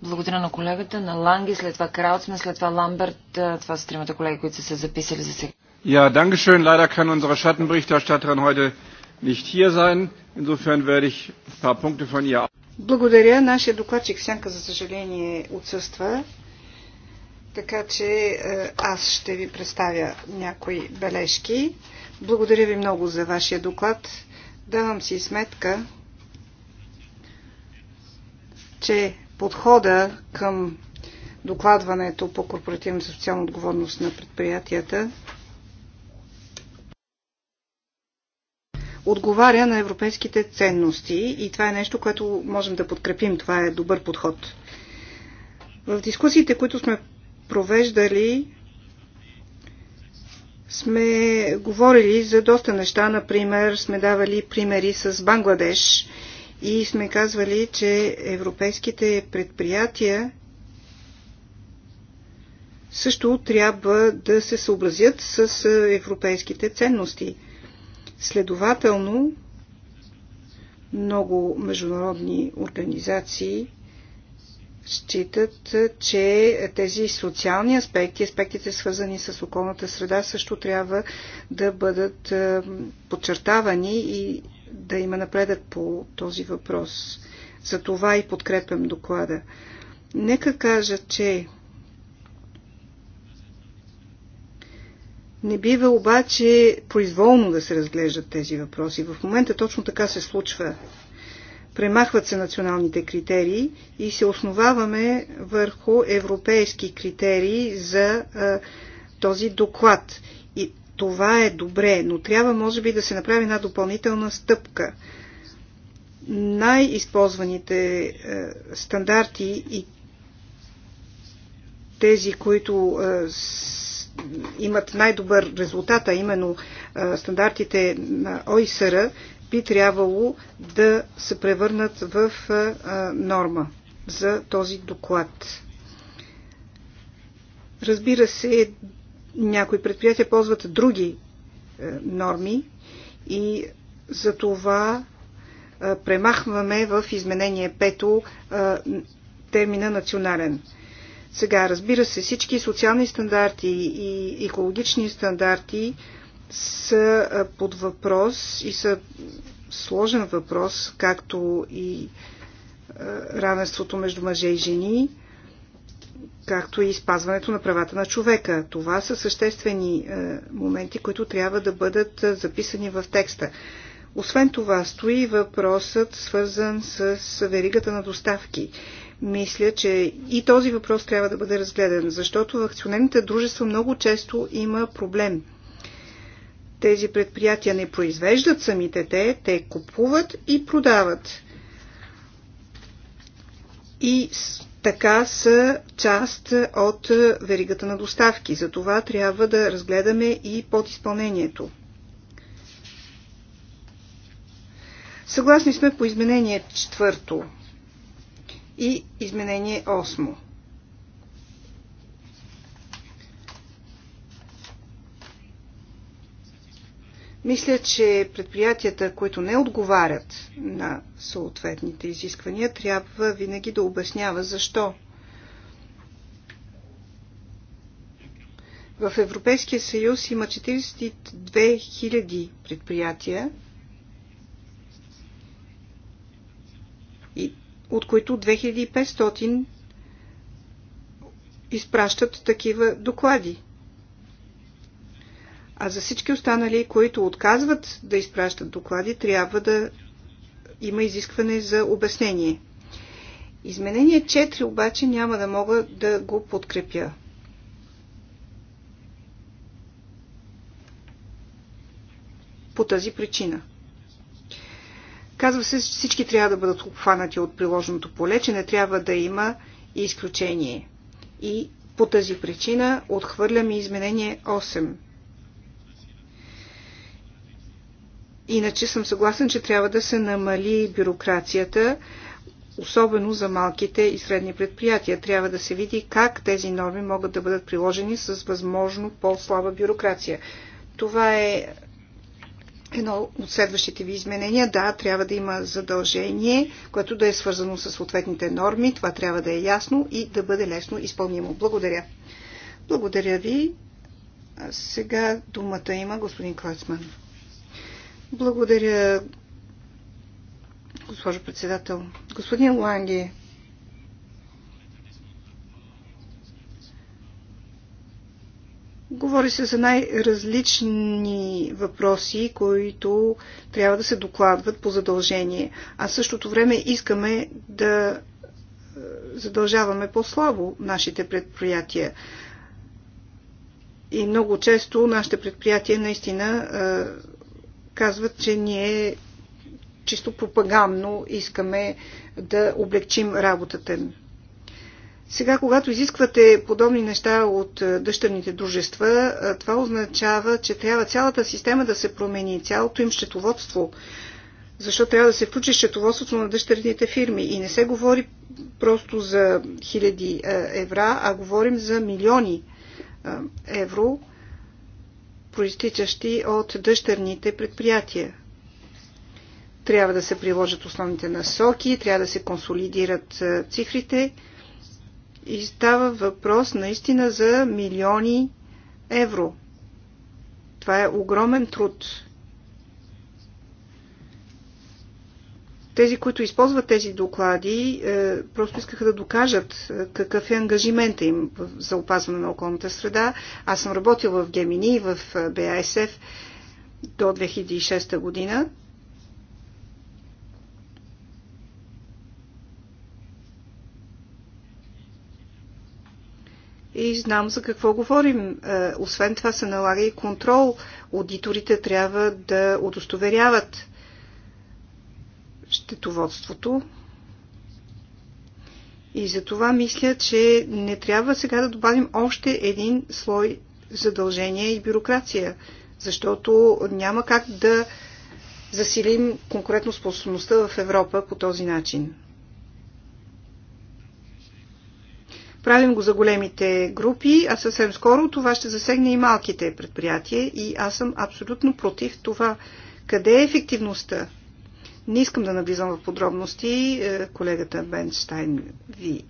Благодаря на колегата, на Ланги, след това Краутсме, след това Ламберт. Това са тримата колеги, които са се записали за сега. Ja, danke schön. Leider kann unsere Schattenberichterstatterin heute nicht hier sein. Insofern werde ich ein paar Punkte von ihr. Благодаря. Нашия докладчик Сянка, за съжаление, отсъства. Така че аз ще ви представя някои бележки. Благодаря ви много за вашия доклад. Давам си сметка, че подхода към докладването по корпоративна социална отговорност на предприятията отговаря на европейските ценности и това е нещо, което можем да подкрепим. Това е добър подход. В дискусиите, които сме провеждали, сме говорили за доста неща. Например, сме давали примери с Бангладеш и сме казвали, че европейските предприятия също трябва да се съобразят с е, европейските ценности. Следователно, много международни организации считат, че тези социални аспекти, аспектите свързани с околната среда, също трябва да бъдат е, подчертавани и да има напредък по този въпрос. За това и подкрепям доклада. Нека кажа, че не бива обаче произволно да се разглеждат тези въпроси. В момента точно така се случва Премахват се националните критерии и се основаваме върху европейски критерии за а, този доклад. И това е добре, но трябва може би да се направи една допълнителна стъпка. Най-използваните стандарти и тези, които а, с, имат най-добър резултат, а именно а, стандартите на ОИСР, би трябвало да се превърнат в норма за този доклад. Разбира се, някои предприятия ползват други е, норми и за това е, премахваме в изменение пето е, термина национален. Сега, разбира се, всички социални стандарти и екологични стандарти са под въпрос и са сложен въпрос, както и равенството между мъже и жени, както и спазването на правата на човека. Това са съществени моменти, които трябва да бъдат записани в текста. Освен това, стои въпросът, свързан с веригата на доставки. Мисля, че и този въпрос трябва да бъде разгледан, защото в акционерните дружества много често има проблем – тези предприятия не произвеждат самите те, те купуват и продават. И така са част от веригата на доставки. За това трябва да разгледаме и подизпълнението. Съгласни сме по изменение четвърто и изменение осмо. Мисля, че предприятията, които не отговарят на съответните изисквания, трябва винаги да обяснява защо. В Европейския съюз има 42 000 предприятия, от които 2500 изпращат такива доклади. А за всички останали, които отказват да изпращат доклади, трябва да има изискване за обяснение. Изменение 4 обаче няма да мога да го подкрепя. По тази причина. Казва се, всички трябва да бъдат обхванати от приложеното поле, че не трябва да има изключение. И по тази причина отхвърлям и изменение 8. Иначе съм съгласен, че трябва да се намали бюрокрацията, особено за малките и средни предприятия. Трябва да се види как тези норми могат да бъдат приложени с възможно по-слаба бюрокрация. Това е едно от следващите ви изменения. Да, трябва да има задължение, което да е свързано с съответните норми. Това трябва да е ясно и да бъде лесно изпълнимо. Благодаря. Благодаря ви. Сега думата има господин Клацман. Благодаря, госпожо председател. Господин Ланги, Говори се за най-различни въпроси, които трябва да се докладват по задължение. А в същото време искаме да е, задължаваме по-слабо нашите предприятия. И много често нашите предприятия наистина е, казват, че ние чисто пропагандно искаме да облегчим работата им. Сега, когато изисквате подобни неща от е, дъщерните дружества, е, това означава, че трябва цялата система да се промени, цялото им счетоводство, Защото трябва да се включи счетоводството на дъщерните фирми. И не се говори просто за хиляди е, евра, а говорим за милиони евро проистичащи от дъщерните предприятия. Трябва да се приложат основните насоки, трябва да се консолидират е, цифрите и става въпрос наистина за милиони евро. Това е огромен труд Тези, които използват тези доклади, е, просто искаха да докажат е, какъв е ангажимента им за опазване на околната среда. Аз съм работил в Гемини, в е, БАСФ до 2006 година. и знам за какво говорим. Освен това се налага и контрол. Аудиторите трябва да удостоверяват щетоводството. И за това мисля, че не трябва сега да добавим още един слой задължения и бюрокрация, защото няма как да засилим способността в Европа по този начин. Правим го за големите групи, а съвсем скоро това ще засегне и малките предприятия и аз съм абсолютно против това. Къде е ефективността? Не искам да навлизам в подробности. Е, колегата Бенштайн ви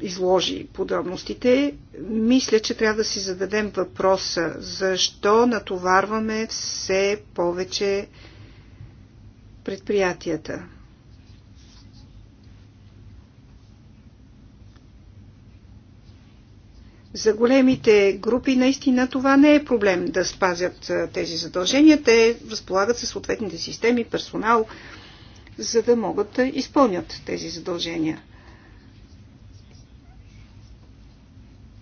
изложи подробностите. Мисля, че трябва да си зададем въпроса защо натоварваме все повече предприятията. За големите групи наистина това не е проблем да спазят тези задължения. Те разполагат със съответните системи, персонал, за да могат да изпълнят тези задължения.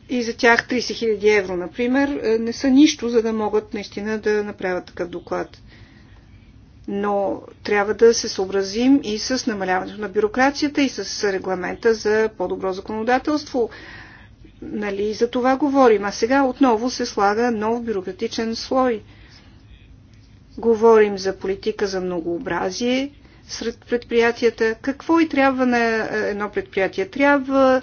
И за тях 30 000 евро, например, не са нищо, за да могат наистина да направят такъв доклад. Но трябва да се съобразим и с намаляването на бюрокрацията, и с регламента за по-добро законодателство. Нали, за това говорим. А сега отново се слага нов бюрократичен слой. Говорим за политика за многообразие сред предприятията. Какво и трябва на е, едно предприятие? Трябва,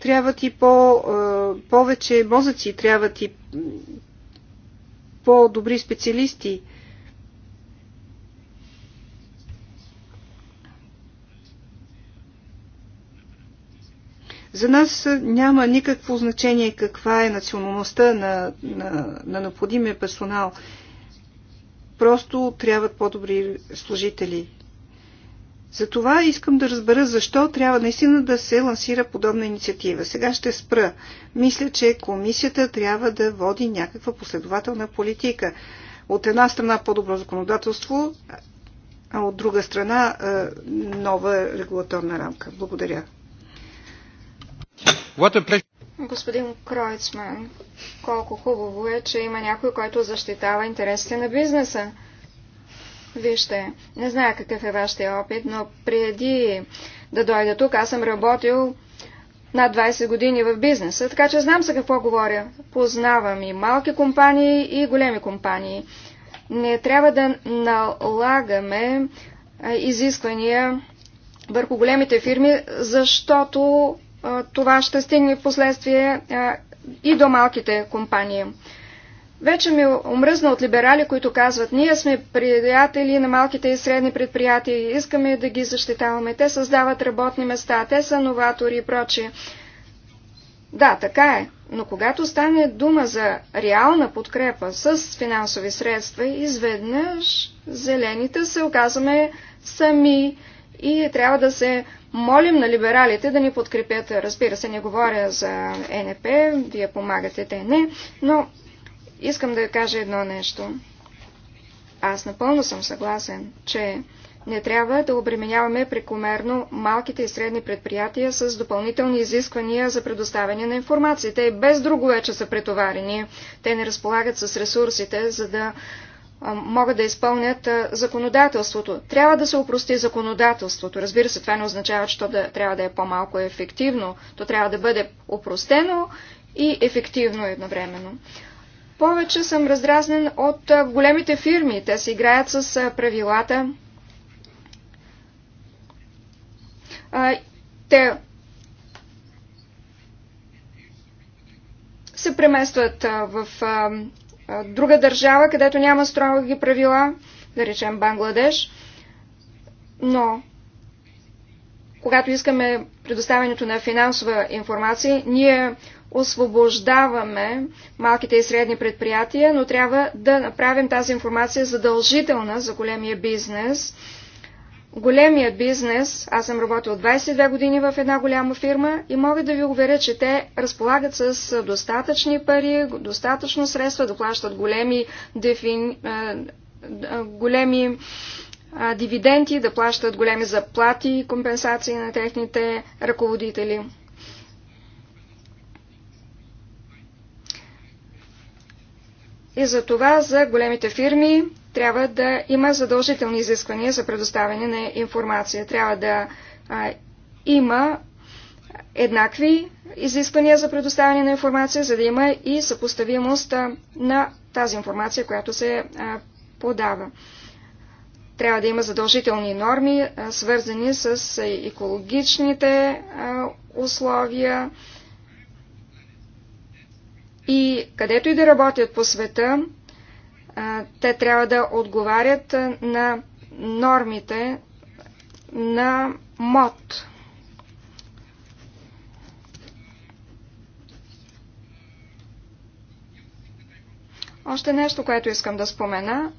трябват и по, е, повече мозъци, трябват и по-добри специалисти – За нас няма никакво значение каква е националността на, на, на необходимия персонал. Просто трябват по-добри служители. Затова искам да разбера защо трябва наистина да се лансира подобна инициатива. Сега ще спра. Мисля, че комисията трябва да води някаква последователна политика. От една страна по-добро законодателство, а от друга страна е, нова регулаторна рамка. Благодаря. Господин Кройцман, колко хубаво е, че има някой, който защитава интересите на бизнеса. Вижте, не зная какъв е вашия опит, но преди да дойда тук, аз съм работил над 20 години в бизнеса, така че знам за какво говоря. Познавам и малки компании, и големи компании. Не трябва да налагаме изисквания върху големите фирми, защото това ще стигне в последствие и до малките компании. Вече ми омръзна от либерали, които казват, ние сме приятели на малките и средни предприятия и искаме да ги защитаваме. Те създават работни места, те са новатори и прочие. Да, така е. Но когато стане дума за реална подкрепа с финансови средства, изведнъж зелените се оказваме сами и трябва да се молим на либералите да ни подкрепят. Разбира се, не говоря за НП, вие помагате, те не, но искам да кажа едно нещо. Аз напълно съм съгласен, че не трябва да обременяваме прекомерно малките и средни предприятия с допълнителни изисквания за предоставяне на информация. Те без друго вече са претоварени. Те не разполагат с ресурсите, за да могат да изпълнят законодателството. Трябва да се упрости законодателството. Разбира се, това не означава, че то да, трябва да е по-малко ефективно. То трябва да бъде упростено и ефективно едновременно. Повече съм раздразнен от големите фирми. Те се играят с правилата. Те се преместват в друга държава, където няма строги правила, да речем Бангладеш, но когато искаме предоставянето на финансова информация, ние освобождаваме малките и средни предприятия, но трябва да направим тази информация задължителна за големия бизнес – големият бизнес, аз съм работил 22 години в една голяма фирма и мога да ви уверя, че те разполагат с достатъчни пари, достатъчно средства да плащат големи, дефин, големи дивиденти, да плащат големи заплати и компенсации на техните ръководители. И за това за големите фирми трябва да има задължителни изисквания за предоставяне на информация. Трябва да а, има еднакви изисквания за предоставяне на информация, за да има и съпоставимост на тази информация, която се а, подава. Трябва да има задължителни норми, а, свързани с екологичните а, условия. И където и да работят по света, те трябва да отговарят на нормите на МОД. Още нещо, което искам да спомена.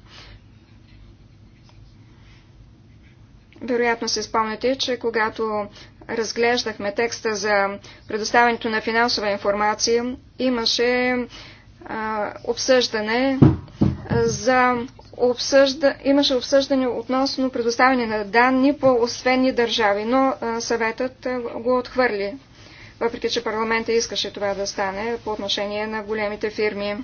Вероятно се спомняте, че когато разглеждахме текста за предоставянето на финансова информация, имаше а, обсъждане за обсъжда, имаше обсъждане относно предоставяне на данни по освенни държави, но съветът го отхвърли, въпреки че парламента искаше това да стане по отношение на големите фирми.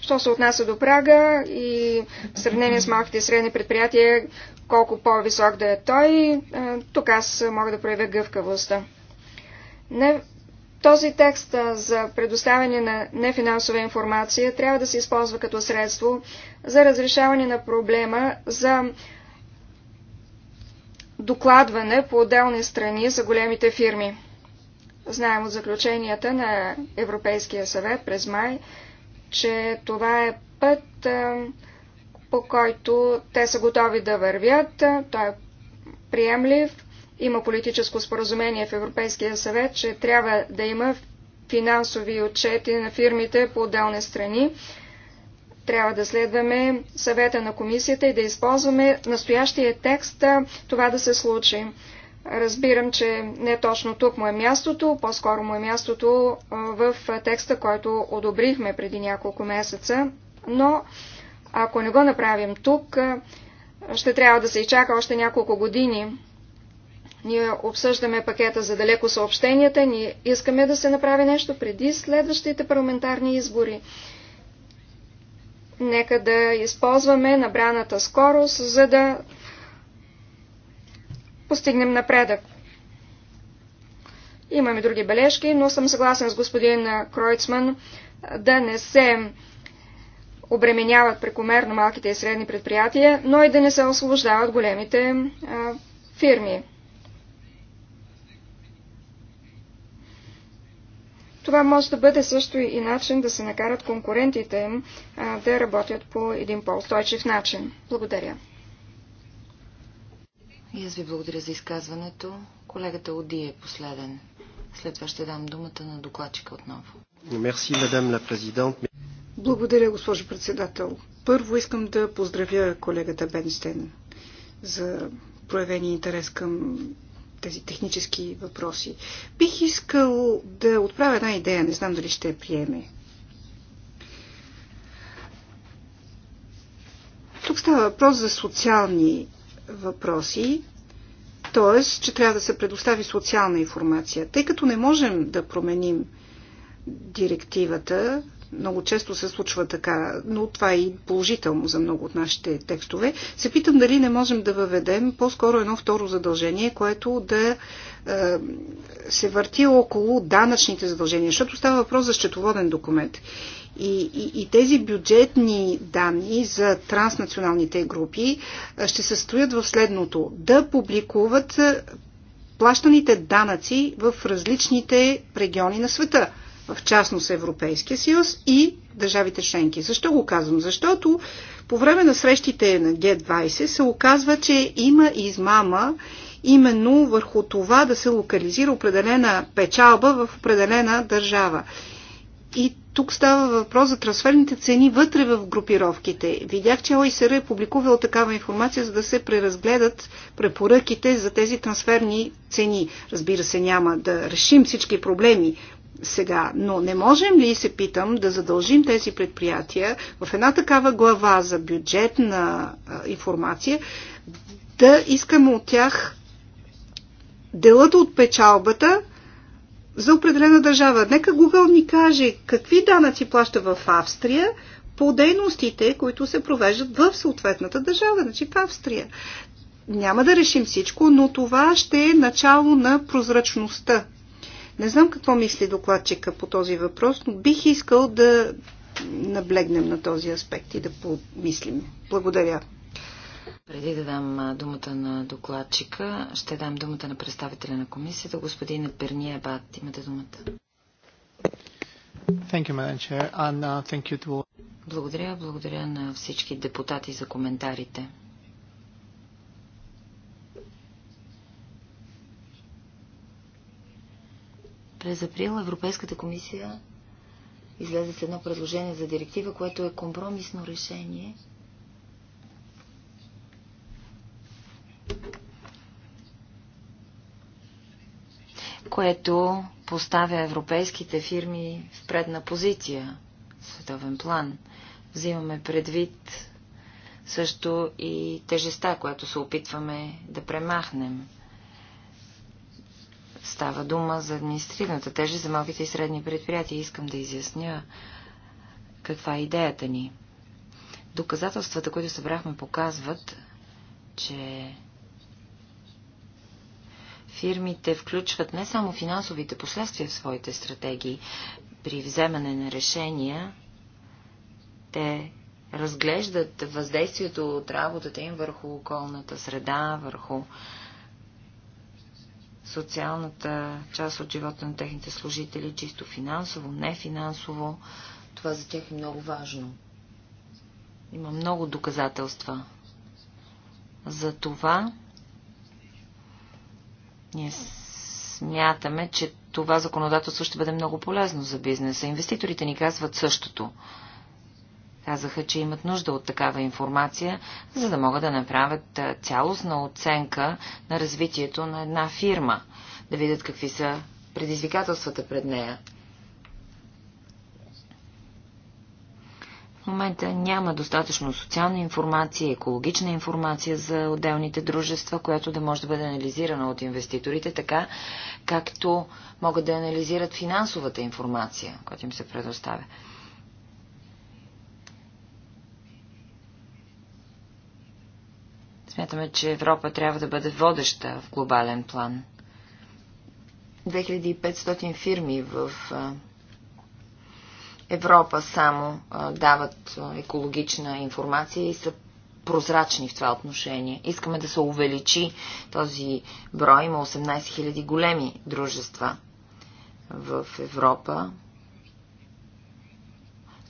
Що се отнася до прага и в сравнение с малките и средни предприятия, колко по-висок да е той, тук аз мога да проявя гъвкавостта. Не, този текст за предоставяне на нефинансова информация трябва да се използва като средство за разрешаване на проблема за докладване по отделни страни за големите фирми. Знаем от заключенията на Европейския съвет през май, че това е път, по който те са готови да вървят. Той е приемлив има политическо споразумение в Европейския съвет, че трябва да има финансови отчети на фирмите по отделни страни. Трябва да следваме съвета на комисията и да използваме настоящия текст това да се случи. Разбирам, че не точно тук му е мястото, по-скоро му е мястото в текста, който одобрихме преди няколко месеца, но ако не го направим тук, ще трябва да се изчака още няколко години ние обсъждаме пакета за далеко съобщенията, ние искаме да се направи нещо преди следващите парламентарни избори. Нека да използваме набраната скорост, за да постигнем напредък. Имаме други бележки, но съм съгласен с господин Кройцман да не се обременяват прекомерно малките и средни предприятия, но и да не се освобождават големите а, фирми. Това може да бъде също и начин да се накарат конкурентите им а, да работят по един по-устойчив начин. Благодаря. И аз ви благодаря за изказването. Колегата Оди е последен. След това ще дам думата на докладчика отново. Мерси, мадам ла президент. Благодаря, госпожо председател. Първо искам да поздравя колегата Бенстен за проявени интерес към тези технически въпроси. Бих искал да отправя една идея, не знам дали ще я приеме. Тук става въпрос за социални въпроси, т.е. че трябва да се предостави социална информация. Тъй като не можем да променим директивата, много често се случва така, но това е и положително за много от нашите текстове. Се питам дали не можем да въведем по-скоро едно второ задължение, което да е, се върти около данъчните задължения, защото става въпрос за счетоводен документ. И, и, и тези бюджетни данни за транснационалните групи е, ще се стоят в следното. Да публикуват е, плащаните данъци в различните региони на света в частност Европейския съюз и държавите членки. Защо го казвам? Защото по време на срещите на Г20 се оказва, че има измама именно върху това да се локализира определена печалба в определена държава. И тук става въпрос за трансферните цени вътре в групировките. Видях, че ОИСР е публикувал такава информация, за да се преразгледат препоръките за тези трансферни цени. Разбира се, няма да решим всички проблеми сега. Но не можем ли, се питам, да задължим тези предприятия в една такава глава за бюджетна информация, да искаме от тях делът от печалбата за определена държава. Нека Google ни каже какви данъци плаща в Австрия по дейностите, които се провеждат в съответната държава, значи в Австрия. Няма да решим всичко, но това ще е начало на прозрачността не знам какво мисли докладчика по този въпрос, но бих искал да наблегнем на този аспект и да помислим. Благодаря. Преди да дам думата на докладчика, ще дам думата на представителя на комисията, господин Перния Бат. Имате думата. Uh, благодаря, благодаря на всички депутати за коментарите. През април Европейската комисия излезе с едно предложение за директива, което е компромисно решение. което поставя европейските фирми в предна позиция в световен план. Взимаме предвид също и тежеста, която се опитваме да премахнем. Става дума за административната тежест за малките и средни предприятия. Искам да изясня каква е идеята ни. Доказателствата, които събрахме, показват, че фирмите включват не само финансовите последствия в своите стратегии. При вземане на решения те разглеждат въздействието от работата им върху околната среда, върху социалната част от живота на техните служители, чисто финансово, не финансово. Това за тях е много важно. Има много доказателства. За това ние смятаме, че това законодателство ще бъде много полезно за бизнеса. Инвеститорите ни казват същото казаха, че имат нужда от такава информация, за да могат да направят цялостна оценка на развитието на една фирма, да видят какви са предизвикателствата пред нея. В момента няма достатъчно социална информация, екологична информация за отделните дружества, която да може да бъде анализирана от инвеститорите, така както могат да анализират финансовата информация, която им се предоставя. Смятаме, че Европа трябва да бъде водеща в глобален план. 2500 фирми в Европа само дават екологична информация и са прозрачни в това отношение. Искаме да се увеличи този брой. Има 18 000 големи дружества в Европа.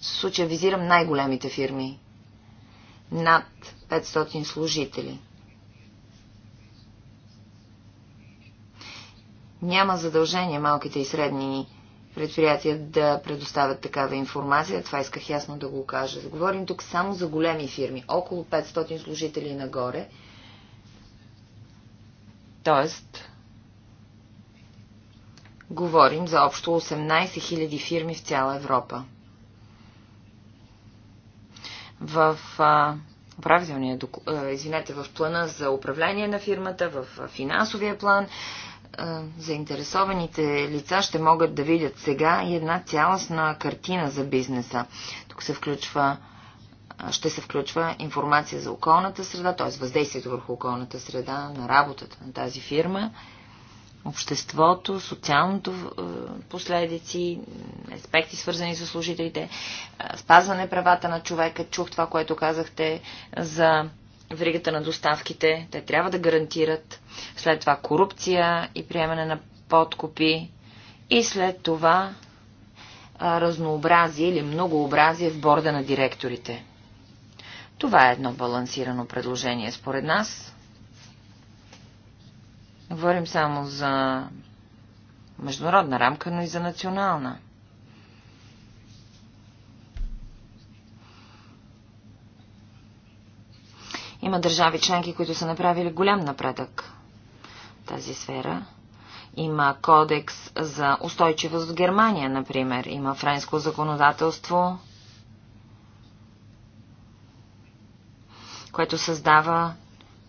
В случая визирам най-големите фирми над 500 служители. Няма задължение малките и средни предприятия да предоставят такава информация. Това исках ясно да го кажа. Говорим тук само за големи фирми, около 500 служители нагоре. Тоест, говорим за общо 18 000 фирми в цяла Европа в управителния, извинете, в плана за управление на фирмата, в финансовия план, заинтересованите лица ще могат да видят сега и една цялостна картина за бизнеса. Тук се включва ще се включва информация за околната среда, т.е. въздействието върху околната среда на работата на тази фирма обществото, социалното е, последици, аспекти свързани с служителите, е, спазване правата на човека. Чух това, което казахте за вригата на доставките. Те трябва да гарантират след това корупция и приемане на подкупи и след това е, разнообразие или многообразие в борда на директорите. Това е едно балансирано предложение според нас. Говорим само за международна рамка, но и за национална. Има държави членки, които са направили голям напредък в тази сфера. Има кодекс за устойчивост в Германия, например. Има френско законодателство, което създава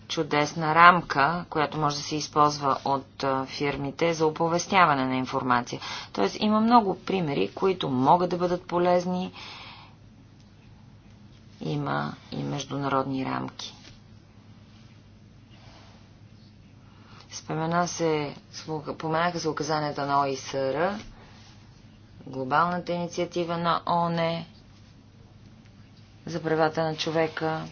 чудесна рамка, която може да се използва от фирмите за оповестяване на информация. Тоест има много примери, които могат да бъдат полезни. Има и международни рамки. Спомена се, споменаха се указанията на ОИСР, глобалната инициатива на ОНЕ за правата на човека,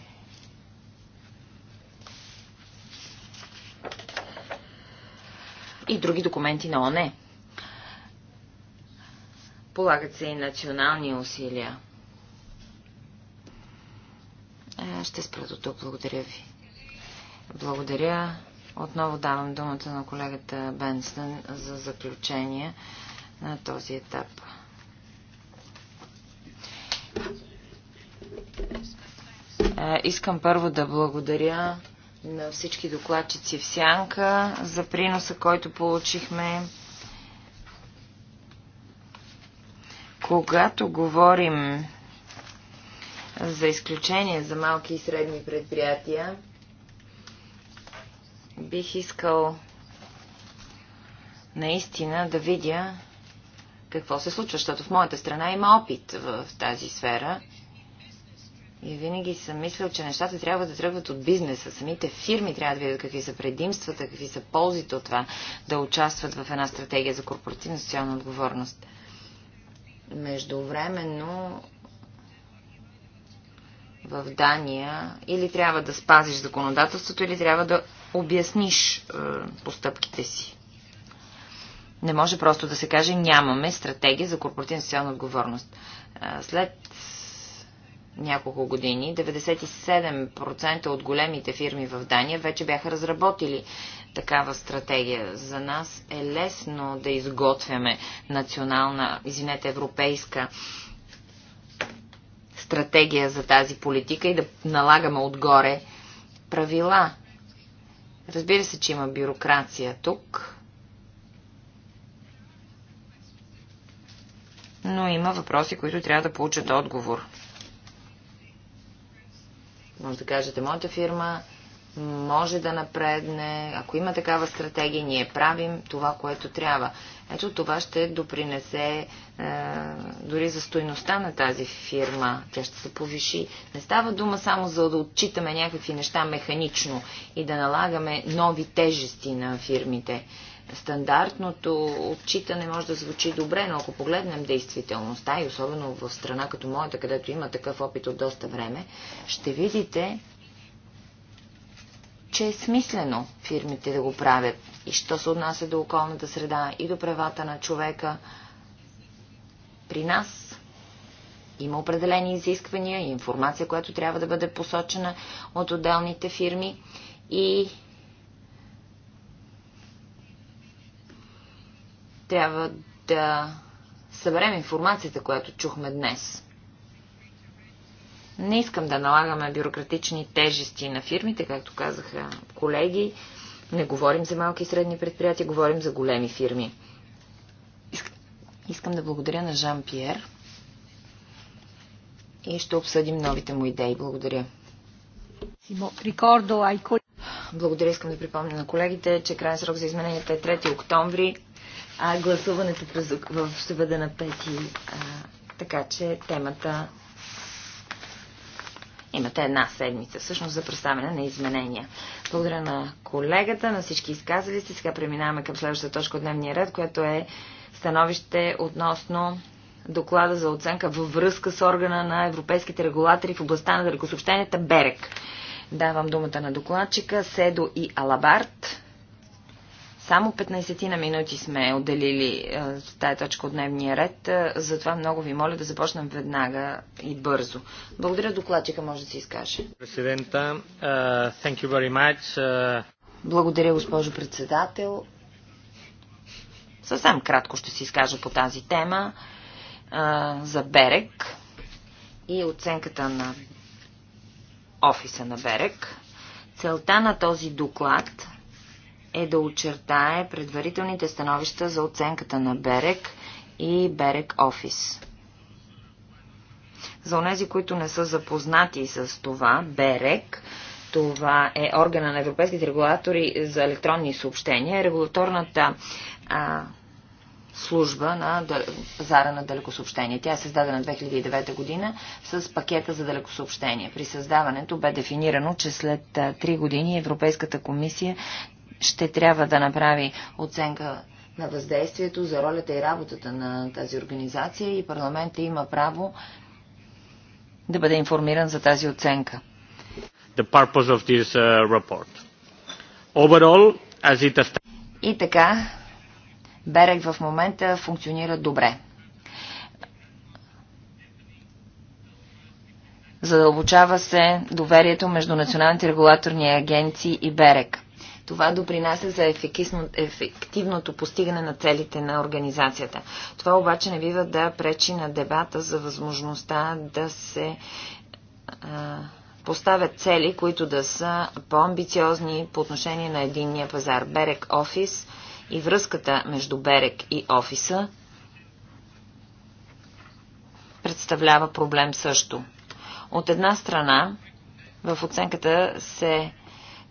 и други документи на ОНЕ. Полагат се и национални усилия. Е, ще спра до тук. Благодаря ви. Благодаря. Отново давам думата на колегата Бенстън за заключение на този етап. Е, искам първо да благодаря на всички докладчици в Сянка за приноса, който получихме. Когато говорим за изключение за малки и средни предприятия, бих искал наистина да видя какво се случва, защото в моята страна има опит в тази сфера и винаги съм мислил, че нещата трябва да тръгват от бизнеса. Самите фирми трябва да видят какви са предимствата, какви са ползите от това да участват в една стратегия за корпоративна социална отговорност. Междувременно в Дания или трябва да спазиш законодателството, или трябва да обясниш е, постъпките си. Не може просто да се каже нямаме стратегия за корпоративна социална отговорност. Е, след няколко години. 97% от големите фирми в Дания вече бяха разработили такава стратегия. За нас е лесно да изготвяме национална, извинете, европейска стратегия за тази политика и да налагаме отгоре правила. Разбира се, че има бюрокрация тук, но има въпроси, които трябва да получат отговор. Може да кажете, моята фирма може да напредне, ако има такава стратегия, ние правим това, което трябва. Ето това ще допринесе е, дори за стойността на тази фирма. Тя ще се повиши. Не става дума само за да отчитаме някакви неща механично и да налагаме нови тежести на фирмите стандартното отчитане може да звучи добре, но ако погледнем действителността и особено в страна като моята, където има такъв опит от доста време, ще видите, че е смислено фирмите да го правят и що се отнася до околната среда и до правата на човека. При нас има определени изисквания и информация, която трябва да бъде посочена от отделните фирми и Трябва да съберем информацията, която чухме днес. Не искам да налагаме бюрократични тежести на фирмите, както казаха колеги. Не говорим за малки и средни предприятия, говорим за големи фирми. Искам да благодаря на Жан Пьер и ще обсъдим новите му идеи. Благодаря. Благодаря, искам да припомня на колегите, че крайен срок за измененията е 3 октомври а гласуването през, в, ще бъде на пети, А, така че темата имате една седмица всъщност за представяне на изменения. Благодаря на колегата, на всички изказали се. Сега преминаваме към следващата точка от дневния ред, което е становище относно доклада за оценка във връзка с органа на европейските регулатори в областта на дъргосъобщенията БЕРЕК. Давам думата на докладчика Седо и Алабарт. Само 15 на минути сме отделили а, е, тая точка от дневния ред, а, е, затова много ви моля да започнем веднага и бързо. Благодаря докладчика, може да се изкаже. Президента, uh, thank you very much. Uh... Благодаря, госпожо председател. Съвсем кратко ще се изкажа по тази тема а, за Берек и оценката на офиса на Берек. Целта на този доклад е да очертае предварителните становища за оценката на Берек и Берек Офис. За онези, които не са запознати с това, Берек това е органа на европейските регулатори за електронни съобщения, е регулаторната а, служба на пазара на далекосъобщение. Тя е създадена 2009 година с пакета за далекосъобщения. При създаването бе дефинирано, че след 3 години Европейската комисия ще трябва да направи оценка на въздействието за ролята и работата на тази организация и парламента има право да бъде информиран за тази оценка. The purpose of this uh, report. Overall, as it... И така, Берег в момента функционира добре. Задълбочава се доверието между националните регулаторни агенции и Берег. Това допринася за ефективното постигане на целите на организацията. Това обаче не бива да пречи на дебата за възможността да се а, поставят цели, които да са по-амбициозни по отношение на единния пазар. Берек офис и връзката между Берек и офиса представлява проблем също. От една страна, в оценката се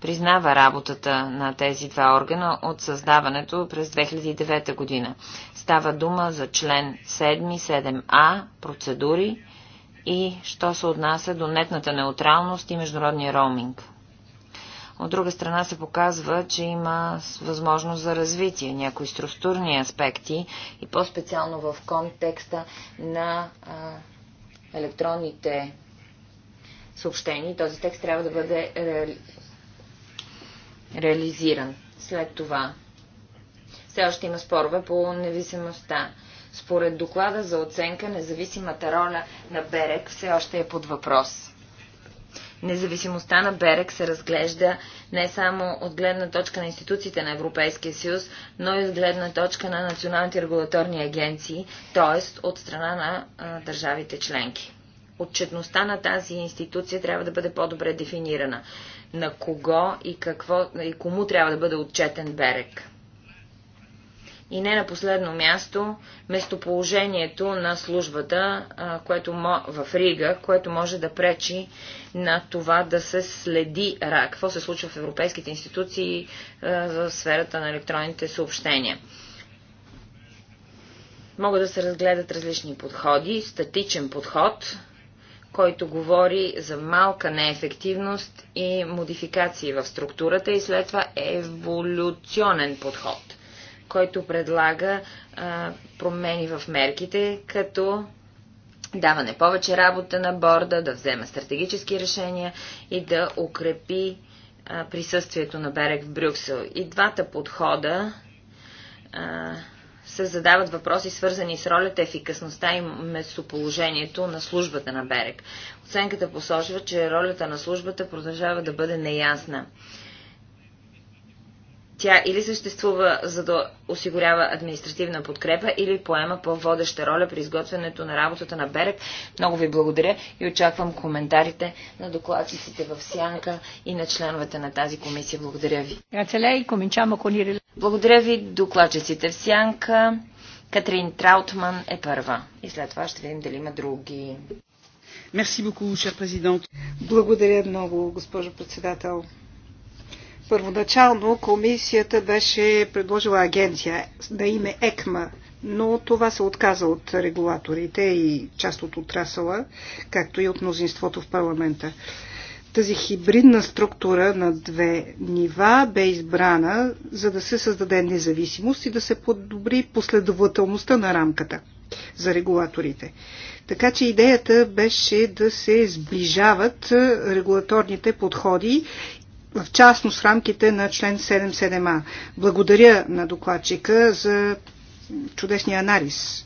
признава работата на тези два органа от създаването през 2009 година. Става дума за член 7, 7а, процедури и що се отнася до нетната неутралност и международния роуминг. От друга страна се показва, че има възможност за развитие някои структурни аспекти и по-специално в контекста на а, електронните съобщения. Този текст трябва да бъде реализиран. След това все още има спорове по независимостта. Според доклада за оценка, независимата роля на Берек все още е под въпрос. Независимостта на Берек се разглежда не само от гледна точка на институциите на Европейския съюз, но и от гледна точка на националните регулаторни агенции, т.е. от страна на а, държавите членки. Отчетността на тази институция трябва да бъде по-добре дефинирана на кого и, какво, и кому трябва да бъде отчетен берег. И не на последно място, местоположението на службата което, в Рига, което може да пречи на това да се следи РАК. какво се случва в европейските институции в сферата на електронните съобщения. Могат да се разгледат различни подходи, статичен подход – който говори за малка неефективност и модификации в структурата и след това еволюционен подход, който предлага а, промени в мерките, като даване повече работа на борда, да взема стратегически решения и да укрепи а, присъствието на Берег в Брюксел. И двата подхода а, се задават въпроси, свързани с ролята, ефикасността и местоположението на службата на Берег. Оценката посочва, че ролята на службата продължава да бъде неясна. Тя или съществува за да осигурява административна подкрепа, или поема по-водеща роля при изготвянето на работата на Берег. Много ви благодаря и очаквам коментарите на докладчиците в Сянка и на членовете на тази комисия. Благодаря ви. Благодаря ви, докладчиците в сянка. Катрин Траутман е първа. И след това ще видим дали има други. Мерси Благодаря много, госпожо председател. Първоначално комисията беше предложила агенция на име ЕКМА, но това се отказа от регулаторите и част от отрасъла, както и от мнозинството в парламента. Тази хибридна структура на две нива бе избрана, за да се създаде независимост и да се подобри последователността на рамката за регулаторите. Така че идеята беше да се сближават е, регулаторните подходи в частност в рамките на член 77а. Благодаря на докладчика за чудесния анализ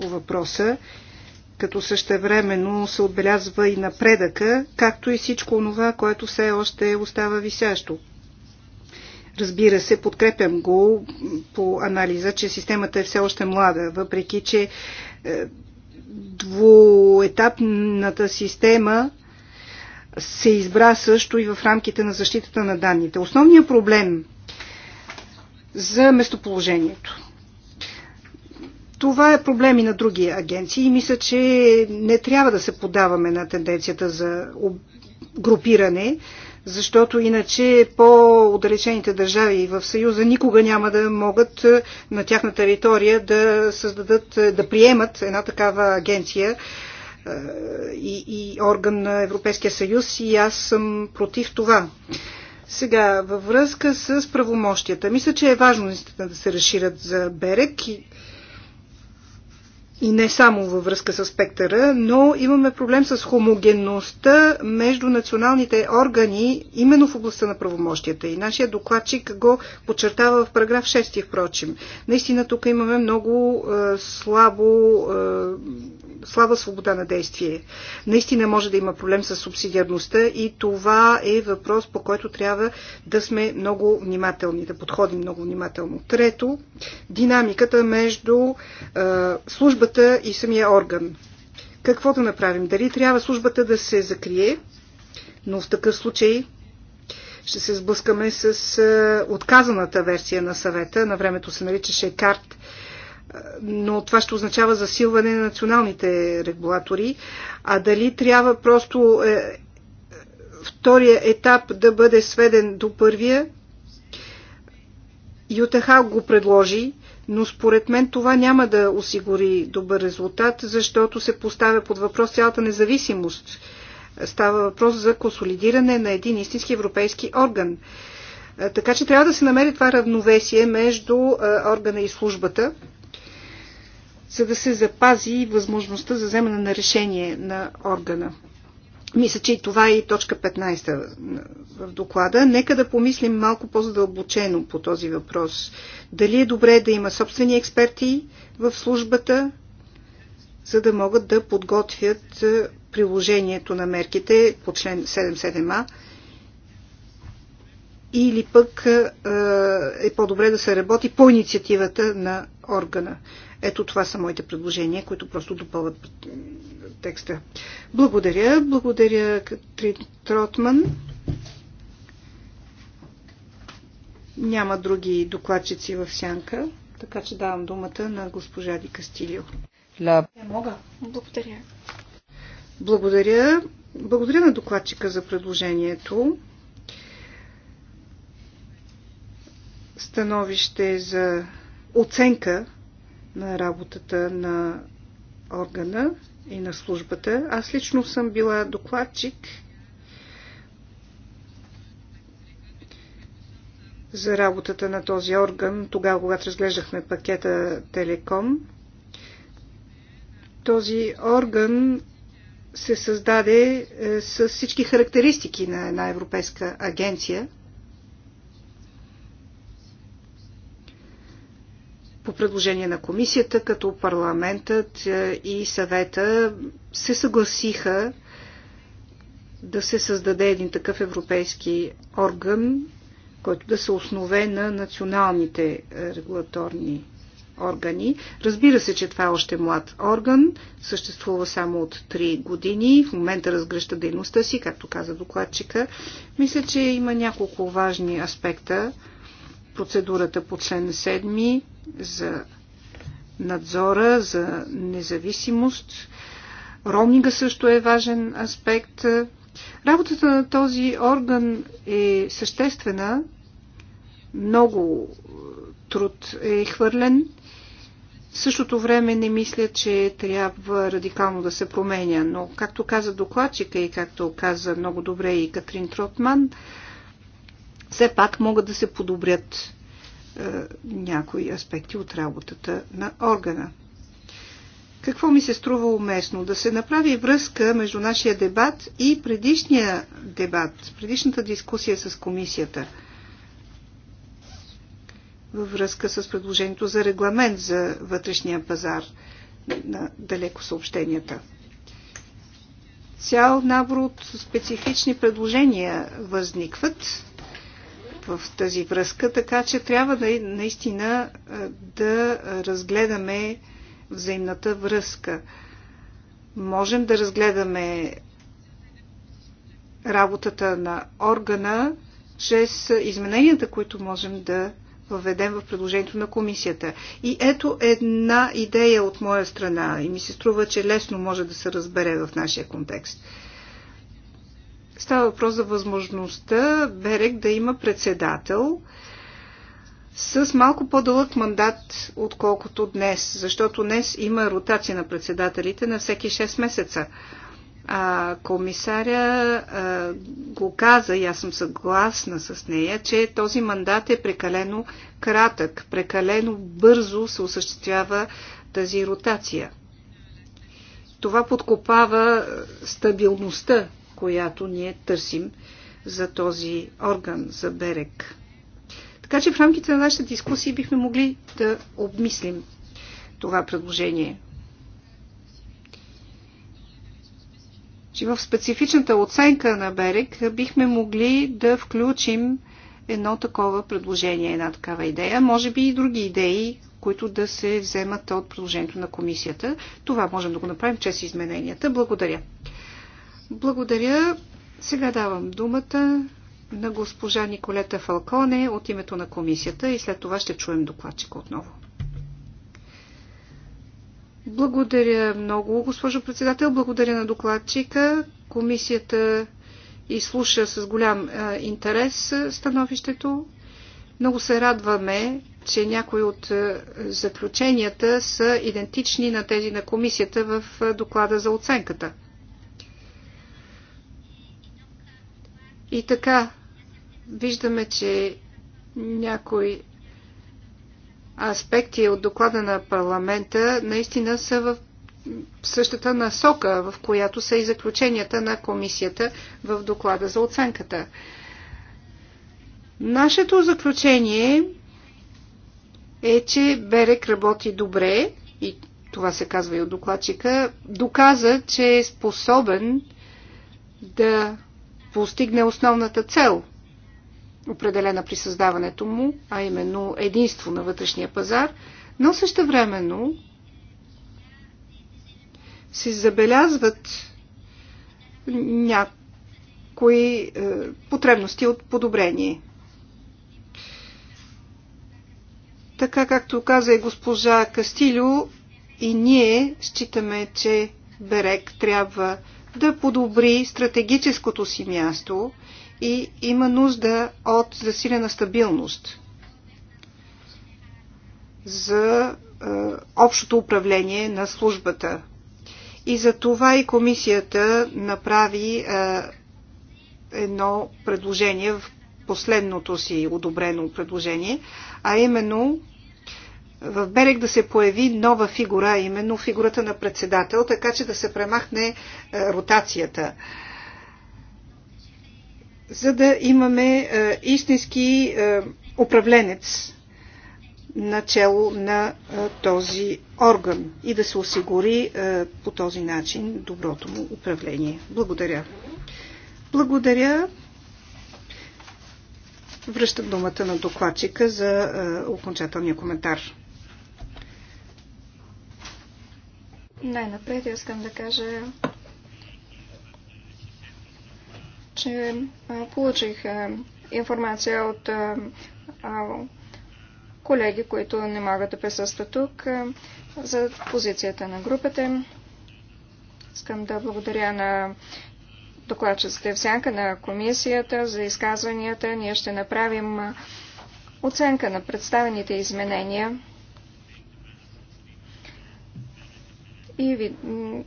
по въпроса като същевременно се отбелязва и напредъка, както и всичко това, което все още остава висящо. Разбира се, подкрепям го по анализа, че системата е все още млада, въпреки че е, двуетапната система се избра също и в рамките на защитата на данните. Основният проблем за местоположението. Това е проблеми на други агенции и мисля, че не трябва да се подаваме на тенденцията за групиране, защото иначе по удалечените държави в Съюза никога няма да могат е, на тяхна територия да създадат, е, да приемат една такава агенция е, и, и орган на Европейския съюз и аз съм против това. Сега, във връзка с правомощията, мисля, че е важно наистина да се разширят за Берек и и не само във връзка с спектъра, но имаме проблем с хомогенността между националните органи, именно в областта на правомощията. И нашия докладчик го подчертава в параграф 6, впрочем. Наистина тук имаме много е, слабо е, слаба свобода на действие. Наистина може да има проблем с субсидиарността и това е въпрос, по който трябва да сме много внимателни, да подходим много внимателно. Трето, динамиката между е, службата и самия орган. Какво да направим? Дали трябва службата да се закрие, но в такъв случай ще се сблъскаме с отказаната версия на съвета. На времето се наричаше карт но това ще означава засилване на националните регулатори. А дали трябва просто е, втория етап да бъде сведен до първия? Ютаха го предложи, но според мен това няма да осигури добър резултат, защото се поставя под въпрос цялата независимост. Става въпрос за консолидиране на един истински европейски орган. Е, така че трябва да се намери това равновесие между е, органа и службата, за да се запази възможността за вземане на решение на органа. Мисля, че и това е и точка 15 в доклада. Нека да помислим малко по-задълбочено по този въпрос. Дали е добре да има собствени експерти в службата, за да могат да подготвят е, приложението на мерките по член 77а или пък е, е по-добре да се работи по инициативата на органа. Ето това са моите предложения, които просто допълват текста. Благодаря. Благодаря, Катрин Тротман. Няма други докладчици в сянка, така че давам думата на госпожа Ди Кастилио. Ла... Не мога. Благодаря. Благодаря. Благодаря на докладчика за предложението. Становище за оценка на работата на органа и на службата. Аз лично съм била докладчик за работата на този орган, тогава, когато разглеждахме пакета Телеком. Този орган се създаде е, с всички характеристики на една европейска агенция – по предложение на комисията, като парламентът е, и съвета се съгласиха да се създаде един такъв европейски орган, който да се основе на националните е, регулаторни органи. Разбира се, че това е още млад орган, съществува само от 3 години, в момента разгръща дейността си, както каза докладчика. Мисля, че има няколко важни аспекта, процедурата по член 7 за надзора, за независимост. Ромнига също е важен аспект. Работата на този орган е съществена. Много труд е хвърлен. В същото време не мисля, че трябва радикално да се променя, но както каза докладчика и както каза много добре и Катрин Тротман, все пак могат да се подобрят е, някои аспекти от работата на органа. Какво ми се струва уместно? Да се направи връзка между нашия дебат и предишния дебат, предишната дискусия с комисията във връзка с предложението за регламент за вътрешния пазар на далеко съобщенията. Цял набор от специфични предложения възникват в тази връзка, така че трябва да, наистина е, да разгледаме взаимната връзка. Можем да разгледаме работата на органа чрез измененията, които можем да въведем в предложението на комисията. И ето една идея от моя страна и ми се струва, че лесно може да се разбере в нашия контекст – Става въпрос за възможността Берег да има председател с малко по-дълъг мандат, отколкото днес, защото днес има ротация на председателите на всеки 6 месеца. А, комисаря а, го каза, и аз съм съгласна с нея, че този мандат е прекалено кратък, прекалено бързо се осъществява тази ротация. Това подкопава стабилността която ние търсим за този орган, за берег. Така че в рамките на нашата дискусия бихме могли да обмислим това предложение. Че в специфичната оценка на берег бихме могли да включим едно такова предложение, една такава идея, може би и други идеи, които да се вземат от предложението на комисията. Това можем да го направим чрез измененията. Благодаря. Благодаря. Сега давам думата на госпожа Николета Фалконе от името на комисията и след това ще чуем докладчика отново. Благодаря много, госпожо председател. Благодаря на докладчика. Комисията изслуша с голям а, интерес становището. Много се радваме, че някои от заключенията са идентични на тези на комисията в доклада за оценката. И така, виждаме, че някои аспекти от доклада на парламента наистина са в същата насока, в която са и заключенията на комисията в доклада за оценката. Нашето заключение е, че Берек работи добре и това се казва и от докладчика, доказа, че е способен да постигне основната цел, определена при създаването му, а именно единство на вътрешния пазар, но същевременно се забелязват някои е, потребности от подобрение. Така както каза и госпожа Кастилю, и ние считаме, че Берек трябва да подобри стратегическото си място и има нужда от засилена стабилност за е, общото управление на службата. И за това и комисията направи е, едно предложение в последното си одобрено предложение, а именно в Берег да се появи нова фигура, именно фигурата на председател, така че да се премахне е, ротацията. За да имаме е, истински е, управленец начало на този орган и да се осигури по този начин доброто му управление. Благодаря. Благодаря. Връщам думата на докладчика за окончателния коментар. Най-напред искам да кажа, че получих информация от колеги, които не могат да присъстват тук, за позицията на групата. Искам да благодаря на докладчиците всяка сянка на комисията за изказванията. Ние ще направим оценка на представените изменения и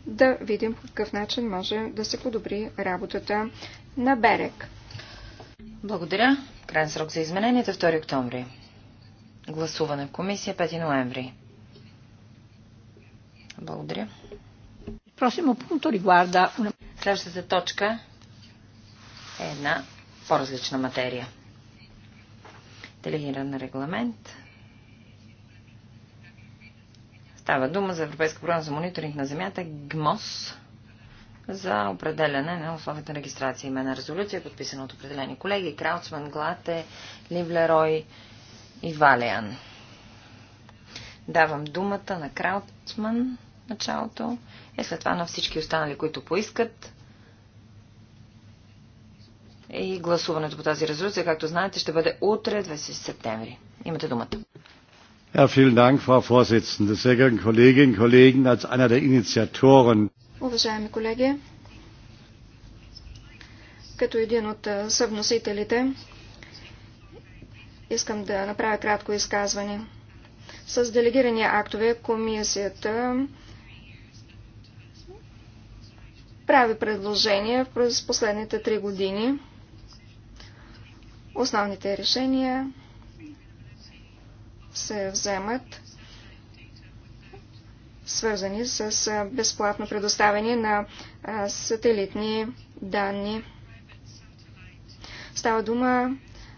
да видим по какъв начин може да се подобри работата на Берег. Благодаря. Крайен срок за измененията 2 е октомври. Гласуване в комисия 5 ноември. Благодаря. Просимо пункто рiguarda Следващата точка е една по-различна материя. Делегиран регламент Става дума за Европейска програма за мониторинг на земята ГМОС за определяне на условията на регистрация. имена резолюция, подписана от определени колеги. Краутсман, Глате, Ливлерой и Валиан. Давам думата на Краутсман началото и след това на всички останали, които поискат. И гласуването по тази резолюция, както знаете, ще бъде утре, 20 септември. Имате думата. Frau Vorsitzende, sehr geehrte Kolleginnen und Kollegen, als einer der Initiatoren. Уважаеми колеги, като един от съвносителите, искам да направя кратко изказване. С делегирани актове комисията прави предложения през последните три години. Основните решения се вземат, свързани с безплатно предоставяне на сателитни данни. Става дума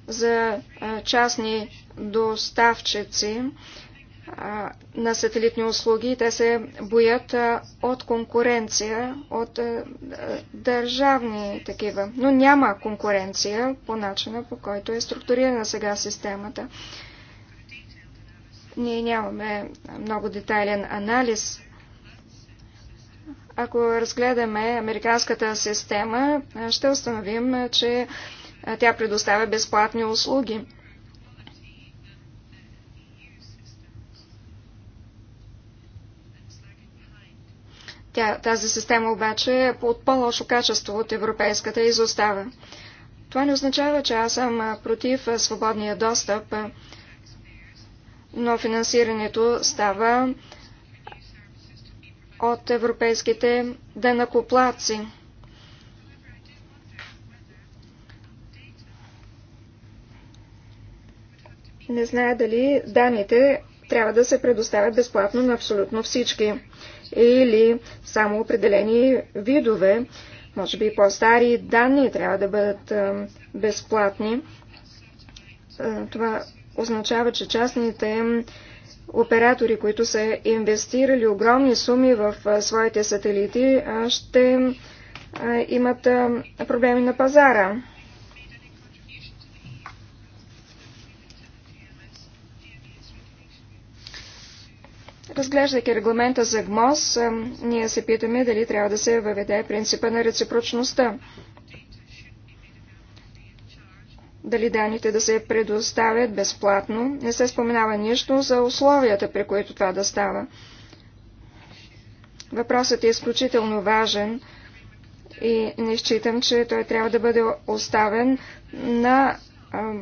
за частни доставчици на сателитни услуги. Те се боят от конкуренция, от държавни такива. Но няма конкуренция по начина, по който е структурирана сега системата. Ние нямаме много детайлен анализ. Ако разгледаме американската система, ще установим, че тя предоставя безплатни услуги. Тя, тази система обаче е от по-лошо качество от европейската изостава. Това не означава, че аз съм против свободния достъп но финансирането става от европейските денакоплаци. Не зная дали данните трябва да се предоставят безплатно на абсолютно всички или само определени видове, може би по-стари данни трябва да бъдат безплатни. Това означава, че частните оператори, които са инвестирали огромни суми в своите сателити, ще имат проблеми на пазара. Разглеждайки регламента за ГМОС, ние се питаме дали трябва да се въведе принципа на реципрочността дали данните да се предоставят безплатно. Не се споменава нищо за условията, при които това да става. Въпросът е изключително важен и не считам, че той трябва да бъде оставен на а,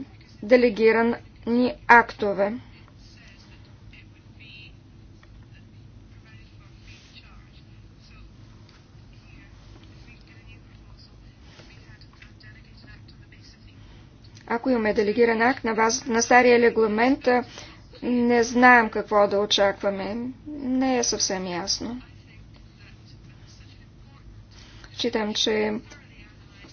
делегирани актове. Ако имаме делегиран акт на базата на стария регламент, не знаем какво да очакваме. Не е съвсем ясно. Считам, че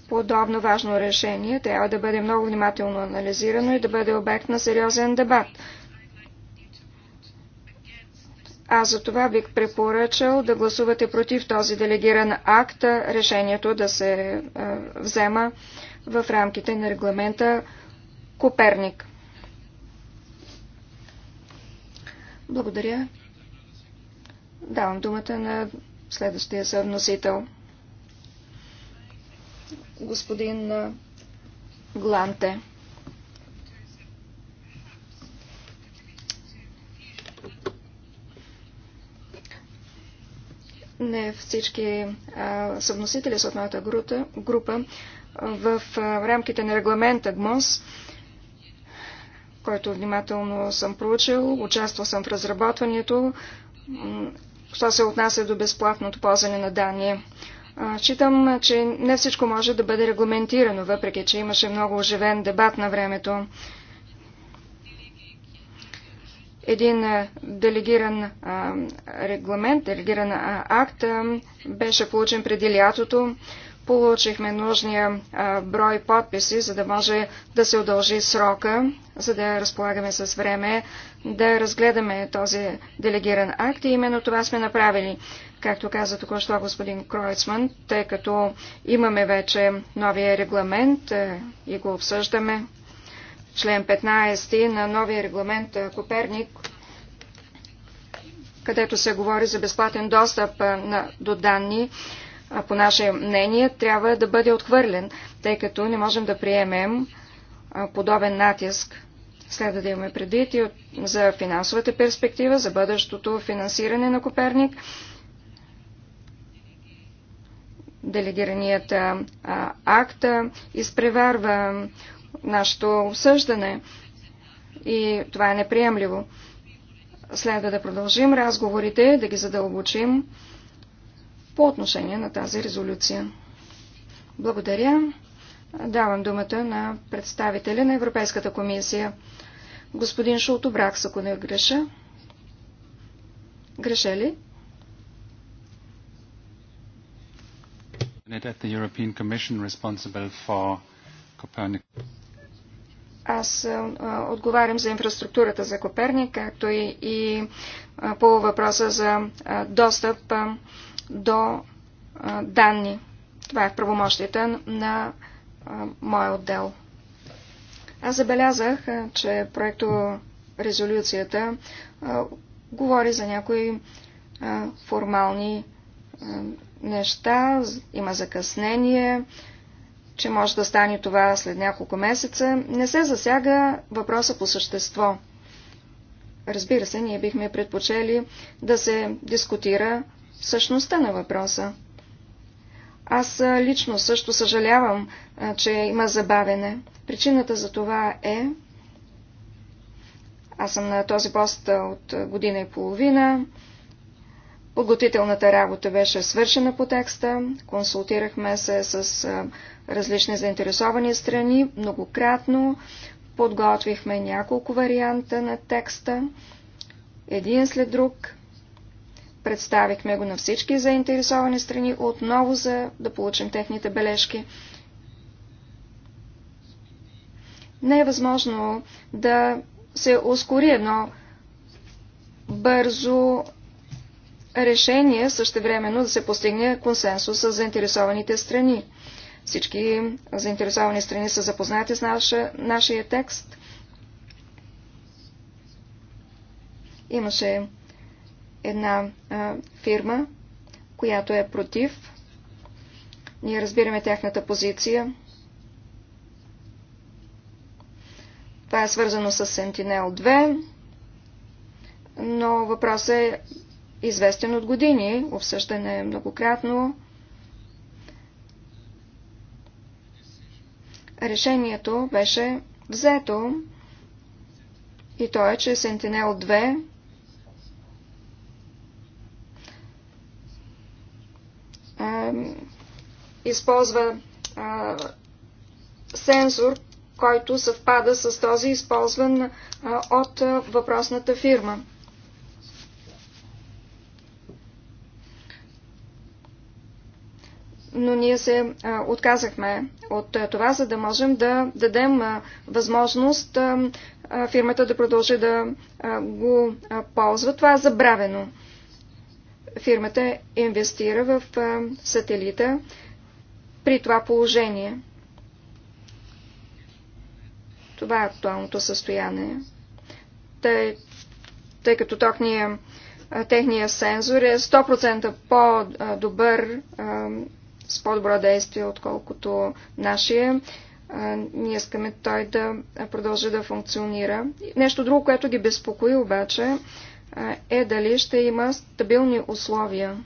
подобно важно решение трябва да бъде много внимателно анализирано и да бъде обект на сериозен дебат. Аз за това бих препоръчал да гласувате против този делегиран акт, решението да се взема в рамките на регламента Коперник. Благодаря. Давам думата на следващия съвносител. Господин Гланте. Не всички а, съвносители са от моята група, група в рамките на регламента ГМОС, който внимателно съм проучил, участвал съм в разработването, що се отнася до безплатното ползване на данни. Считам, че не всичко може да бъде регламентирано, въпреки че имаше много оживен дебат на времето. Един делегиран регламент, делегиран акт беше получен преди лятото. Получихме нужния брой подписи, за да може да се удължи срока, за да разполагаме с време да разгледаме този делегиран акт и именно това сме направили. Както каза току-що господин Кройцман, тъй като имаме вече новия регламент и го обсъждаме, член 15 на новия регламент Коперник, където се говори за безплатен достъп на, до данни, а по наше мнение, трябва да бъде отхвърлен, тъй като не можем да приемем подобен натиск. Следва да имаме предвид и за финансовата перспектива, за бъдещото финансиране на Коперник. Делегираният акт изпреварва нашето обсъждане и това е неприемливо. Следва да продължим разговорите, да ги задълбочим по отношение на тази резолюция. Благодаря. Давам думата на представителя на Европейската комисия, господин Бракс, ако не греша. Греша ли? Аз отговарям за инфраструктурата за Коперник, както и, и по въпроса за достъп а, до а, данни. Това е в правомощията на а, моя отдел. Аз забелязах, а, че проекто резолюцията а, говори за някои а, формални а, неща, има закъснение, че може да стане това след няколко месеца. Не се засяга въпроса по същество. Разбира се, ние бихме предпочели да се дискутира същността на въпроса. Аз лично също съжалявам, че има забавене. Причината за това е... Аз съм на този пост от година и половина. Подготвителната работа беше свършена по текста. Консултирахме се с различни заинтересовани страни многократно. Подготвихме няколко варианта на текста. Един след друг. Представихме го на всички заинтересовани страни, отново за да получим техните бележки. Не е възможно да се ускори едно бързо решение, същевременно да се постигне консенсус с заинтересованите страни. Всички заинтересовани страни са запознати с наша, нашия текст. Имаше една а, фирма, която е против. Ние разбираме тяхната позиция. Това е свързано с Sentinel-2, но въпросът е известен от години, обсъждане е многократно. Решението беше взето и то е, че Sentinel-2 използва сензор, който съвпада с този използван от въпросната фирма. но ние се отказахме от това, за да можем да дадем възможност фирмата да продължи да го ползва. Това е забравено фирмата инвестира в сателита при това положение. Това е актуалното състояние. Тъй, тъй като токния, техния сензор е 100% по-добър, с по-добро действие, отколкото нашия. Ние искаме той да продължи да функционира. Нещо друго, което ги безпокои обаче, е дали ще има стабилни условия.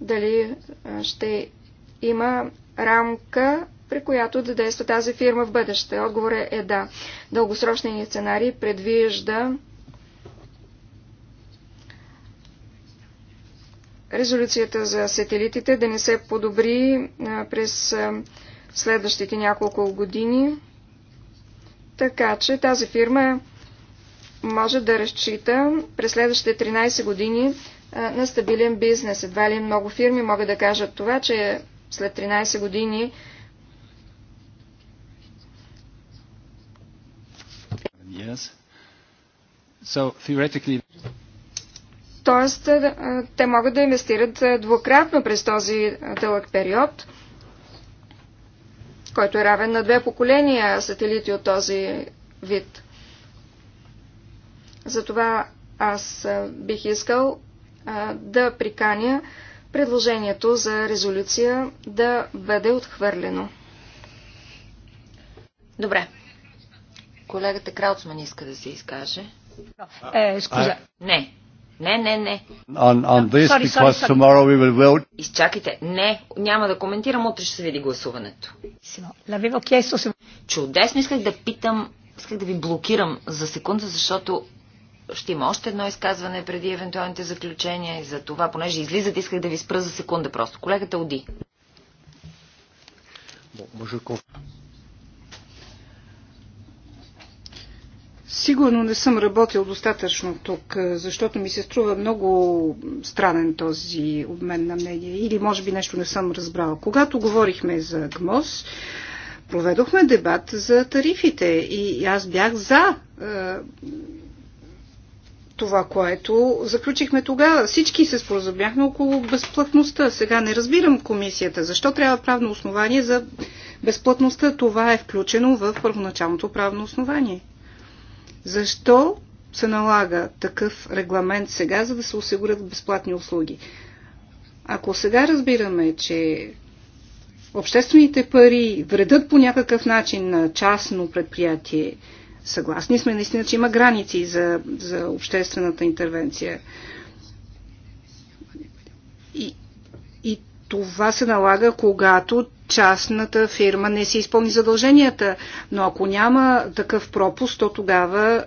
Дали ще има рамка, при която да действа тази фирма в бъдеще. Отговорът е да. Дългосрочният сценарий предвижда резолюцията за сателитите да не се подобри през следващите няколко години. Така че тази фирма може да разчита през следващите 13 години на стабилен бизнес. Едва ли много фирми могат да кажат това, че след 13 години Yes. So, theoretically... Тоест, те могат да инвестират двукратно през този дълъг период – който е равен на две поколения сателити от този вид. Затова аз бих искал да приканя предложението за резолюция да бъде отхвърлено. Добре. Колегата Краутсман иска да се изкаже. Е, е Не, не, не, не. On, on this, sorry, sorry, sorry. We will vote. Изчакайте. Не, няма да коментирам, утре ще се види гласуването. Чудесно исках да питам, исках да ви блокирам за секунда, защото ще има още едно изказване преди евентуалните заключения и за това, понеже излизат, исках да ви спра за секунда просто. Колегата Оди. Сигурно не съм работил достатъчно тук, е, защото ми се струва много странен този обмен на мнение. Или може би нещо не съм разбрала. Когато говорихме за ГМОС, проведохме дебат за тарифите и аз бях за е, това, което заключихме тогава. Всички се споразумяхме около безплътността. Сега не разбирам комисията. Защо трябва правно основание за безплътността? Това е включено в първоначалното правно основание. Защо се налага такъв регламент сега, за да се осигурят безплатни услуги? Ако сега разбираме, че обществените пари вредят по някакъв начин на частно предприятие, съгласни сме наистина, че има граници за, за обществената интервенция. И, и това се налага, когато частната фирма не си изпълни задълженията. Но ако няма такъв пропуск, то тогава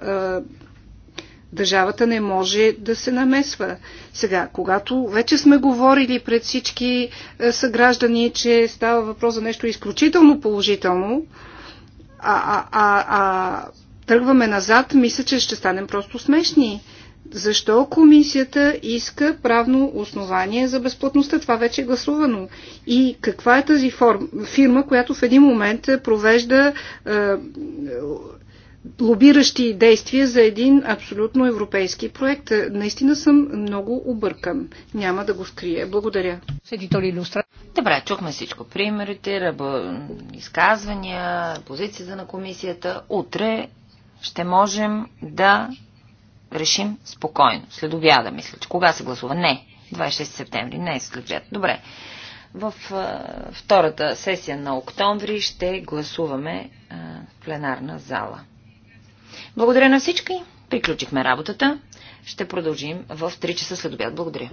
държавата не може да се намесва. Сега, когато вече сме говорили пред всички съграждани, че става въпрос за нещо изключително положително, а, а, а, а тръгваме назад, мисля, че ще станем просто смешни защо комисията иска правно основание за безплатността? Това вече е гласувано. И каква е тази форм, фирма, която в един момент провежда е, лобиращи действия за един абсолютно европейски проект? Наистина съм много объркан. Няма да го скрия. Благодаря. Добре, чухме всичко. Примерите, ръба, изказвания, позицията на комисията. Утре ще можем да решим спокойно. След обяда, мисля, че кога се гласува? Не. 26 септември. Не е след обяд. Добре. В а, втората сесия на октомври ще гласуваме а, пленарна зала. Благодаря на всички. Приключихме работата. Ще продължим в 3 часа след обяд. Благодаря.